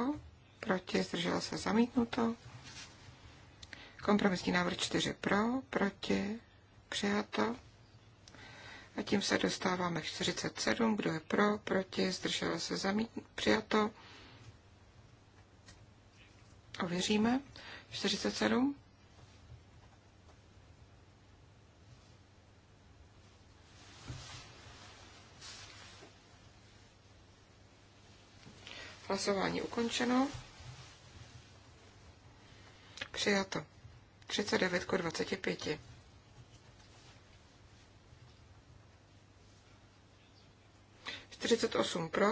proti, zdržel se zamítnuto, kompromisní návrh 4 pro, proti, přijato, a tím se dostáváme k 47, kdo je pro, proti, zdržel se zamítnuto, přijato, ověříme, 47, Hlasování ukončeno. Přijato. 39 k 25. Třicet osm pro,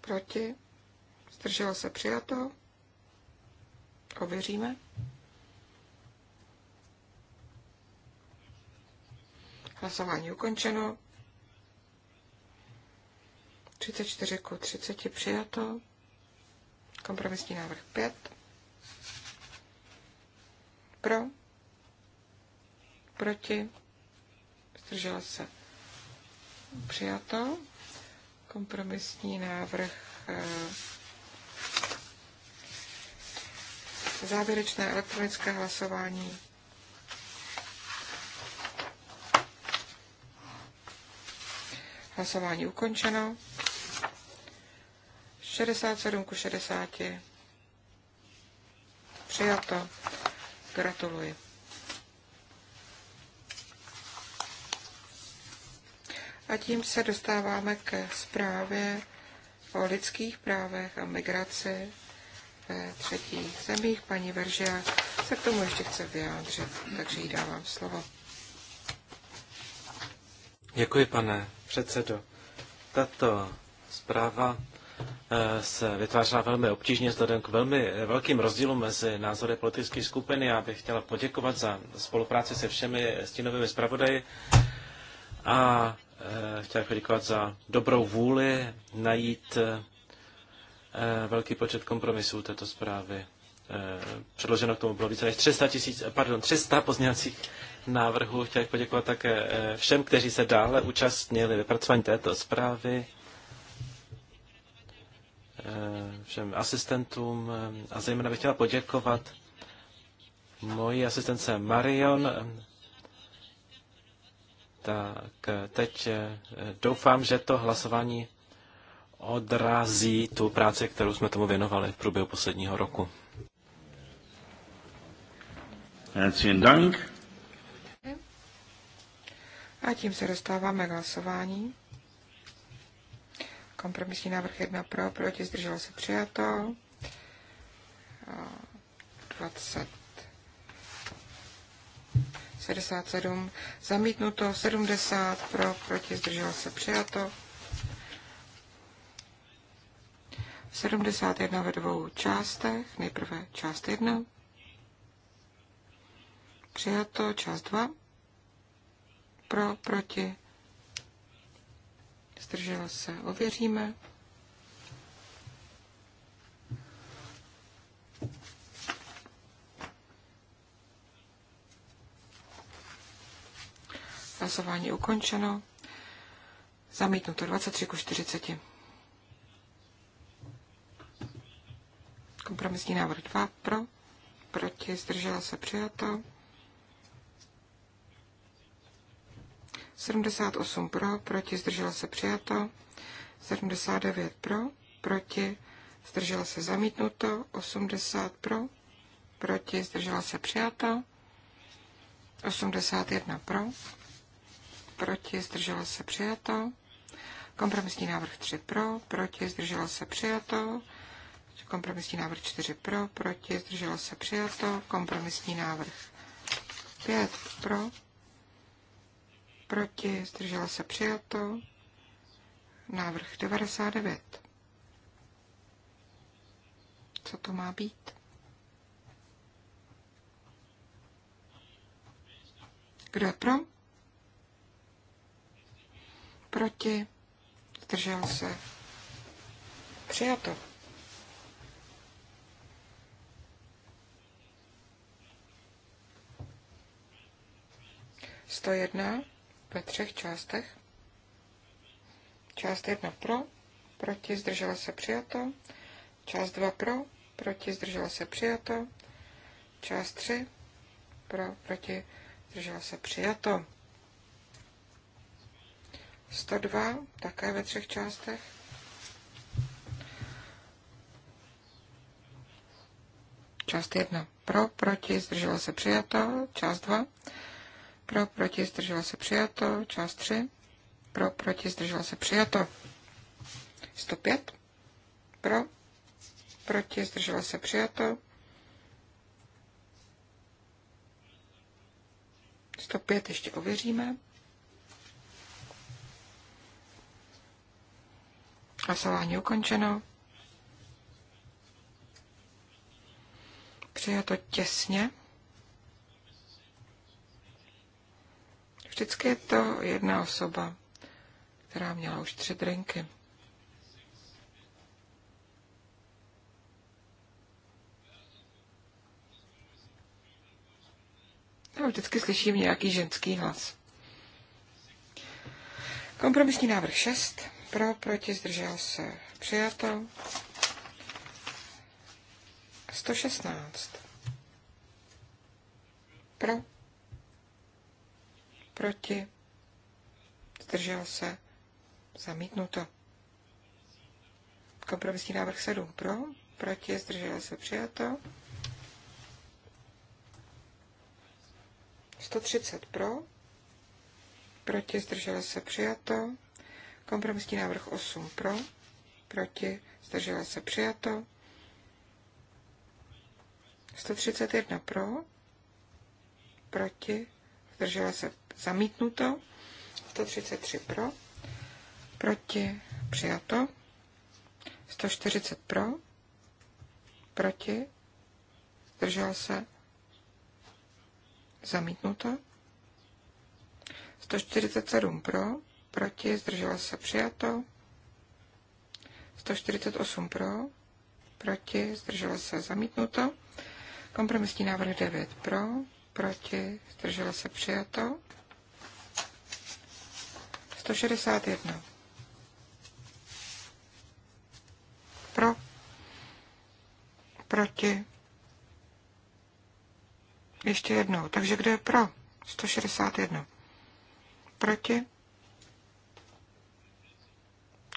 proti, zdrželo se přijato, ověříme. Hlasování ukončeno. 34 ku 30 přijato. Kompromisní návrh 5. Pro. Proti. Zdržela se. Přijato. Kompromisní návrh eh, závěrečné elektronické hlasování Hlasování ukončeno. 67 ku 60. Přijato. Gratuluji. A tím se dostáváme ke zprávě o lidských právech a migraci ve třetích zemích. Paní Veržia se k tomu ještě chce vyjádřit, takže jí dávám slovo. Děkuji, pane předsedo. Tato zpráva Eh, se vytvářela velmi obtížně vzhledem k velmi velkým rozdílům mezi názory politických skupin. Já bych chtěla poděkovat za spolupráci se všemi stínovými zpravodaji a eh, chtěla bych poděkovat za dobrou vůli najít eh, velký počet kompromisů této zprávy. Předloženo k tomu bylo více než 300, tisíc, pardon, 300 pozměňovacích návrhů. Chtěla bych poděkovat také všem, kteří se dále účastnili vypracování této zprávy. Eh, všem asistentům eh, a zejména bych chtěla poděkovat mojí asistence Marion. Tak eh, teď doufám, že to hlasování odrazí tu práci, kterou jsme tomu věnovali v průběhu posledního roku. Dank. A tím se dostáváme k hlasování. Kompromisní návrh 1 pro, proti, zdrželo se přijato. 20. 67 zamítnuto, 70 pro, proti, zdrželo se přijato. 71 ve dvou částech, nejprve část 1, přijato, část 2, pro, proti, Zdržela se, ověříme. Hlasování ukončeno. Zamítnuto 23 ku 40. Kompromisní návrh 2 pro, proti, zdržela se přijato. 78 pro, proti, zdržel se přijato. 79 pro, proti, zdržel se zamítnuto. 80 pro, proti, zdržel se přijato. 81 pro, proti, zdržel se přijato. Kompromisní návrh 3 pro, proti, zdržel se přijato. Kompromisní návrh 4 pro, proti, zdržel se přijato. Kompromisní návrh 5 pro, proti, zdržela se přijato. Návrh 99. Co to má být? Kdo je pro? Proti, zdržel se přijato. Sto jedna ve třech částech. Část 1 pro, proti zdržela se přijato. Část 2 pro, proti zdržela se přijato. Část 3 pro, proti zdržela se přijato. 102 také ve třech částech. Část 1 pro, proti, zdržela se přijato. Část 2 pro, proti, zdržela se přijato. Část 3. Pro, proti, zdržela se přijato. 105. Pro, proti, zdržela se přijato. 105 ještě ověříme. Hlasování ukončeno. Přijato těsně. Vždycky je to jedna osoba, která měla už tři drinky. Já vždycky slyším nějaký ženský hlas. Kompromisní návrh 6. Pro, proti, zdržel se. Přijato. 116. Pro, proti, zdržel se, zamítnuto. Kompromisní návrh 7 pro, proti, zdržel se, přijato. 130 pro, proti, zdržel se, přijato. Kompromisní návrh 8 pro, proti, zdržel se, přijato. 131 pro, proti, zdržela se zamítnuto, 133 pro, proti, přijato, 140 pro, proti, zdržel se, zamítnuto, 147 pro, proti, zdržel se, přijato, 148 pro, proti, zdržel se, zamítnuto, kompromisní návrh 9 pro, proti, zdržel se, přijato, 161. Pro. Proti. Ještě jednou. Takže kdo je pro? 161. Proti?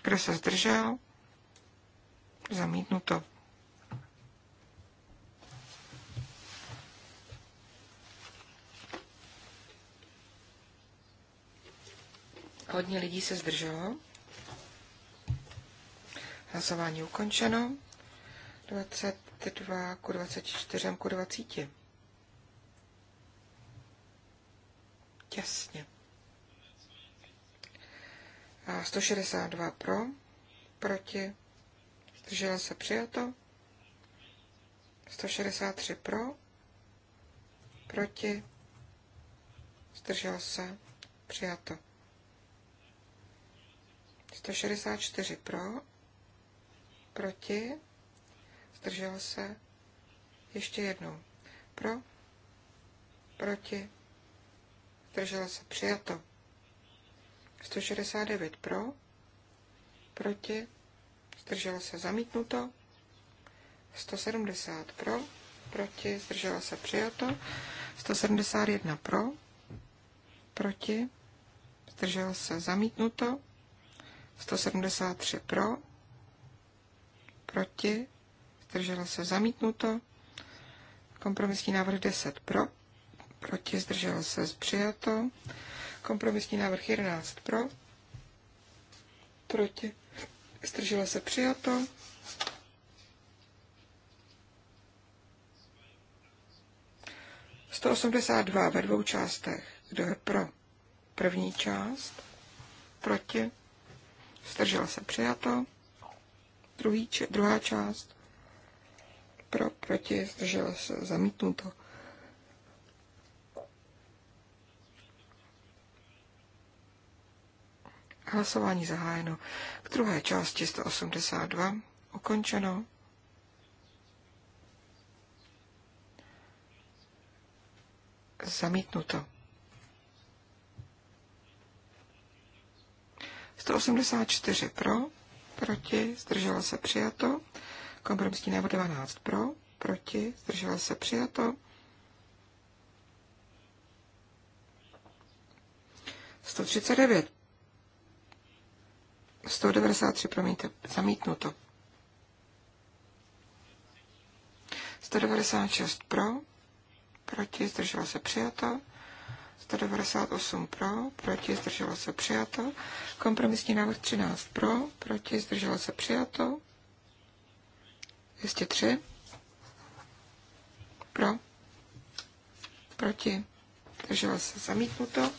Kdo se zdržel? Zamítnuto. Hodně lidí se zdrželo. Hlasování ukončeno. 22 ku 24 ku 20. Těsně. A 162 pro, proti, zdrželo se přijato. 163 pro, proti, zdrželo se, přijato. 164 pro, proti, zdržel se, ještě jednou, pro, proti, zdržel se, přijato. 169 pro, proti, zdržel se, zamítnuto. 170 pro, proti, zdržel se přijato, 171 pro, proti, zdržel se zamítnuto, 173 pro, proti, zdrželo se zamítnuto. Kompromisní návrh 10 pro, proti, zdrželo se přijato. Kompromisní návrh 11 pro, proti, zdrželo se přijato. To 82 ve dvou částech. Kdo je pro? První část. Proti Zdržela se přijato. Druhý, druhá část. Pro, proti, zdržela se zamítnuto. Hlasování zahájeno. K druhé části 182 ukončeno. Zamítnuto. 184 pro, proti, zdržela se přijato. Kompromisní návrh 12 pro, proti, zdržela se přijato. 139. 193, promiňte, zamítnuto. 196 pro, proti, zdržela se přijato. 198 pro, proti, zdrželo se přijato. Kompromisní návrh 13 pro, proti, zdrželo se přijato. 203 pro, proti, zdrželo se zamítnuto.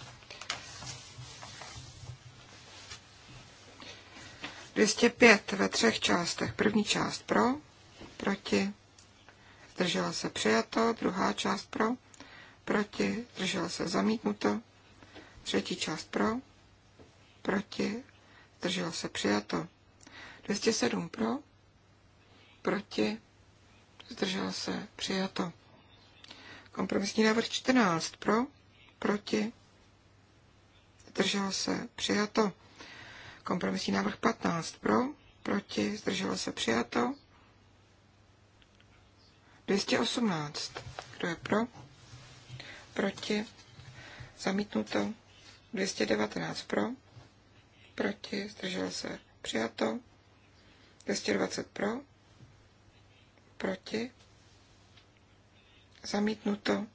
205 ve třech částech. První část pro, proti, zdrželo se přijato, druhá část pro, proti, zdržel se zamítnuto, třetí část pro, proti, zdržel se přijato, 207 pro, proti, zdržel se přijato. Kompromisní návrh 14 pro, proti, zdržel se přijato. Kompromisní návrh 15 pro, proti, zdržel se přijato. 218, kdo je pro? proti, zamítnuto, 219 pro, proti, zdrželo se, přijato, 220 pro, proti, zamítnuto,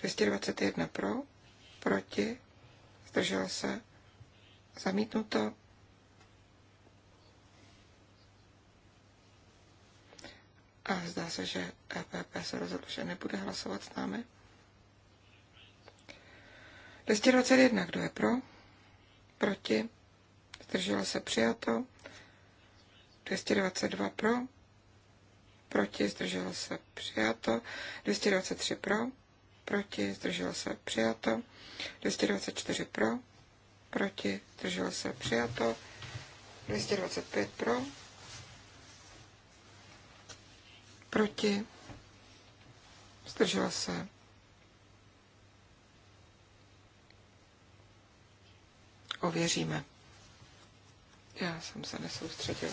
221 pro, proti, zdrželo se, zamítnuto, a zdá se, že EPP se rozhodl, že nebude hlasovat s námi. 221, kdo je pro? Proti? Zdrželo se přijato. 222 pro. Proti? Zdrželo se přijato. 223 pro. Proti? Zdrželo se přijato. 224 pro. Proti? Zdrželo se přijato. 225 pro. Proti? Zdrželo se ověříme. Já jsem se nesoustředil.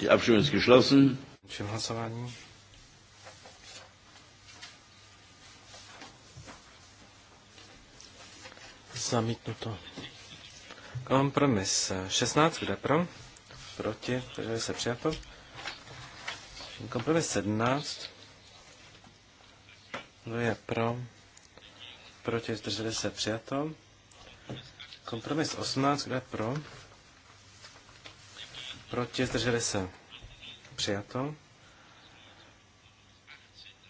Die Abstimmung ist geschlossen. hlasování. Zamítnuto. Kompromis 16, kde pro? Proti, takže se přijato. Kompromis 17, kdo je pro? Proti zdrželi se přijato. Kompromis 18, kdo je pro? Proti zdrželi se přijato.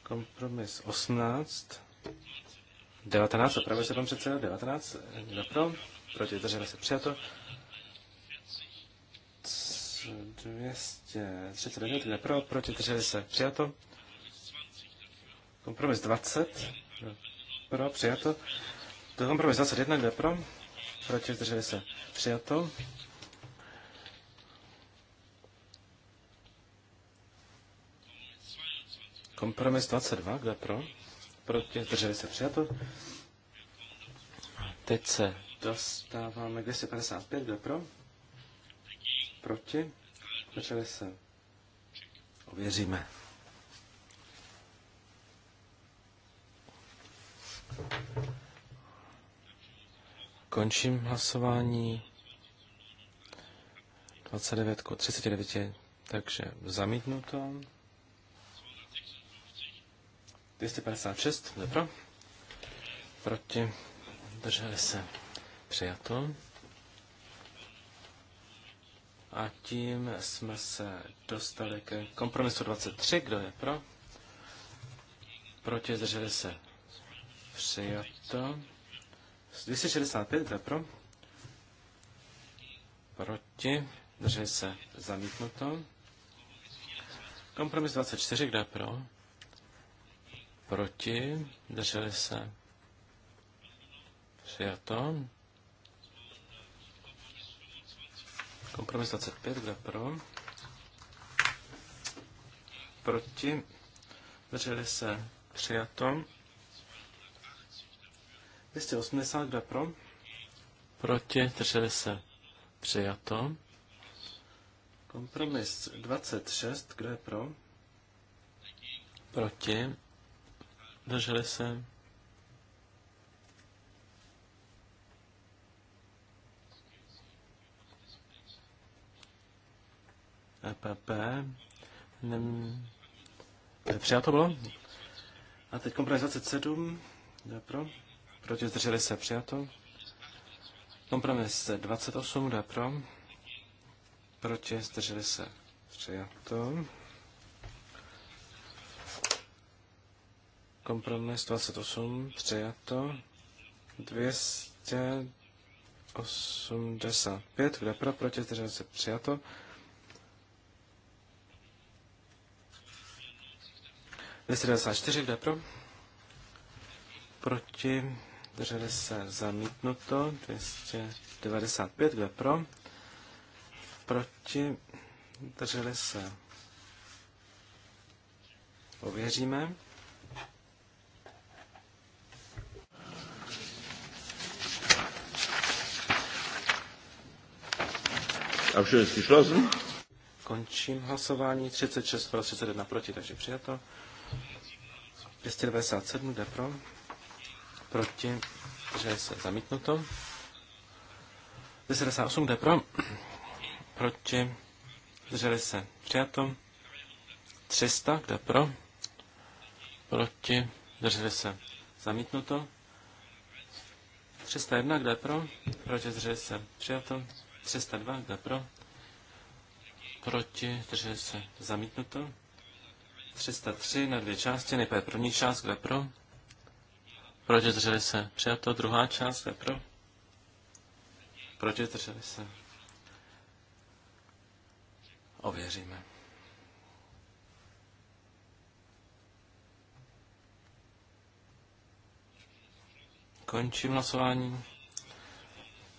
Kompromis 18. 19, opravuje se pan předseda, 19, kdo pro? Proti zdrželi se přijato. 239, kdo je pro? Proti zdrželi se přijato. Kompromis 20. Pro, přijato. To je kompromis 21, kde pro? Proti, zdrželi se. Přijato. Kompromis 22, kde pro? Proti, zdrželi se. Přijato. Teď se dostáváme 255, kde pro? Proti, zdrželi se. Ověříme. Končím hlasování 29 k 39, takže zamítnuto. 256, ne pro? Proti, drželi se, přijato. A tím jsme se dostali ke kompromisu 23, kdo je pro? Proti, zdrželi se, přijato. 265, pro? Proti, Drží se zamítnuto. Kompromis 24, kde pro? Proti, drželi se přijato. Kompromis 25, kde pro? Proti, drželi se přijato. 282 pro. Proti, 30. Přijato. Kompromis 26, kdo je pro? Proti. Drželi se. EPP. E Nem... E Přijato bylo? A teď kompromis 27, kdo je pro? proti zdrželi se přijato. Kompromis 28, kdo je pro, proti zdrželi se přijato. Kompromis 28, přijato. 285, kdo je pro, proti zdrželi se přijato. 294, kdo je pro? Proti zdrželi se zamítnuto, 295, kdo pro, proti, zdrželi se, ověříme. A všichni schlossen. Končím hlasování. 36 pro, 31 proti, takže přijato. 297 jde pro proti, že se zamítnuto. 78 jde pro, proti, zdrželi se přijato. 300 jde pro, proti, zdrželi se zamítnuto. 301 jde pro, proti, zdrželi se přijato. 302 jde pro, proti, zdrželi se zamítnuto. 303 na dvě části, nejprve první část kde pro, Proti zdrželi se. Přijato druhá část je pro. Proti zdrželi se. Ověříme. Končím hlasování.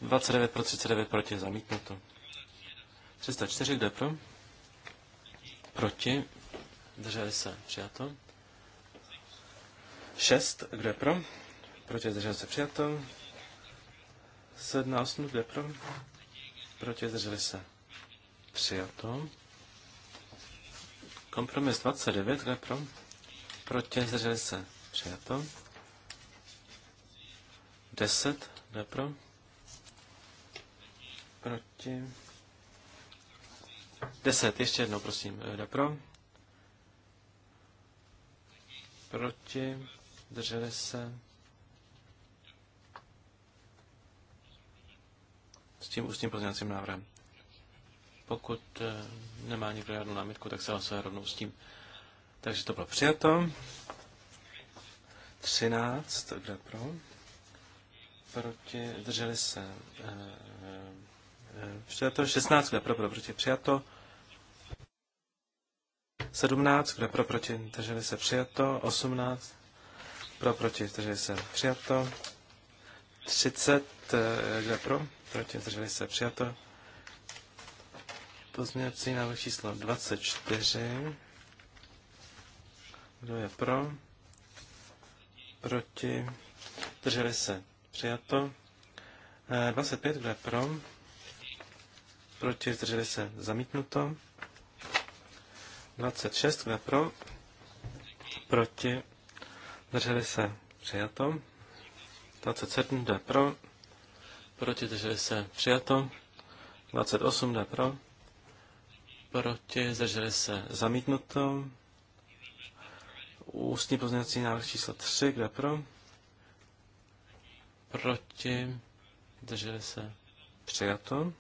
29 pro 39 proti zamítnuto. 304 kde pro? Proti. Drželi se. Přijato. 6 kde pro? proti zdrželi se přijato. 7 na 8, pro, proti zdrželi se přijato. Kompromis 29, kde pro, proti zdrželi se přijato. 10, kde pro, proti. 10, ještě jednou, prosím, kde pro. Proti, drželi se. tím ústním pozměňovacím návrhem. Pokud eh, nemá nikdo žádnou námitku, tak se hlasuje rovnou s tím. Takže to bylo přijato. 13, kde pro? Proti, drželi se. E, e, přijato 16, kde pro, pro, proti, přijato. 17, kde pro, proti, drželi se, přijato. 18, pro, proti, drželi se, přijato. 30, kde pro, proti, zdrželi se, přijato. Pozměňovací návrh číslo 24. Kdo je pro? Proti, zdrželi se, přijato. 25, eh, kdo je pro? Proti, zdrželi se, zamítnuto. 26, kdo je pro? Proti, zdrželi se, přijato. 27, kdo je pro? proti, zdrželi přijato. 28 jde pro, proti, zdrželi se zamítnuto. Ústní pozměňovací návrh číslo 3, jde pro, proti, zdrželi se přijato.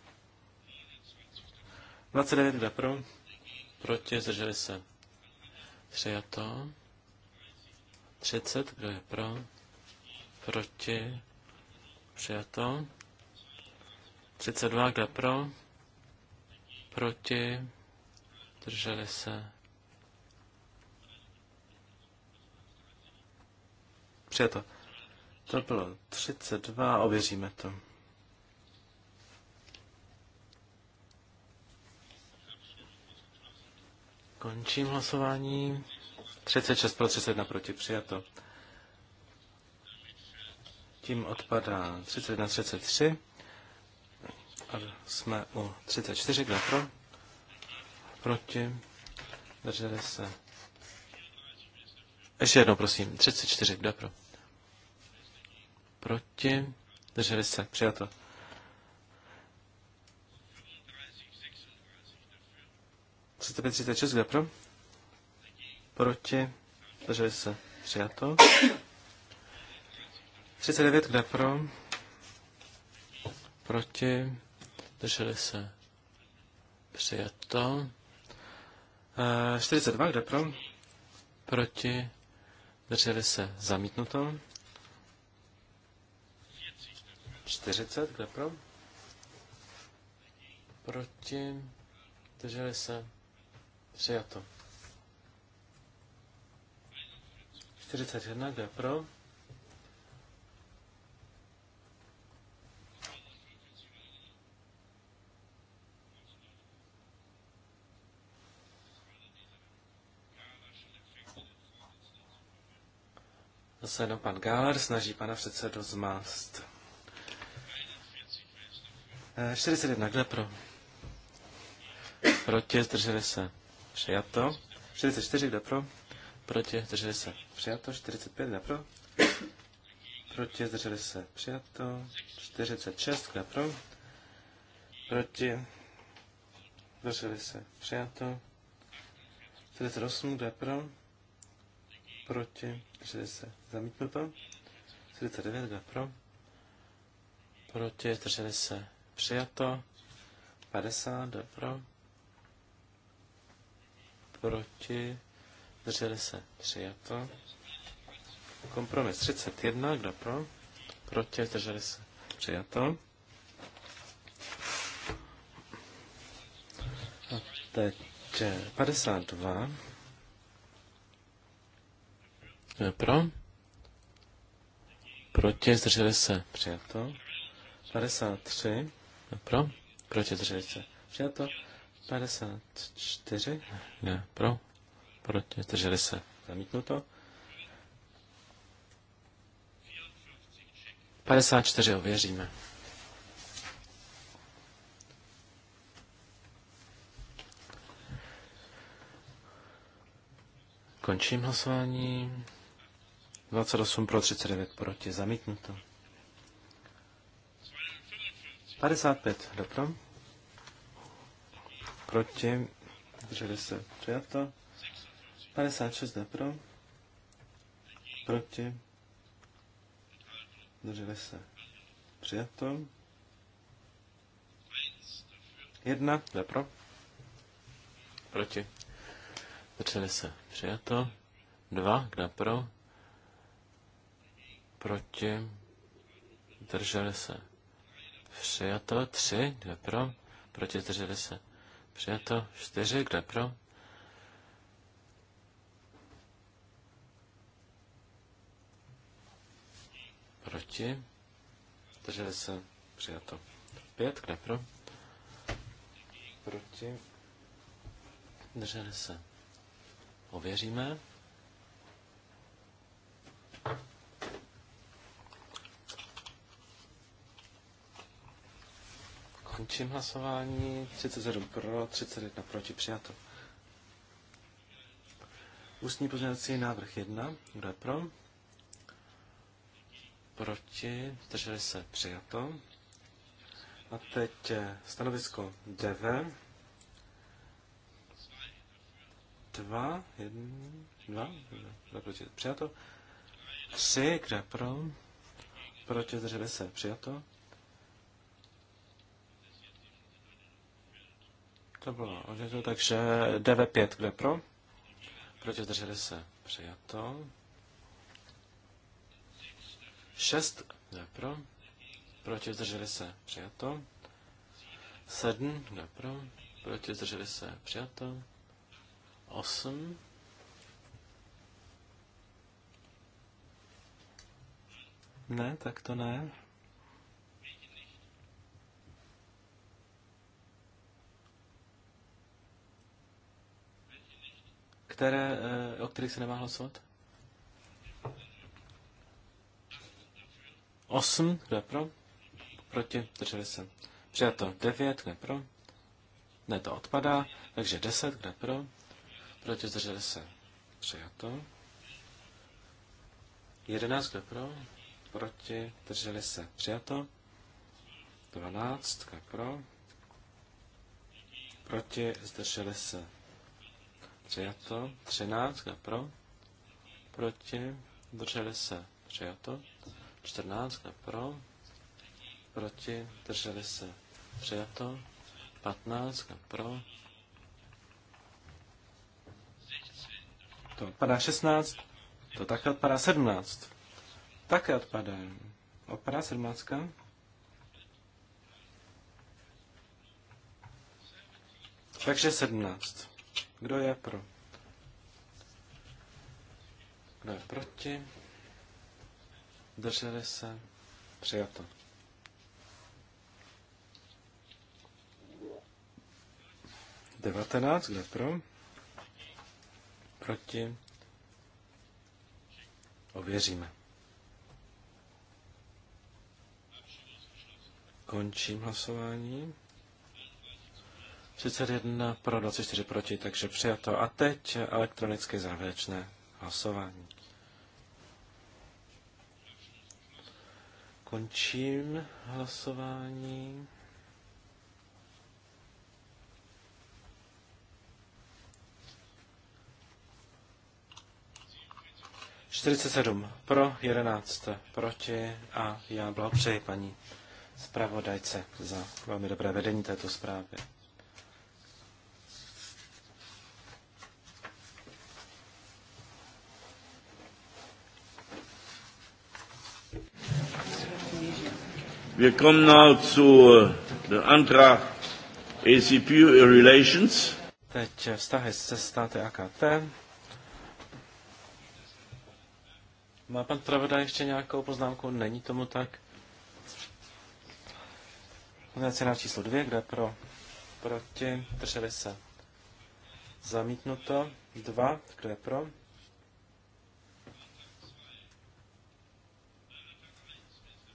29 jde pro, proti, zdrželi se přijato. 30, kdo je pro, proti, přijato. 32, kde pro? Proti? Drželi se? Přijato. To bylo 32, ověříme to. Končím hlasování. 36 pro 31 proti, přijato. Tím odpadá 31, 33 a jsme u 34, kde pro? Proti? Drželi se. Ještě jednou, prosím. 34, kde pro? Proti? Drželi se. Přijato. 35-36, kde pro? Proti, drželi se, přijato. 39, kde pro? Proti, Drželi se. Přijato. E, 42, kde pro? Proti. Drželi se. Zamítnuto. 40, kde pro? Proti. Drželi se. Přijato. 41, kde pro? Zase no, pan Gáler snaží pana předsedu zmást. 41, eh, kde pro? Proti, zdrželi se. Přijato. 44, kde pro? Proti, zdrželi se. Přijato. 45, kde pro? Proti, zdrželi se. Přijato. 46, kde pro? Proti, zdrželi se. Přijato. 48, kde pro? proti, 60, zamítnuto, 49, kdo pro, proti, zdrželi přijato, 50, kdo pro, proti, zdrželi přijato, kompromis 31, kdo pro, proti, zdrželi přijato. A teď 52. Eh, kdo je pro? Proti, zdrželi se. Přijato. 53. Kdo je pro? Proti, zdrželi se. Přijato. 54. Kdo je pro? Proti, zdrželi se. Zamítnuto. 54 ověříme. Končím hlasování. 28 pro 39 proti. Zamítnuto. 55 do pro. Proti. Drželi se. Přijato. 56 do pro. Proti. Drželi se. Přijato. 1 do pro. Proti. Drželi se. Přijato. 2 kdo pro proti, drželi se. Přijato tři, kde pro, proti drželi se. Přijato čtyři, kde pro. Proti, drželi se. Přijato pět, kde pro. Proti, drželi se. Ověříme. Končím hlasování. 37 pro, 31 proti, přijato. Ústní pozměňovací návrh 1. Kdo je pro? Proti, drželi se, přijato. A teď eh, stanovisko 9. 2, 1, 2, 2 proti, přijato. 3, kde pro? Proti, drželi se, přijato. To bylo odjeto, takže DV5, kde pro? Proti zdrželi se přijato. 6, kde pro? Proti zdrželi se přijato. 7, kde pro? Proti zdrželi se přijato. 8, ne, tak to ne. které, eh, o kterých se nemá hlasovat? Osm, kdo je pro? Proti, drželi se. Přijato devět, kdo je pro? Ne, to odpadá, takže deset, kdo je pro? Proti, drželi se. Přijato. Jedenáct, kdo je pro? Proti, drželi se. Přijato. Dvanáct, kdo je pro? Proti, zdrželi se přijato. 13 pro, proti, drželi se, přijato. 14 pro, proti, drželi se, přijato. 15 pro, to odpadá 16, to také odpadá 17. Také odpadá. Odpadá 17. Takže sedmnáct kdo je pro? Kdo je proti? Drželi se? Přijato. Devatenáct, je pro? Proti? Ověříme. Končím hlasování. 31 pro 24 proti, takže přijato. A teď elektronické závěrečné hlasování. Končím hlasování. Čtyřicet sedm pro, jedenáct proti a já blahopřeji paní zpravodajce za velmi dobré vedení této zprávy. Wir kommen now zu äh, dem Antrag ACP Relations. Teď vztahy se státy AKT. Má pan Travoda ještě nějakou poznámku? Není tomu tak. Poznávací návrh číslo dvě, kde pro, proti, drželi se. Zamítnuto. Dva, kde pro,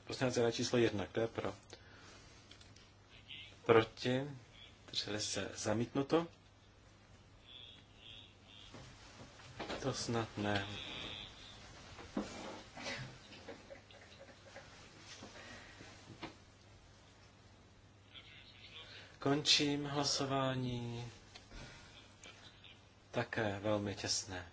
Poslanec na číslo jedna, kdo je pro? Proti? Drželi se zamítnuto? To snad ne. Končím hlasování. Také velmi těsné.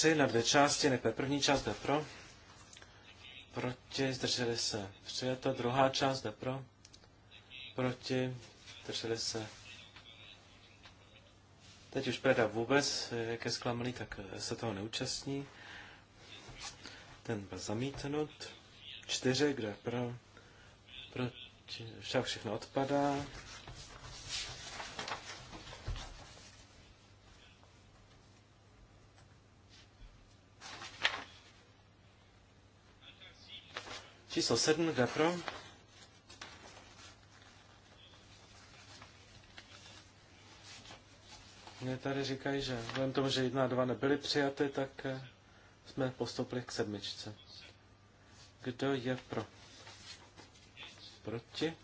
3 na dvě části, nejprve první část jde pro, proti, zdrželi se, to druhá část jde pro, proti, zdrželi se. Teď už Preda vůbec, jak je zklamalý, tak se toho neúčastní. Ten byl zamítnut. Čtyři, kde pro, proti, však všechno odpadá. Číslo 7, kde pro? Mě tady říkají, že vzhledem tomu, že jedna a dva nebyly přijaty, tak eh, jsme postoupili k sedmičce. Kdo je pro? Proti?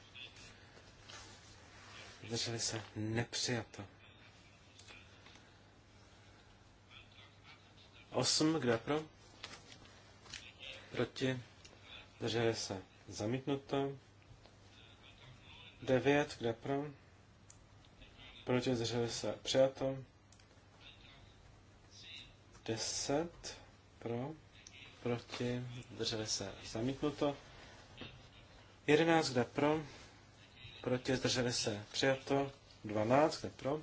Zdrželi se nepřijato. Osm, kdo je pro? Proti? Drželi se. Zamítnuto. 9, kde pro? Proti zdrželi se. Přijato. 10 pro, proti, zdrželi se, zamítnuto. 11 kde pro, proti, zdrželi se, přijato. 12 kde pro,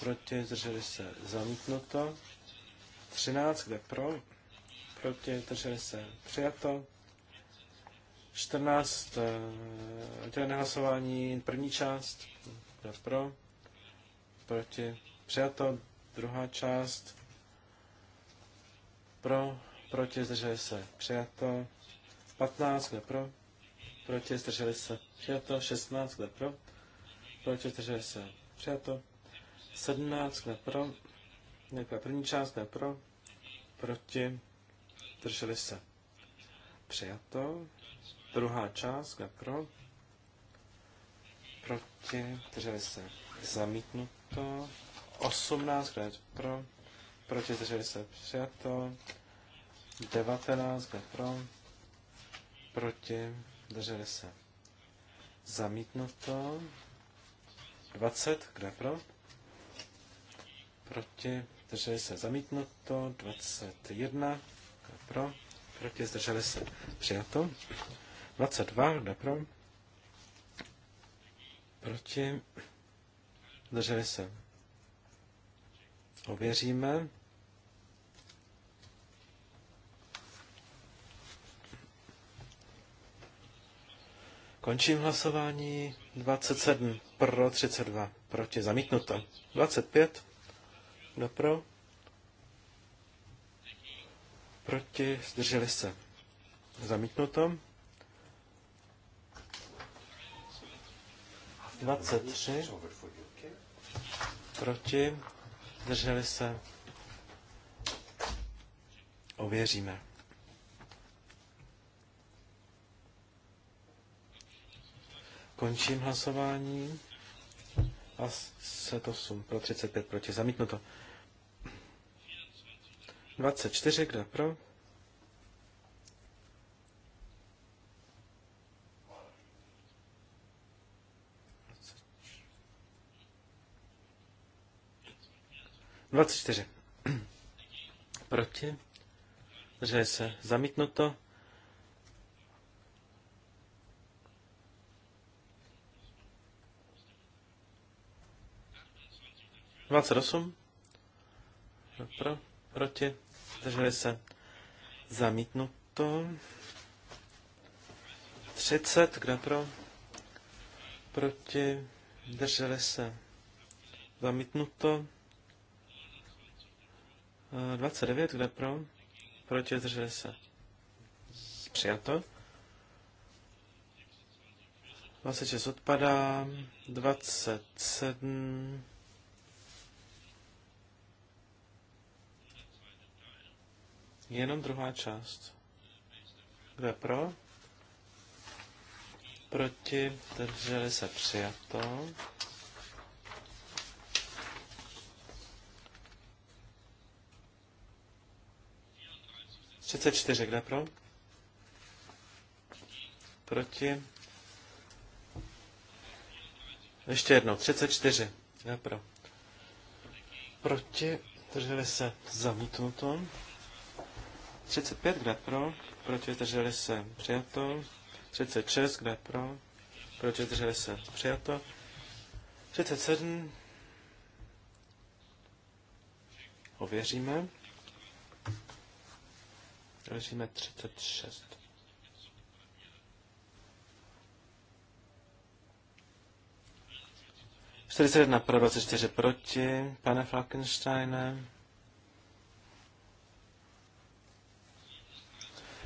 proti, zdrželi se, zamítnuto. 13 kde pro, proti, zdrželi se, přijato. 14, to eh, je nehlasování první část, kdo pro, proti, přijato, druhá část, pro, proti, zdrželi se, přijato, 15, kde pro, proti, zdrželi se, přijato, 16, kde pro, proti, zdrželi se, přijato, 17, kde pro, nějaká první část, kde pro, proti, zdrželi se, přijato, Druhá část, pro, proti, drželi se zamítnuto. 18, kde pro, proti, drželi se přijato. 19, kde pro, proti, drželi se zamítnuto. 20, kde pro, proti, zdrželi se zamítnuto, 21 pro, proti zdrželi se přijato, 22, kde pro? Proti. Drželi se. Ověříme. Končím hlasování. 27 pro, 32 proti. Zamítnuto. 25. Kdo pro? Proti. Zdrželi se. Zamítnuto. 23. Proti. drželi se. Ověříme. Končím hlasování. A se to sum pro 35 proti. Zamítnuto. 24, kdo pro? 24. Proti. Zdrželi se. Zamítnuto. Dvacet osm. Pro, proti. Zdrželi se. Zamítnuto. Třicet, Kdo pro? Proti. zdrželi se. Zamítnuto. 29, kde pro? Proti zdrželi se. Přijato. 26 odpadá. 27. Jenom druhá část. Kde pro? Proti zdrželi se přijato. 34, kde pro? Proti. Ještě jednou, 34, kde pro? Proti, drželi se zamítnuto. 35, kde pro? Proti, drželi se přijato. 36, kde pro? Proti, drželi se přijato. 37, ověříme. Prosíme 36. jedna pro 24 proti, pane Falkensteine.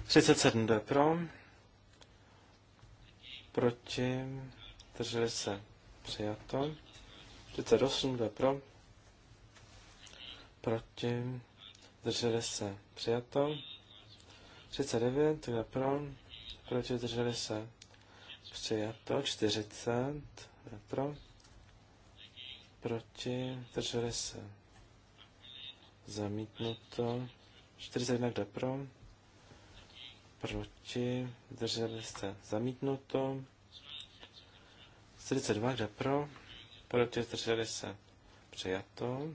37 jde pro, proti, drželi se přijato. 38 jde pro, proti, drželi se přijato. 39, to je pro, proti drželi se přijato, 40, to je pro, proti drželi se zamítnuto, 41, to je pro, proti drželi se zamítnuto, 42, to je pro, proti drželi se přijato,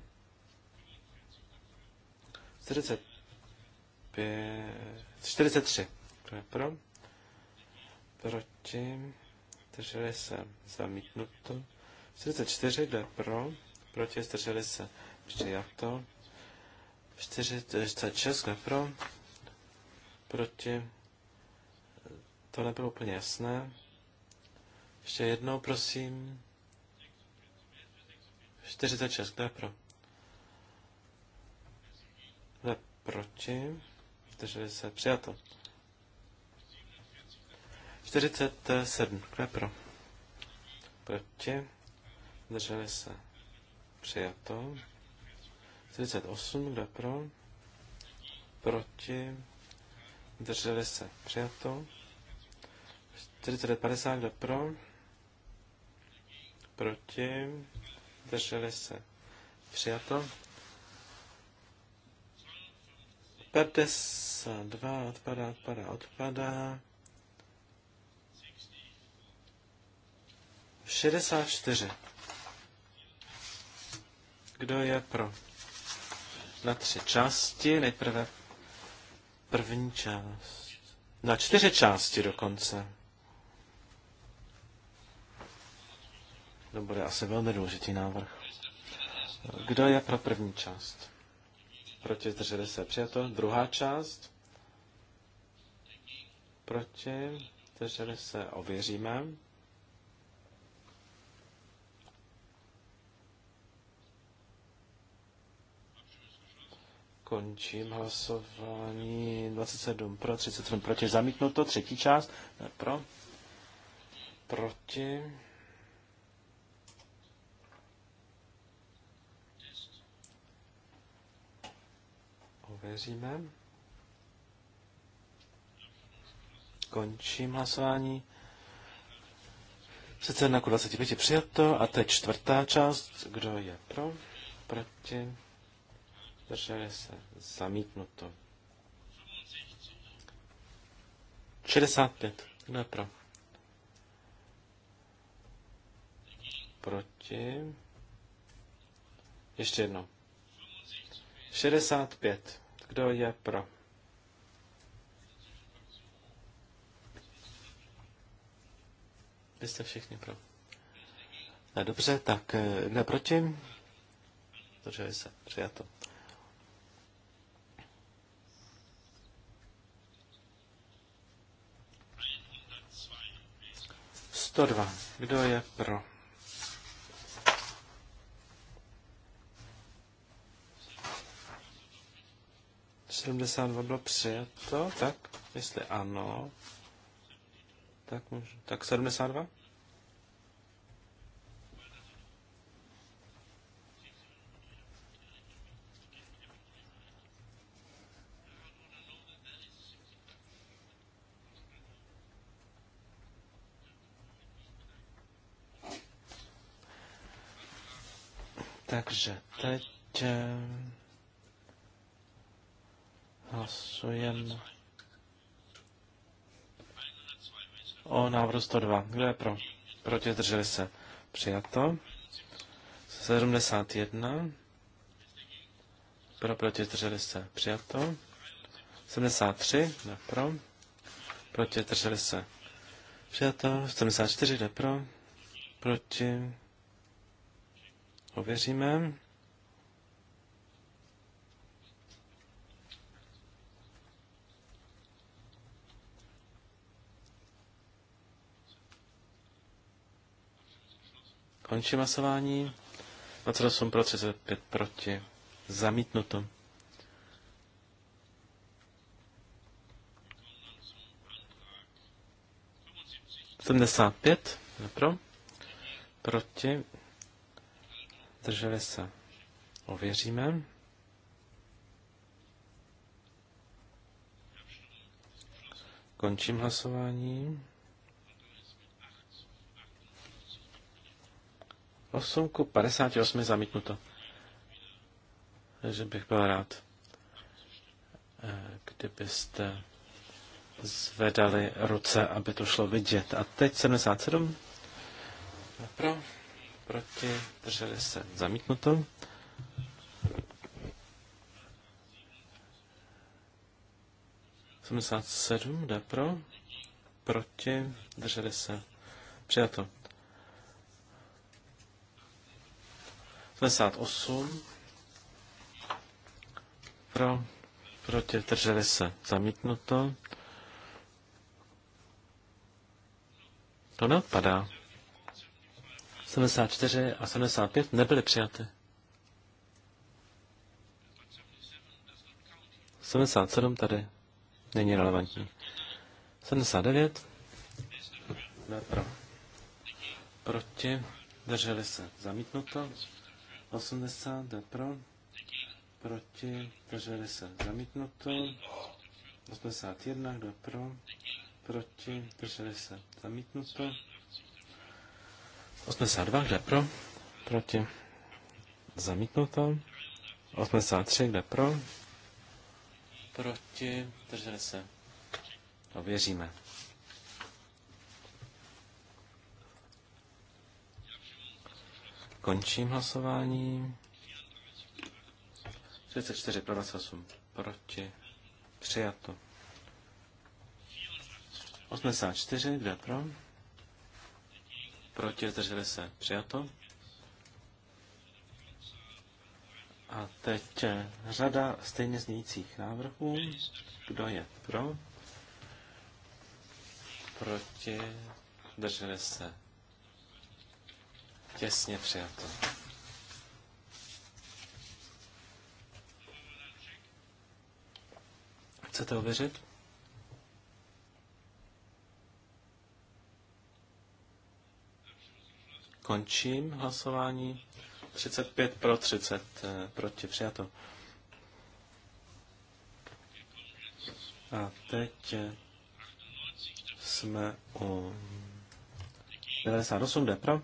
45, 43. Kdo je pro? Proti. Zdrželi se. Zamítnuto. 44. Kdo je pro? Proti. Zdrželi se. Přijato. 46. Kdo je pro? Proti. To nebylo úplně jasné. Ještě jednou, prosím. 46. Kdo je pro? Kdo je proti? zdrželi se, přijato. 47, kdo je pro? Proti, Drželi se, přijato. 48, kdo je pro? Proti, Drželi se, přijato. 49,50, kdo je pro? Proti, Drželi se, přijato. 52 odpadá, odpadá, odpadá. 64. Kdo je pro? Na tři části, nejprve první část. Na čtyři části dokonce. To bude asi velmi důležitý návrh. Kdo je pro první část? proti, zdrželi se, přijato. Druhá část, proti, zdrželi se, ověříme. končím hlasování 27 pro, 37 proti, zamítnuto, třetí část, ne, pro, proti, Věříme. Končím hlasování. 31 k 25 přijato a teď čtvrtá část. Kdo je pro? Proti? Drželi se. Zamítnuto. 65. Kdo je pro? Proti? Ještě jedno. 65. Kdo je pro? Vy jste všichni pro. Ne, dobře, tak ne eh, proti. Drželi se, přijato. Sto dva. Kdo je pro? 72 bylo přijato, tak? Jestli ano, tak, můžu, tak 72? Takže teď eh, Hlasujeme o návrhu 102. Kdo je pro? Proti zdrželi se. Přijato. 71. Pro, proti zdrželi se. Přijato. 73. Ne pro. Proti zdrželi se. Přijato. 74. Ne pro. Proti. Ověříme. Končím hlasování. 28 pro 35 proti. Zamítnuto. Sedmdesát pět pro, proti, drželi se, ověříme. Končím hlasování. 8 ku 58 zamítnuto. Takže bych byl rád, eh, kdybyste zvedali ruce, aby to šlo vidět. A teď 77. Pro, proti, drželi se zamítnuto. sedm jde pro, proti, drželi se přijato. 58 pro, proti, drželi se, zamítnuto. To neodpadá. 74 a 75 nebyly přijaty. 77 tady není relevantní. 79 ne pro. Proti, drželi se, zamítnuto. 80 pro, proti, takže 10 zamítnuto. 81, kdo pro, proti, takže 10 zamítnuto. 82, kde pro, proti, zamítnuto. 83, kde pro, proti, takže 10. Ověříme. Končím hlasování. 34 pro 28 proti. Přijato. 84, kde pro? Proti, zdrželi se. Přijato. A teď eh, řada stejně znějících návrhů. Kdo je pro? Proti, zdrželi se. Těsně přijato. Chcete ověřit? Končím hlasování. 35 pro 30 eh, proti přijato. A teď eh, jsme u 98 D pro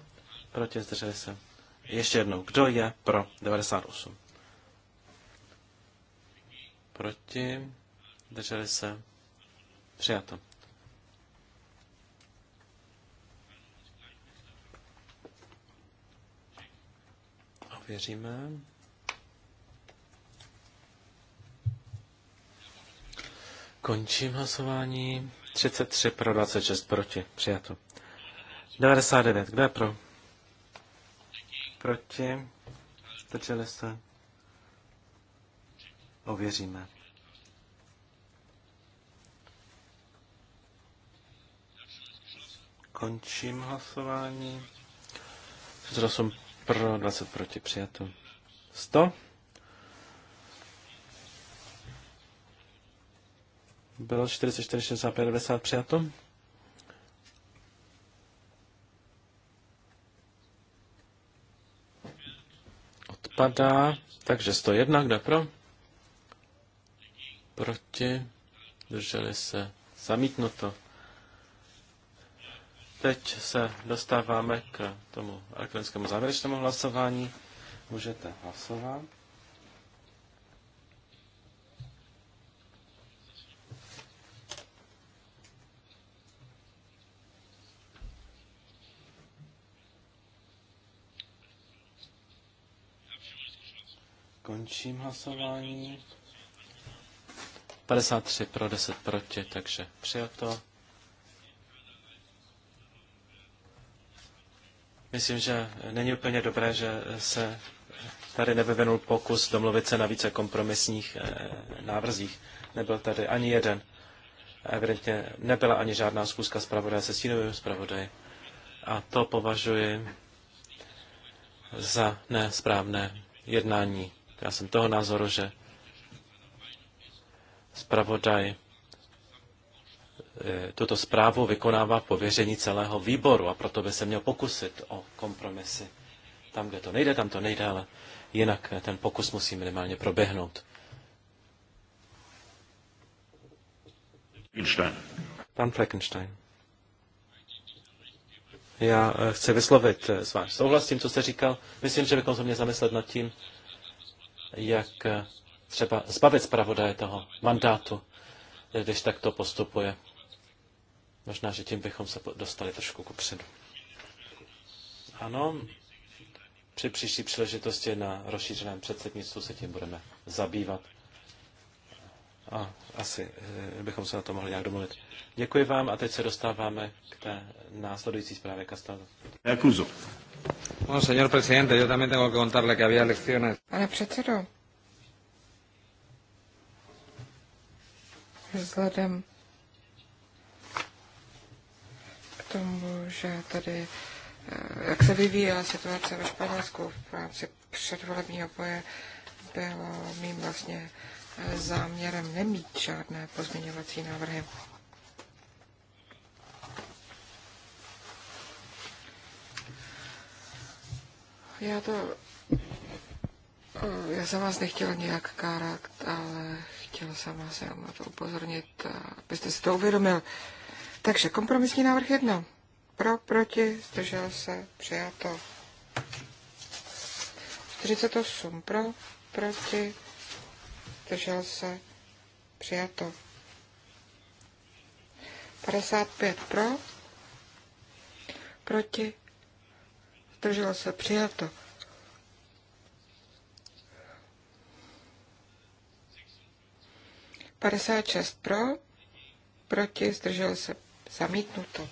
Proti zdrželi se. Ještě jednou. Kdo je pro 98? Proti zdrželi se. Přijato. Ověříme. Končím hlasování. 33 pro 26 proti. Přijato. 99. Kdo je pro? Proti? Zdrželi se? Ověříme. Končím hlasování. 38 pro, 20 proti, přijatu. 100. Bylo 44, 65, 90 přijatu. vypadá. takže 101, kdo pro? Proti, drželi se, zamítnuto. Teď se dostáváme k tomu elektronickému závěrečnému hlasování. Můžete hlasovat. Končím hlasování. 53 pro 10 proti, takže přijato. Myslím, že není úplně dobré, že se tady nevyvinul pokus domluvit se na více kompromisních eh, návrzích. Nebyl tady ani jeden. Evidentně nebyla ani žádná zkuska zpravodaje se stínovým zpravodaji. A to považuji za nesprávné jednání. Já jsem toho názoru, že zpravodaj e, tuto zprávu vykonává pověření celého výboru a proto by se měl pokusit o kompromisy. Tam, kde to nejde, tam to nejde, ale jinak ten pokus musí minimálně proběhnout. Pan Fleckenstein. Já e, chci vyslovit s e, vámi souhlas s tím, co jste říkal. Myslím, že bychom se měli zamyslet nad tím, jak eh, třeba zbavit zpravodaje toho mandátu, když takto postupuje. Možná, že tím bychom se dostali trošku předu. Ano, při příští příležitosti na rozšířeném předsednictvu se tím budeme zabývat. A asi eh, bychom se na to mohli nějak domluvit. Děkuji vám a teď se dostáváme k té následující zprávě Kastelu. Jakuzo. Pane předsedo, vzhledem k tomu, že tady, eh, jak se vyvíjela situace ve Španělsku v rámci předvolebního boje, bylo mým vlastně eh, záměrem nemít žádné pozměňovací návrhy. já to... Eh, já jsem vás nechtěla nějak kárat, ale chtěla jsem vás jenom na to upozornit, eh, abyste si to uvědomil. Takže kompromisní návrh jedno. Pro, proti, zdržel se, přijato. 48 pro, proti, zdržel se, přijato. 55 pro, proti, Drželo se přijato. Padesát šest pro, proti, zdržel se zamítnuto.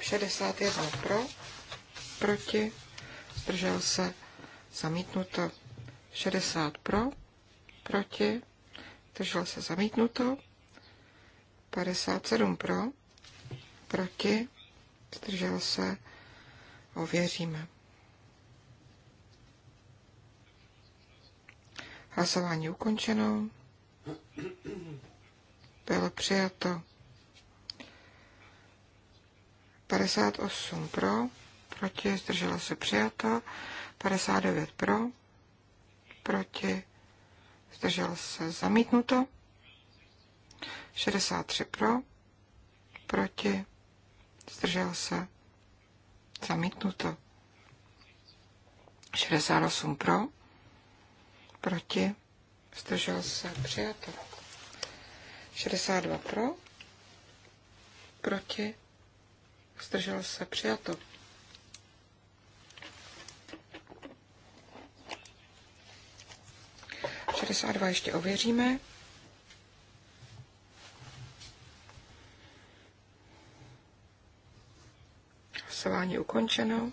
61 pro, proti, zdržel se zamítnuto. 60 pro, proti, zdržel se zamítnuto. sedm pro, proti, zdržel se ověříme. Hlasování ukončeno. Bylo přijato 58 pro, proti, zdrželo se přijato, 59 pro, proti, zdrželo se zamítnuto, 63 pro, proti, zdržel se Zamítnuto. 68 pro, proti, zdržel se, přijato. 62 pro, proti, zdržel se, přijato. Tady se ještě ověříme. Hlasování ukončeno.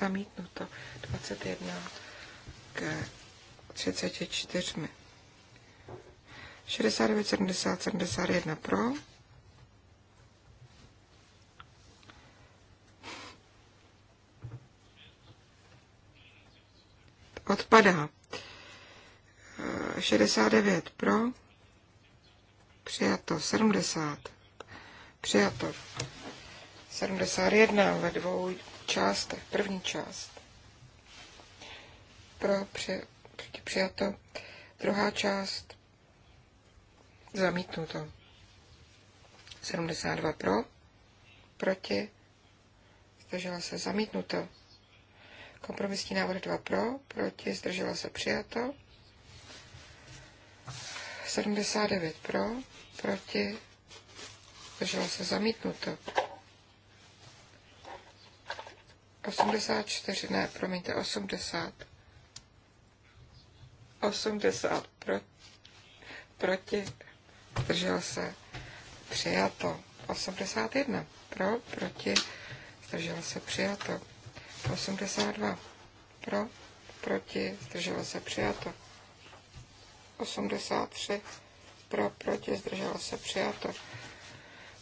Zamítnuto 21 k 34. 69, 70, 71 pro. Odpadá. 69 pro. Přijato 70 Přijato. 71 ve dvou částech. První část. Pro při, přijato. Druhá část. Zamítnuto. 72 pro. Proti. Zdržela se zamítnuto. Kompromisní návrh 2 pro. Proti. Zdržela se přijato. 79 pro. Proti zdrželo se zamítnuto. 84, ne, promiňte, 80. 80 pro, proti, zdrželo se, přijato. 81 pro, proti, zdrželo se, přijato. 82 pro, proti, zdrželo se, přijato. 83 pro, proti, zdrželo se, přijato.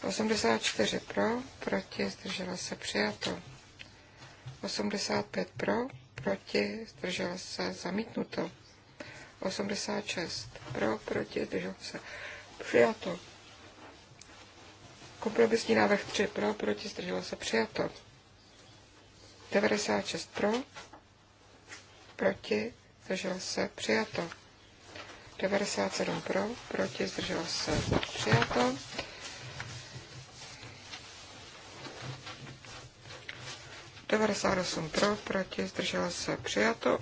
84 pro, proti, zdržela se přijato. 85 pro, proti, zdržela se zamítnuto. 86 pro, proti, zdržela se přijato. Kompromisní návrh 3 pro, proti, zdržela se přijato. 96 pro, proti, zdržela se, přijato. 97 pro, proti, zdržela se, přijato. 98 pro, proti, zdrželo se, přijato.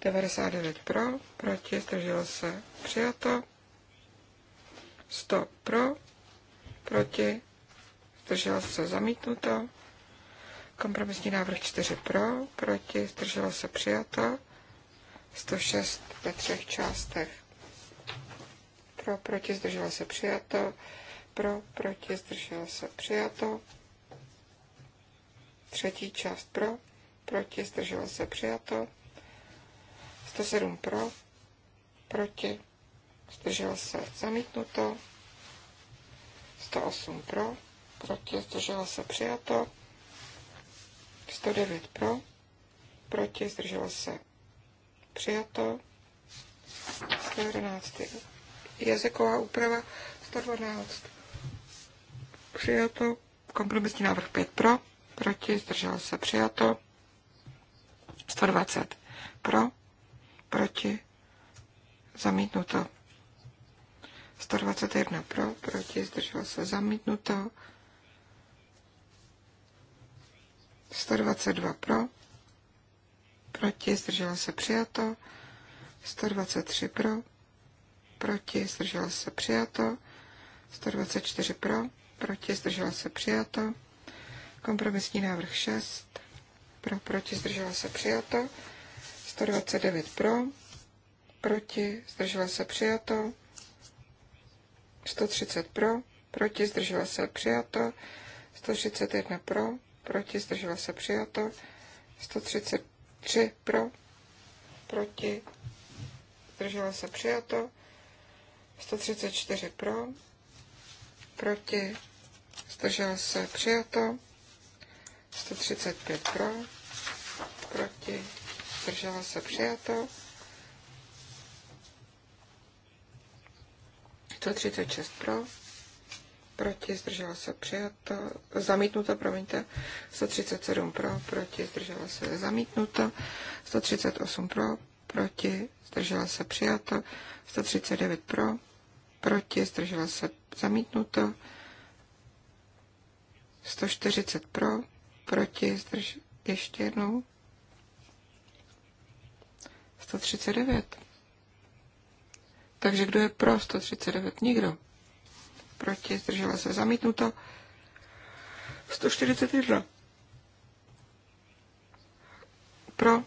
99 pro, proti, zdrželo se, přijato. 100 pro, proti, zdrželo se, zamítnuto. Kompromisní návrh 4 pro, proti, zdrželo se, přijato. 106 ve třech částech. Pro, proti, zdrželo se, přijato. Pro, proti, zdrželo se, přijato. Třetí část pro, proti, zdržel se přijato. 107 pro, proti, zdržel se zamítnuto. 108 pro, proti, zdržel se přijato. 109 pro, proti, zdržel se přijato. 111 jazyková úprava, 112 přijato, kompromisní návrh 5 pro, proti, zdržel se přijato. 120 pro, proti, zamítnuto. 121 pro, proti, zdržel se zamítnuto. 122 pro, proti, zdržel se přijato. 123 pro, proti, zdržel se přijato. 124 pro, proti, zdržel se přijato. Kompromisní návrh 6. Pro, proti, zdržela se přijato. 129 pro, proti, zdržela se přijato. 130 pro, proti, zdržela se přijato. 131 pro, proti, zdržela se přijato. 133 pro, proti, zdržela se přijato. 134 pro, proti, zdržela se přijato. 135 pro, proti, zdrželo se přijato. 136 pro, proti, zdrželo se přijato, zamítnuto, promiňte, 137 pro, proti, zdrželo se zamítnuto, 138 pro, proti, zdrželo se přijato, 139 pro, proti, zdrželo se zamítnuto, 140 pro, proti, zdrž, ještě jednou, 139. Takže kdo je pro 139? Nikdo. Proti, zdržela se, zamítnuto, 141. Pro,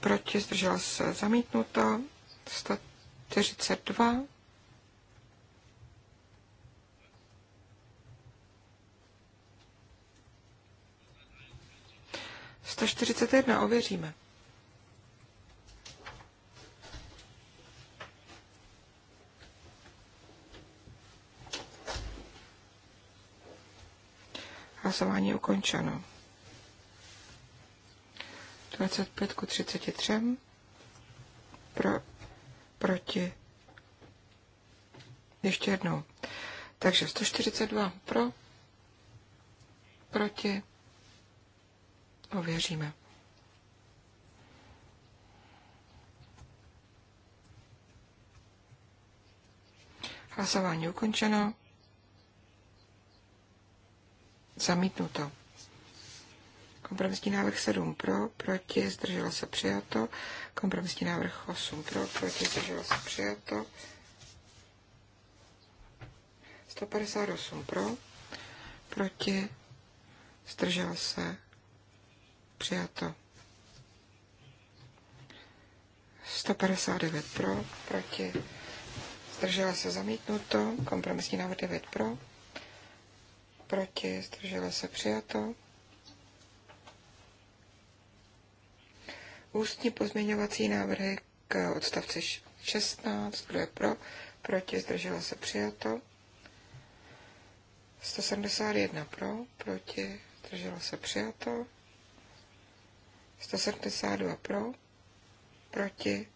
proti, zdržela se, zamítnuto, 142 141 ověříme. Hlasování je ukončeno. 25 ku 33. Pro, proti. Ještě jednou. Takže 142 pro, proti Ověříme. Hlasování ukončeno. Zamítnuto. Kompromisní návrh 7 pro, proti, zdrželo se přijato. Kompromisní návrh 8 pro, proti, zdrželo se přijato. 158 pro, proti, zdrželo se přijato. 159 pro, proti, zdržela se zamítnuto, kompromisní návrh 9 pro, proti, zdržela se přijato. Ústní pozměňovací návrhy k odstavci 16, kdo je pro, proti, zdržela se přijato. 171 pro, proti, zdržela se přijato. 172 pro, proti,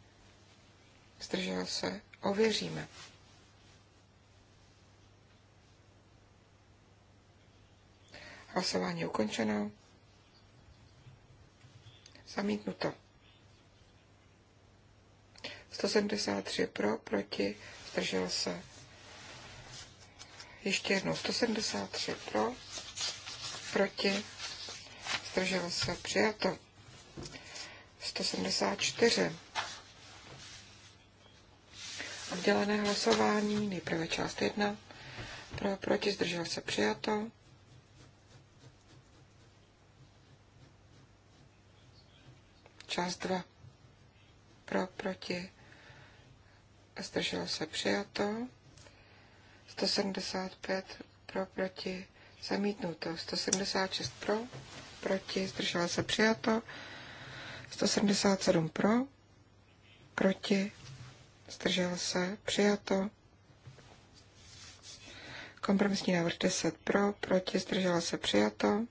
zdržel se, ověříme. Hlasování ukončeno. Zamítnuto. 173 pro, proti, zdržel se. Ještě jednou 173 pro, proti, zdržel se, přijato. 174. Oddělené hlasování, nejprve část 1, pro, proti, zdržel se přijato. Část 2, pro, proti, zdržel se přijato. 175 pro, proti, zamítnuto. 176 pro, proti, zdržel se přijato. 177 pro, proti, zdržel se, přijato. Kompromisní návrh 10 pro, proti, zdržela se, přijato.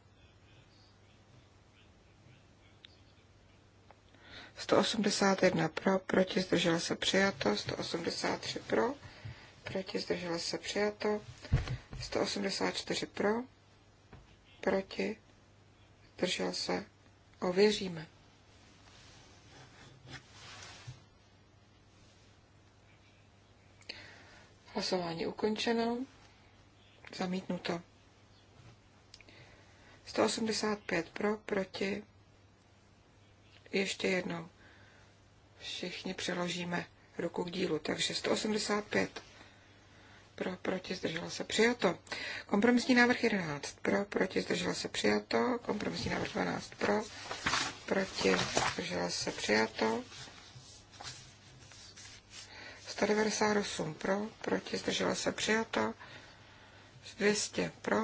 181 pro, proti, zdržela se, přijato. 183 pro, proti, zdržela se, přijato. 184 pro, proti, zdržel se, ověříme. Hlasování ukončeno. Zamítnuto. 185 pro, proti. Ještě jednou. Všichni přeložíme ruku k dílu. Takže 185 pro, proti, zdržela se přijato. Kompromisní návrh 11 pro, proti, zdržela se přijato. Kompromisní návrh 12 pro, proti, zdržela se přijato. 198 pro, proti zdrželo se přijato, 200 pro,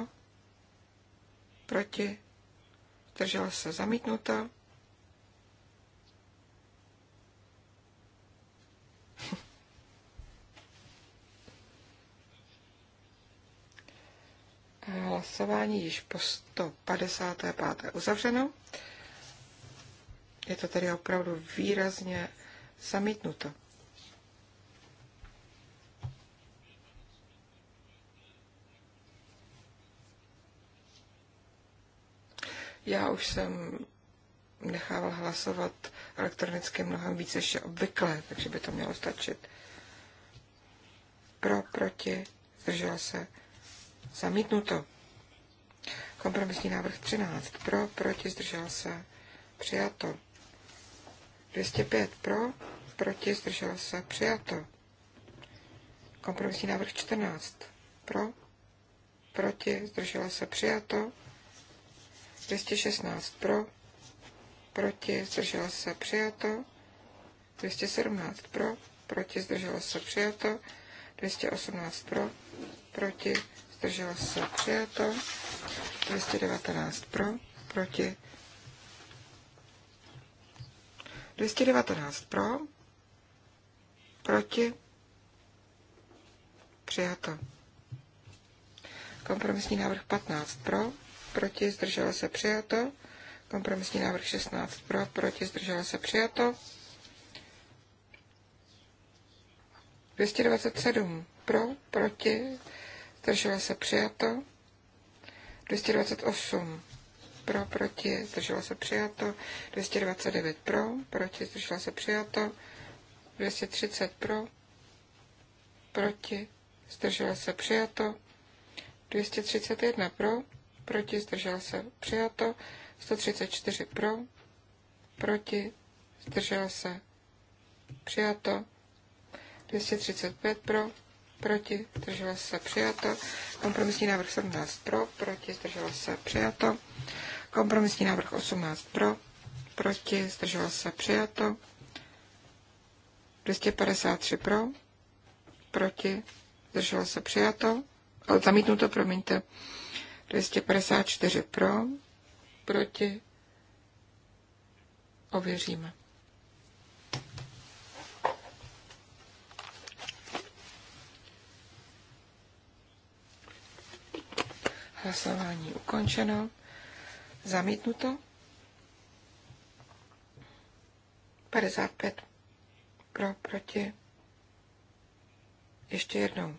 proti zdrželo se zamítnuto, hlasování již po 155. uzavřeno. Je to tedy opravdu výrazně zamítnuto. Já už jsem nechával hlasovat elektronicky mnohem více, ještě obvykle, takže by to mělo stačit. Pro, proti, zdržel se, zamítnuto. Kompromisní návrh 13. Pro, proti, zdržel se, přijato. 205 pro, proti, zdržel se, přijato. Kompromisní návrh 14. Pro, proti, zdržela se, přijato. 216 pro, proti, zdrželo se, přijato. 217 pro, proti, zdrželo se, přijato. 218 pro, proti, zdrželo se, přijato. 219 pro, proti. 219 pro, proti, přijato. Kompromisní návrh 15 pro, proti, zdrželo se přijato. Kompromisní návrh 16 pro, proti, zdrželo se přijato. 227 pro, proti, zdrželo se přijato. 228 pro, proti, zdrželo se přijato. 229 pro, proti, zdrželo se přijato. 230 pro, proti, zdrželo se přijato. 231 pro, proti, zdržel se, přijato. 134 pro, proti, zdržel se, přijato. 235 pro, proti, zdržel se, přijato. Kompromisní návrh 17 pro, proti, zdržel se, přijato. Kompromisní návrh 18 pro, proti, zdržel se, přijato. 253 pro, proti, zdržel se, přijato. Zamítnuto, promiňte. 254 pro, proti, ověříme. Hlasování ukončeno. Zamítnuto. 55 pro, proti. Ještě jednou.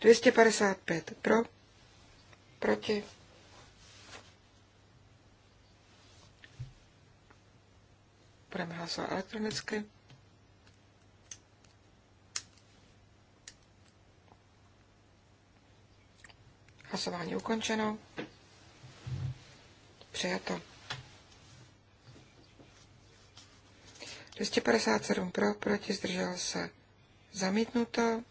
255 pro, proti. Budeme hlasovat elektronicky. Hlasování ukončeno. Přijato. 257 pro, proti, zdržel se. Zamítnuto.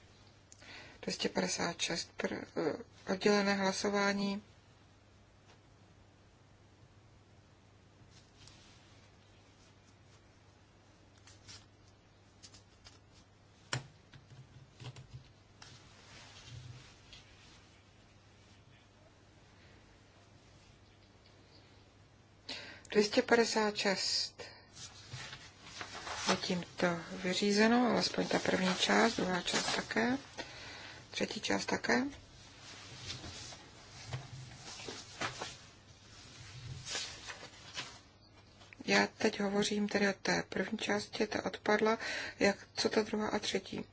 256 pro, eh, oddělené hlasování. 256 je tímto vyřízeno, alespoň ta první část, druhá část také, třetí část také. Já teď hovořím tedy o té první části, ta odpadla, jak, co ta druhá a třetí.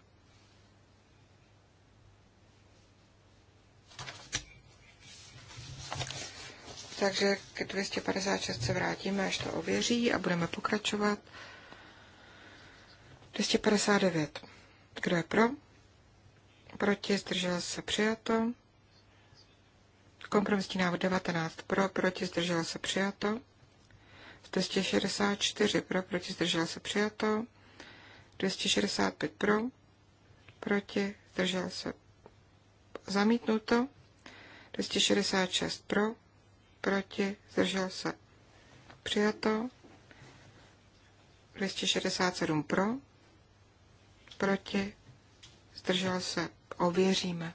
Takže k 256 se vrátíme, až to ověří a budeme pokračovat. 259. Kdo je pro? Proti, zdržel se přijato. Kompromisní návod 19 pro, proti, zdržel se přijato. 264 pro, proti, zdržel se přijato. 265 pro, proti, zdržel se zamítnuto. 266 pro, proti, zdržel se přijato, 267 pro, proti, zdržel se, ověříme.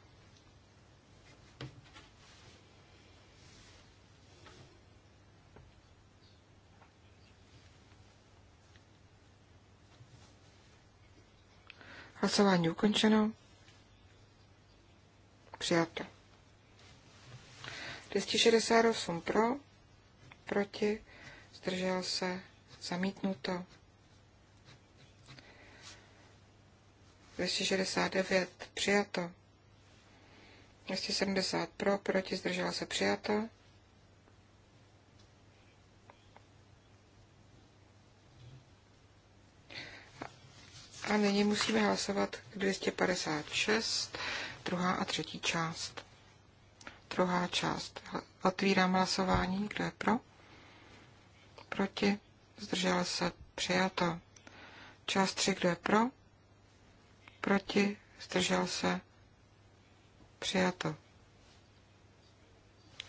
Hlasování ukončeno. Přijato. 268 pro, proti, zdržel se, zamítnuto. 269 přijato. 270 pro, proti, zdržela se, přijato. hlasovat 256, druhá a třetí část. Druhá část. Otvírám hlasování. Kdo je pro? Proti? Zdržel se? Přijato. Část 3. Kdo je pro? Proti? Zdržel se? Přijato.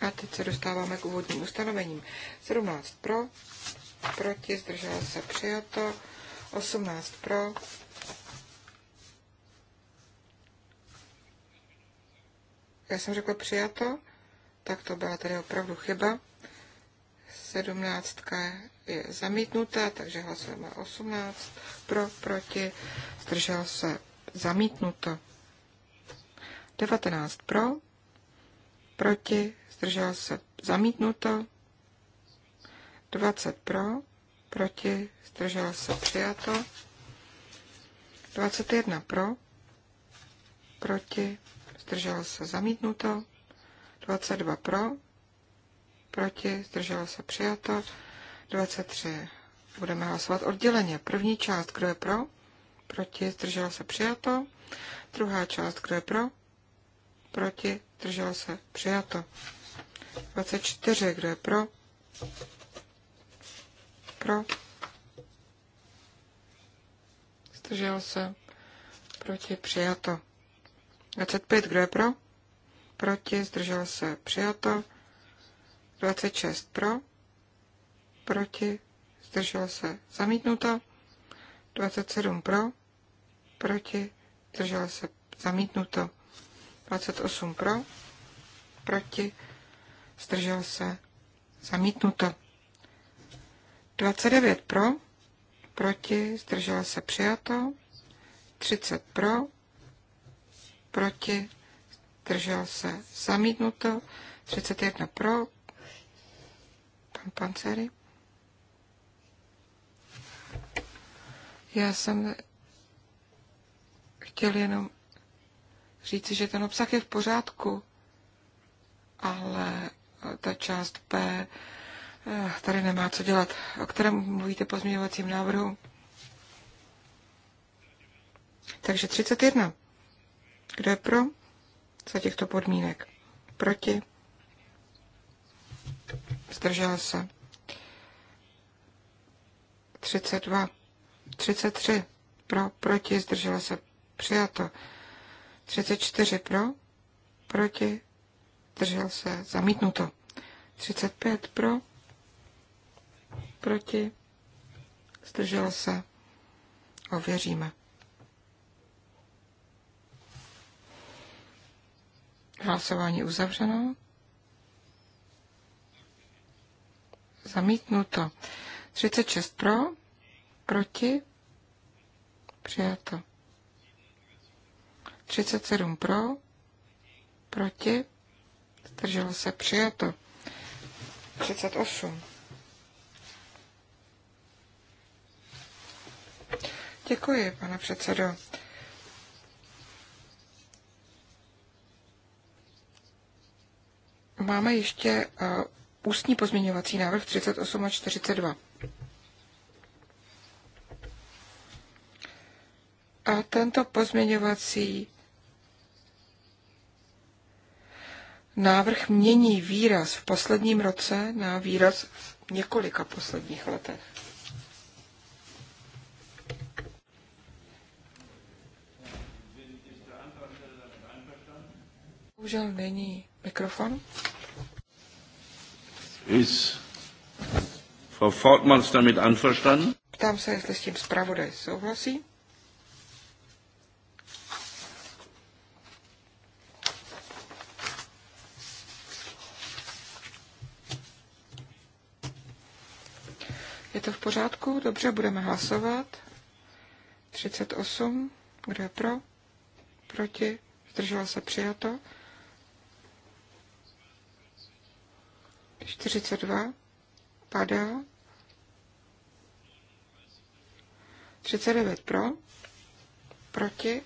A teď se dostáváme k úvodním ustanovením. 17 pro, proti, zdržel se přijato, 18 pro, Já jsem řekla přijato, tak to byla tedy opravdu chyba. Sedmnáctka je zamítnutá, takže hlasujeme 18 pro, proti, zdržel se zamítnuto. 19 pro, proti, zdržel se zamítnuto. 20 pro, proti, zdržel se přijato. 21 pro, proti, zdržel se zamítnuto, 22 pro, proti, zdrželo se přijato, 23 budeme hlasovat odděleně. První část, kdo je pro, proti, zdrželo se přijato, druhá část, kdo je pro, proti, zdrželo se přijato. 24, kdo je pro, pro, zdrželo se proti přijato. 25, kdo je pro? Proti, zdržel se, přijato. 26 pro, proti, zdržel se, zamítnuto. 27 pro, proti, zdržel se, zamítnuto. 28 pro, proti, zdržel se, zamítnuto. 29 pro, proti, zdržel se, přijato. 30 pro, proti, držel se zamítnuto, 31 pro, pan Pancery. Já jsem chtěl jenom říci, že ten obsah je v pořádku, ale ta část P eh, tady nemá co dělat. O kterém mluvíte pozměňovacím návrhu? Takže 31. Kdo je pro? Za těchto podmínek. Proti? Zdržel se. 32. 33. Pro, proti, zdržela se. Přijato. 34 pro, proti, zdržel se, zamítnuto. 35 pro, proti, zdržel se, ověříme. Hlasování uzavřeno. Zamítnuto. 36 pro, proti, přijato. 37 pro, proti, zdrželo se přijato. 38. Děkuji, pane předsedo. máme ještě eh, ústní pozměňovací návrh 38 a 42. A tento pozměňovací návrh mění výraz v posledním roce na výraz v několika posledních letech. Bohužel není mikrofon. Ist Frau Fortmans damit einverstanden? Ptám se, jestli s tím zpravodaj souhlasí. Je to v pořádku? Dobře, budeme hlasovat. 38. Kdo je pro? Proti? Zdržela se přijato. 42 padá. 39 pro, proti,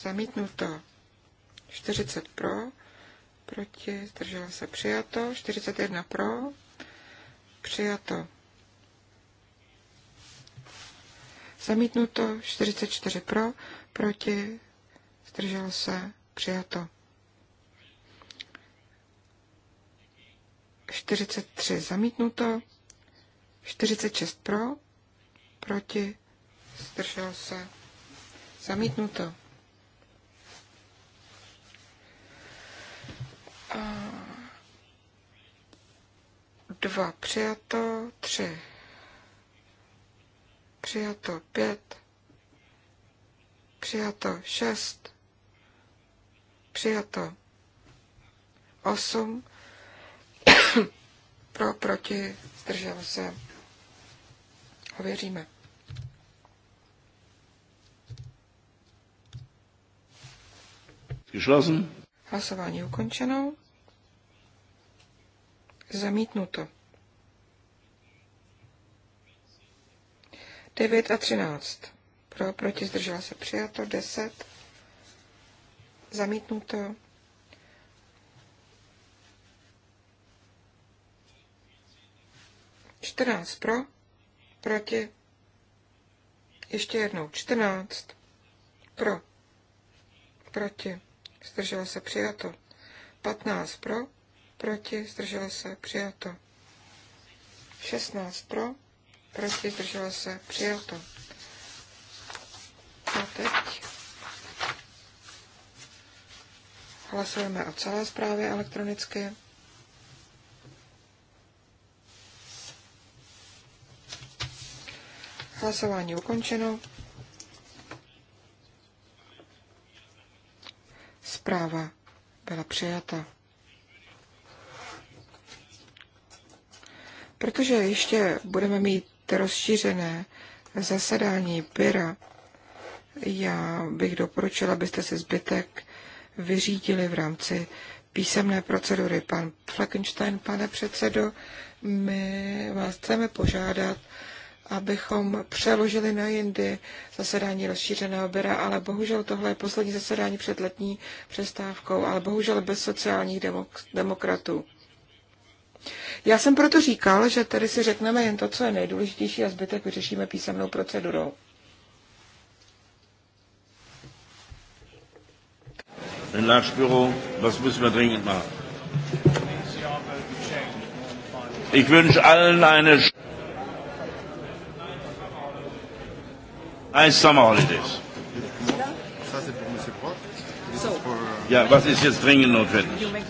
zamítnuto. 40 pro, proti, zdrželo se přijato. 41 pro, přijato. Zamítnuto 44 pro, proti, zdrželo se přijato. 43 zamítnuto, 46 pro, proti, zdržel se, zamítnuto. A dva přijato, tři přijato, pět přijato, šest přijato, osm pro, proti, zdržel se. Ověříme. Geschlossen. Hlasování ukončeno. Zamítnuto. 9 a 13. Pro, proti, zdržela se přijato. 10. Zamítnuto. 14 pro, proti, ještě jednou 14 pro, proti, zdrželo se přijato. 15 pro, proti, zdrželo se přijato. 16 pro, proti, zdrželo se přijato. A teď hlasujeme o celé zprávě elektronicky. Hlasování ukončeno. Zpráva byla přijata. Protože ještě budeme mít rozšířené zasedání Pyra, já bych doporučila, abyste se zbytek vyřídili v rámci písemné procedury. Pan Fleckenstein, pane předsedo, my vás chceme požádat, abychom přeložili na jindy zasedání rozšířeného byra, ale bohužel tohle je poslední zasedání před letní přestávkou, ale bohužel bez sociálních demok- demokratů. Já jsem proto říkal, že tady si řekneme jen to, co je nejdůležitější a zbytek vyřešíme písemnou procedurou. Ich wünsche allen eine And summer holidays. Ça, c'est pour M. Brock. Uh, yeah, was ist jetzt dringend notwendig?